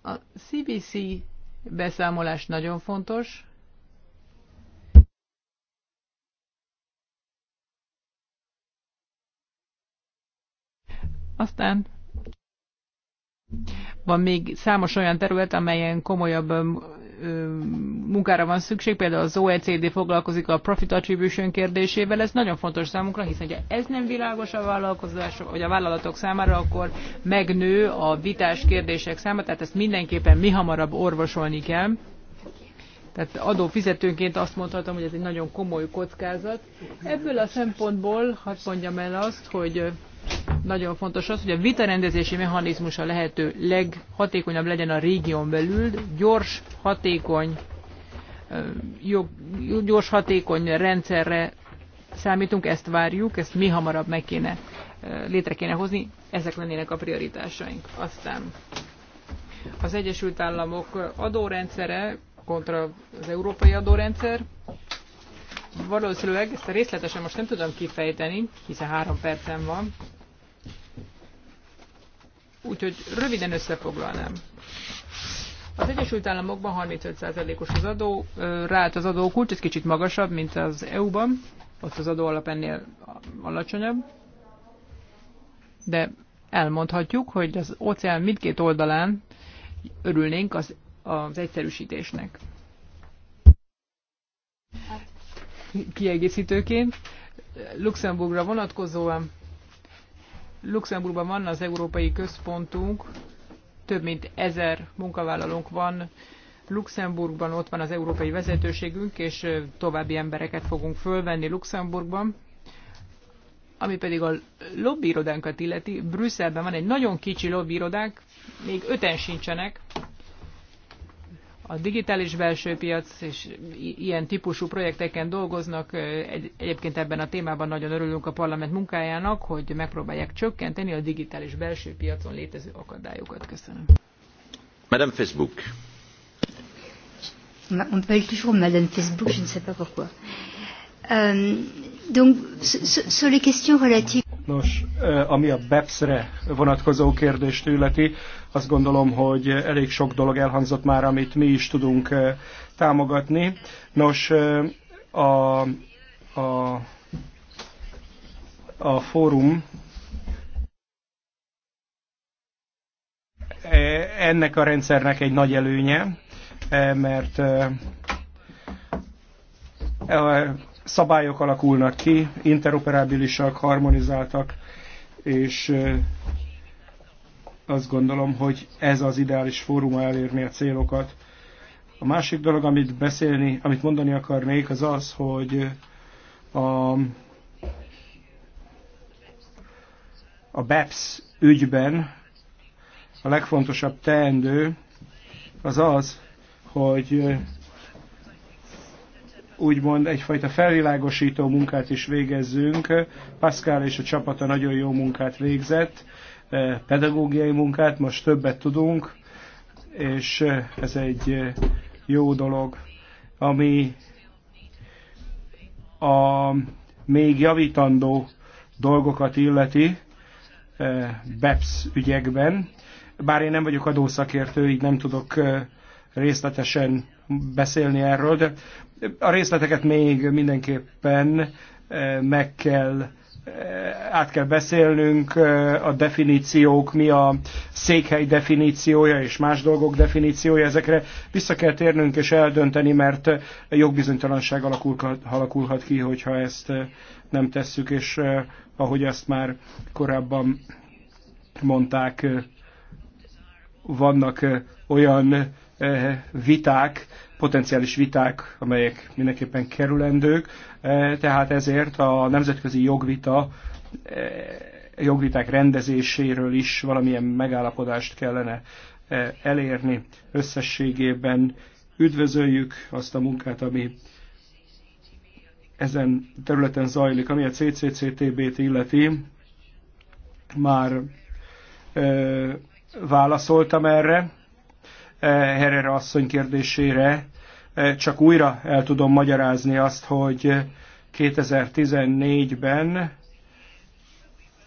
S1: A CBC beszámolás nagyon fontos. Aztán van még számos olyan terület, amelyen komolyabb um, munkára van szükség, például az OECD foglalkozik a profit attribution kérdésével, ez nagyon fontos számunkra, hiszen ha ez nem világos a vállalkozás, vagy a vállalatok számára, akkor megnő a vitás kérdések száma, tehát ezt mindenképpen mi hamarabb orvosolni kell tehát adófizetőnként azt mondhatom, hogy ez egy nagyon komoly kockázat. Ebből a szempontból hadd mondjam el azt, hogy nagyon fontos az, hogy a vitarendezési mechanizmus a lehető leghatékonyabb legyen a régión belül, gyors, hatékony, jó, gyors, hatékony rendszerre számítunk, ezt várjuk, ezt mi hamarabb meg kéne, létre kéne hozni, ezek lennének a prioritásaink. Aztán az Egyesült Államok adórendszere kontra az európai adórendszer. Valószínűleg ezt a részletesen most nem tudom kifejteni, hiszen három percem van. Úgyhogy röviden összefoglalnám. Az Egyesült Államokban 35%-os az adó, ráállt az adókulcs, ez kicsit magasabb, mint az EU-ban, ott az adó alap ennél alacsonyabb. De elmondhatjuk, hogy az óceán mindkét oldalán örülnénk az az egyszerűsítésnek. Kiegészítőként Luxemburgra vonatkozóan Luxemburgban van az Európai Központunk, több mint ezer munkavállalónk van Luxemburgban, ott van az európai vezetőségünk, és további embereket fogunk fölvenni Luxemburgban. Ami pedig a lobbyirodánkat illeti, Brüsszelben van egy nagyon kicsi lobbirodánk, még öten sincsenek, a digitális belső piac és ilyen típusú projekteken dolgoznak. Egy, egyébként ebben a témában nagyon örülünk a parlament munkájának, hogy megpróbálják csökkenteni a digitális belső piacon létező akadályokat. Köszönöm.
S4: Madame Facebook.
S5: On peut toujours Madame Facebook, je ne sais pas pourquoi. Euh, donc,
S2: sur les questions relatives. Nos, ami a BEPS-re vonatkozó kérdést illeti, azt gondolom, hogy elég sok dolog elhangzott már, amit mi is tudunk támogatni. Nos, a, a, a fórum e, ennek a rendszernek egy nagy előnye, e, mert e, szabályok alakulnak ki, interoperabilisak, harmonizáltak, és azt gondolom, hogy ez az ideális fórum elérni a célokat. A másik dolog, amit beszélni, amit mondani akarnék, az az, hogy a, a BEPS ügyben a legfontosabb teendő az az, hogy úgymond egyfajta felvilágosító munkát is végezzünk. Pascal és a csapata nagyon jó munkát végzett, eh, pedagógiai munkát, most többet tudunk, és eh, ez egy eh, jó dolog, ami a még javítandó dolgokat illeti BEPS ügyekben. Bár én nem vagyok adószakértő, így nem tudok részletesen beszélni erről, de a részleteket még mindenképpen eh, meg kell eh, át kell beszélnünk eh, a definíciók, mi a székhely definíciója és más dolgok definíciója, ezekre vissza kell térnünk és eldönteni, mert jogbizonytalanság alakulhat, ki, hogyha ezt nem tesszük, és ahogy ezt már korábban mondták, vannak olyan Eh, viták, potenciális viták, amelyek mindenképpen kerülendők, eh, tehát ezért a nemzetközi jogvita eh, jogviták rendezéséről is valamilyen megállapodást kellene elérni. Összességében üdvözöljük azt a munkát, ami ezen területen zajlik, ami a CCCTB-t illeti. Már válaszoltam erre. Eh, Herrera asszony kérdésére eh, csak újra el tudom magyarázni azt, hogy 2014-ben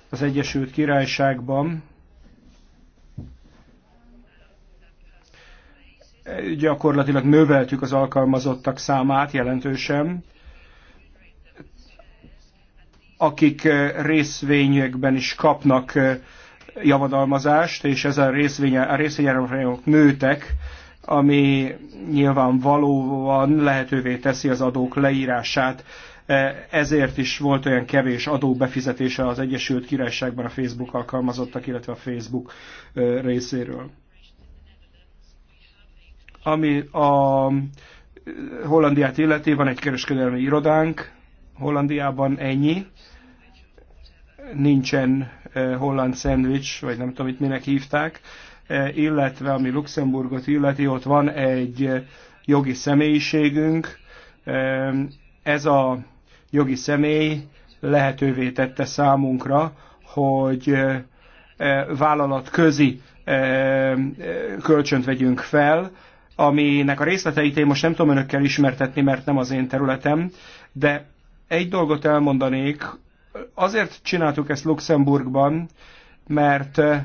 S2: az Egyesült Királyságban eh, gyakorlatilag növeltük az alkalmazottak számát jelentősen, akik részvényekben is kapnak javadalmazást, és ezen a, részvénye, a részvényárak nőtek, ami nyilvánvalóan lehetővé teszi az adók leírását. Ezért is volt olyan kevés adó befizetése az Egyesült Királyságban a Facebook alkalmazottak, illetve a Facebook részéről. Ami a Hollandiát illeti, van egy kereskedelmi irodánk Hollandiában, ennyi. Nincsen holland szendvics, vagy nem tudom, mit minek hívták, illetve ami Luxemburgot illeti, ott van egy jogi személyiségünk. Ez a jogi személy lehetővé tette számunkra, hogy vállalat közi kölcsönt vegyünk fel, aminek a részleteit én most nem tudom önökkel ismertetni, mert nem az én területem, de egy dolgot elmondanék, Azért csináltuk ezt Luxemburgban, mert eh,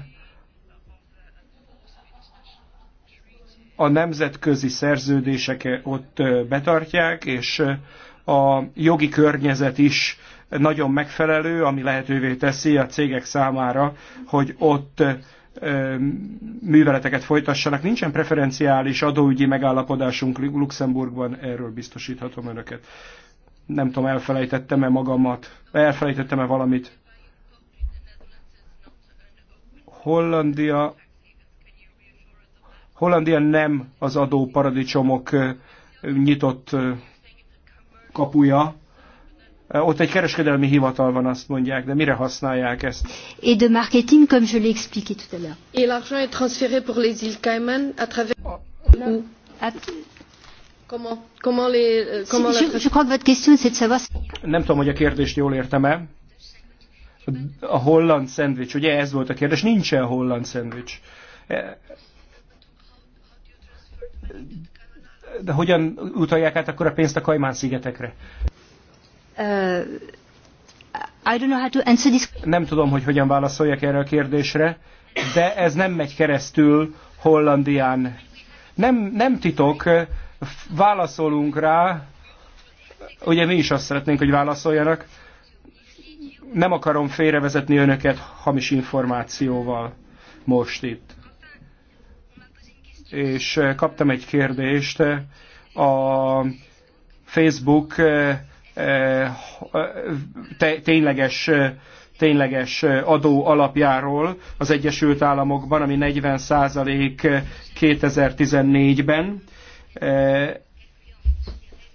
S2: a nemzetközi szerződések eh, ott eh, betartják, és a jogi környezet is nagyon megfelelő, ami lehetővé teszi a cégek számára, hogy ott műveleteket folytassanak. Nincsen preferenciális adóügyi megállapodásunk Luxemburgban, erről biztosíthatom önöket. Nem tudom, elfelejtettem-e magamat, elfelejtettem-e valamit. Hollandia, Hollandia nem az adó paradicsomok nyitott kapuja. Ott egy kereskedelmi hivatal van, azt mondják, de mire használják ezt? Et de marketing, comme je l'ai expliqué tout à l'heure. Et l'argent est transféré pour les îles Cayman à travers... Oh, A... Nem tudom, hogy a kérdést jól értem-e. A holland szendvics, ugye ez volt a kérdés? Nincsen holland szendvics. E, de hogyan utalják át akkor a pénzt a Kajmán-szigetekre? Uh, I don't know how to answer this. Nem tudom, hogy hogyan válaszoljak erre a kérdésre, de ez nem megy keresztül Hollandián. Nem, nem titok, válaszolunk rá, ugye mi is azt szeretnénk, hogy válaszoljanak, nem akarom félrevezetni önöket hamis információval most itt. És eh, kaptam egy kérdést a Facebook eh, eh, tényleges tényleges adó alapjáról az Egyesült Államokban, ami 40 2014-ben. E,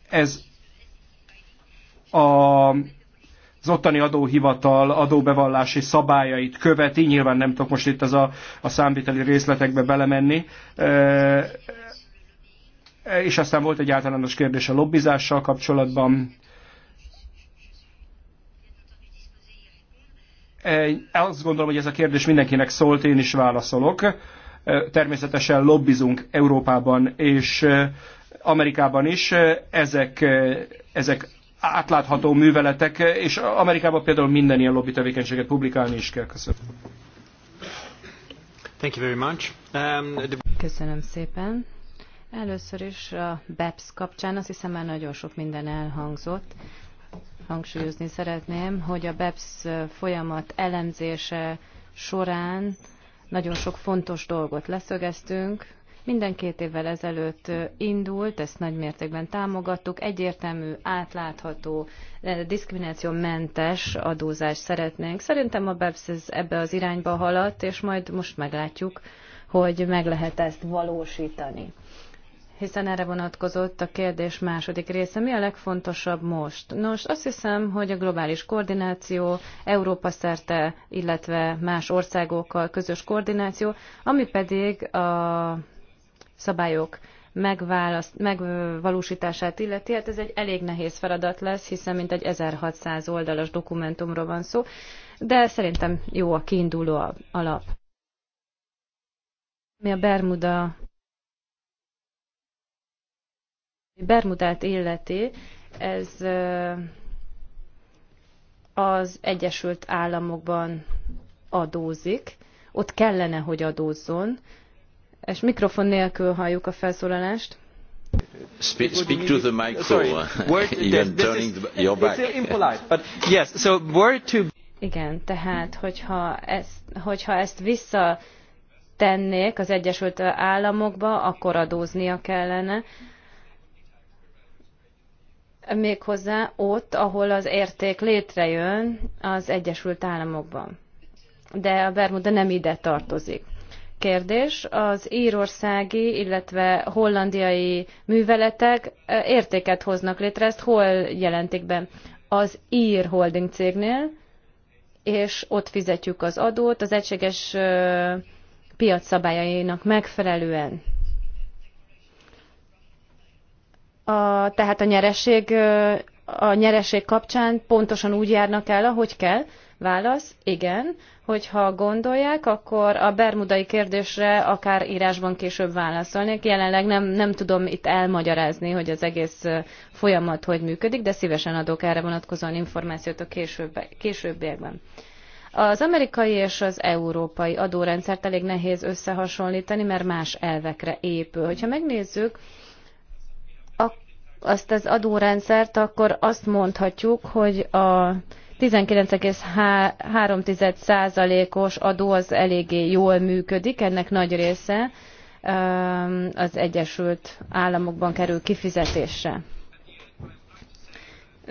S2: ez a az ottani adóhivatal adóbevallási szabályait követi, nyilván nem tudok most itt az a, a számviteli részletekbe belemenni, e, és aztán volt egy általános kérdés a lobbizással kapcsolatban. E, azt gondolom, hogy ez a kérdés mindenkinek szólt, én is válaszolok. Természetesen lobbizunk Európában és Amerikában is. Ezek, ezek átlátható műveletek, és Amerikában például minden ilyen lobby tevékenységet publikálni is kell. Köszönöm. Thank you very much. Um, the...
S4: Köszönöm szépen. Először is a BEPS kapcsán azt hiszem már nagyon sok minden elhangzott. Hangsúlyozni szeretném, hogy a BEPS folyamat elemzése során nagyon sok fontos dolgot leszögeztünk. Minden két évvel ezelőtt indult, ezt nagymértékben támogattuk. Egyértelmű, átlátható, diszkriminációmentes adózást szeretnénk. Szerintem a BEPS ebbe az irányba haladt, és majd most meglátjuk, hogy meg lehet ezt valósítani hiszen erre vonatkozott a kérdés második része. Mi a legfontosabb most? Nos, azt hiszem, hogy a globális koordináció, Európa szerte, illetve más országokkal közös koordináció, ami pedig a szabályok megválaszt, megvalósítását illeti, hát ez egy elég nehéz feladat lesz, hiszen mint egy 1600 oldalas dokumentumról van szó, de szerintem jó a kiinduló alap. Mi a Bermuda Bermudát életé, ez az Egyesült Államokban adózik, ott kellene, hogy adózzon, és mikrofon nélkül halljuk a felszólalást.
S2: Speak, speak to the microphone, uh, Even turning your back. It's impolite, but yes, so
S4: were to... Igen, tehát hogyha ezt, hogyha ezt visszatennék az Egyesült Államokba, akkor adóznia kellene. Uh, méghozzá ott, ahol az érték létrejön az Egyesült Államokban. De a Bermuda nem ide tartozik. Kérdés, az írországi, illetve hollandiai műveletek értéket hoznak létre, ezt hol jelentik be? Az ír holding cégnél, és ott fizetjük az adót az egységes piac szabályainak megfelelően. a, tehát a nyereség, a nyereség kapcsán pontosan úgy járnak el, ahogy kell? Válasz, igen. Hogyha gondolják, akkor a bermudai kérdésre akár írásban később válaszolnék. Jelenleg nem, nem tudom itt elmagyarázni, hogy az egész folyamat hogy működik, de szívesen adok erre vonatkozóan információt a később, későbbiekben. Az amerikai és az európai adórendszert elég nehéz összehasonlítani, mert más elvekre épül. Hogyha megnézzük, azt az adórendszert, akkor azt mondhatjuk, hogy a 19,3%-os adó az eléggé jól működik, ennek nagy része um, az Egyesült Államokban kerül kifizetésre.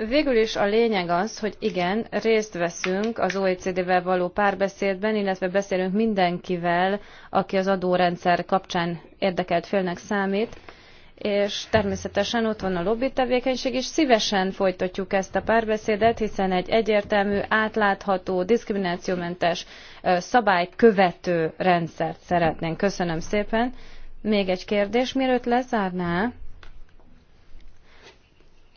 S4: Végül is a lényeg az, hogy igen, részt veszünk az OECD-vel való párbeszédben, illetve beszélünk mindenkivel, aki az adórendszer kapcsán érdekelt félnek számít, és természetesen ott van a lobby tevékenység, is. szívesen folytatjuk ezt a párbeszédet, hiszen egy egyértelmű, átlátható, diszkriminációmentes szabálykövető rendszert szeretnénk. Köszönöm szépen. Még egy kérdés, mielőtt lezárná?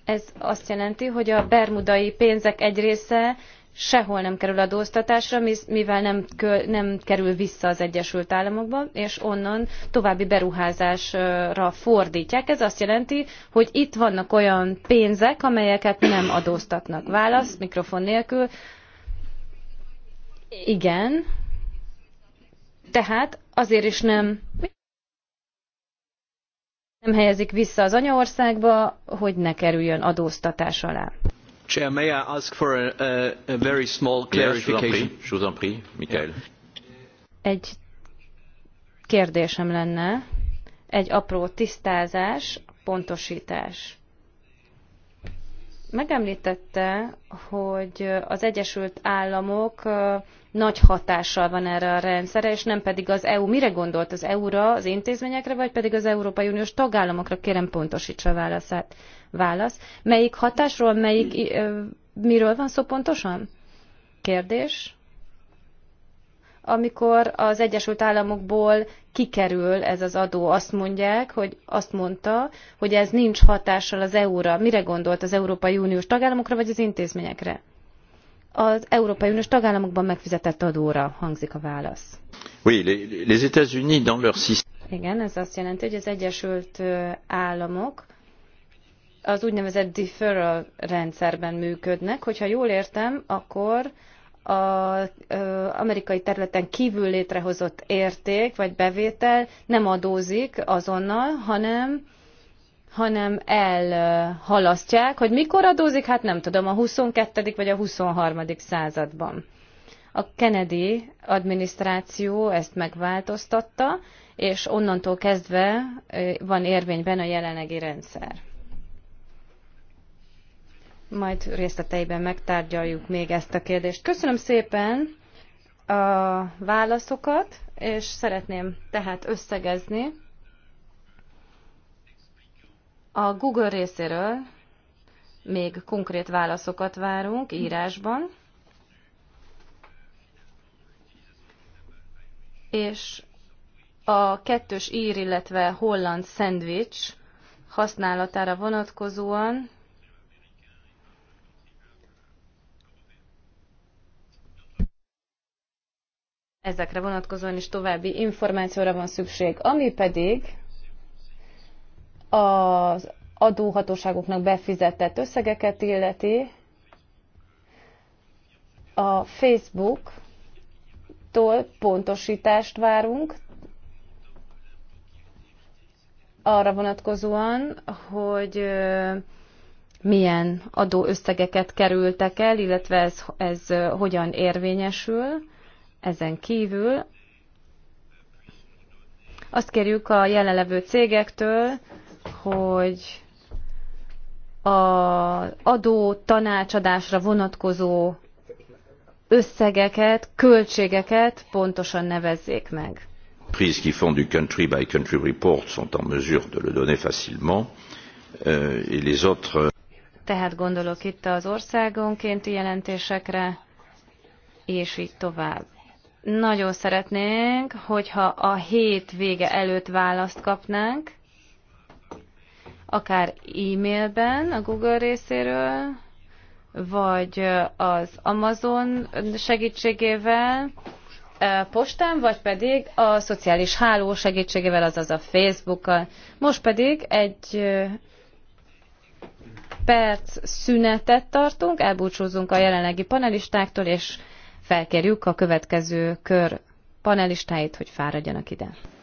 S4: Ez azt jelenti, hogy a bermudai pénzek egy része sehol nem kerül adóztatásra, mivel nem, nem kerül vissza az Egyesült Államokba, és onnan további beruházásra fordítják. Ez azt jelenti, hogy itt vannak olyan pénzek, amelyeket nem adóztatnak. Válasz, mikrofon nélkül. Igen. Tehát azért is nem nem helyezik vissza az anyaországba, hogy ne kerüljön adóztatás alá.
S1: Chair, may I ask for a, a very small clarification? Je vous en prie, Michael.
S4: Egy kérdésem lenne, egy apró tisztázás, pontosítás. Megemlítette, hogy az Egyesült Államok nagy hatással van erre a rendszerre, és nem pedig az EU. Mire gondolt az EU-ra, az intézményekre, vagy pedig az Európai Uniós tagállamokra? Kérem pontosítsa a válaszát. Válasz. Melyik hatásról, melyik, miről van szó pontosan? Kérdés amikor az Egyesült Államokból kikerül ez az adó, azt mondják, hogy azt mondta, hogy ez nincs hatással az EU-ra. Mire gondolt az Európai Uniós tagállamokra vagy az intézményekre? az Európai Uniós tagállamokban megfizetett adóra hangzik a válasz. Oui, les
S3: États-Unis dans leur système.
S4: Igen, ez azt jelenti, hogy az Egyesült Államok az úgynevezett deferral rendszerben működnek. Hogyha jól értem, akkor az amerikai területen kívül létrehozott érték vagy bevétel nem adózik azonnal, hanem hanem elhalasztják, hogy mikor adózik, hát nem tudom, a 22. vagy a 23. században. A Kennedy adminisztráció ezt megváltoztatta, és onnantól kezdve van érvényben a jelenlegi rendszer. Majd részleteiben megtárgyaljuk még ezt a kérdést. Köszönöm szépen a válaszokat, és szeretném tehát összegezni. A Google részéről még konkrét válaszokat várunk írásban, és a kettős ír, illetve holland szendvics használatára vonatkozóan ezekre vonatkozóan is további információra van szükség. Ami pedig az adóhatóságoknak befizetett összegeket illeti, a Facebook-tól pontosítást várunk, arra vonatkozóan, hogy milyen adóösszegeket kerültek el, illetve ez, ez hogyan érvényesül. Ezen kívül azt kérjük a jelenlevő cégektől, hogy az adó tanácsadásra vonatkozó összegeket, költségeket pontosan nevezzék meg. Prises qui font du country by country report sont en mesure de le donner facilement, euh, et les autres. Euh, Tehát gondolok itt az országonkénti jelentésekre, és így tovább. Nagyon szeretnénk, hogyha a hét vége előtt választ kapnánk, akár e-mailben a Google részéről, vagy az Amazon segítségével, e, postán, vagy pedig a szociális háló segítségével, azaz a Facebookkal. Most pedig egy perc szünetet tartunk, elbúcsúzunk a jelenlegi panelistáktól, és felkérjük a következő kör panelistáit, hogy fáradjanak ide.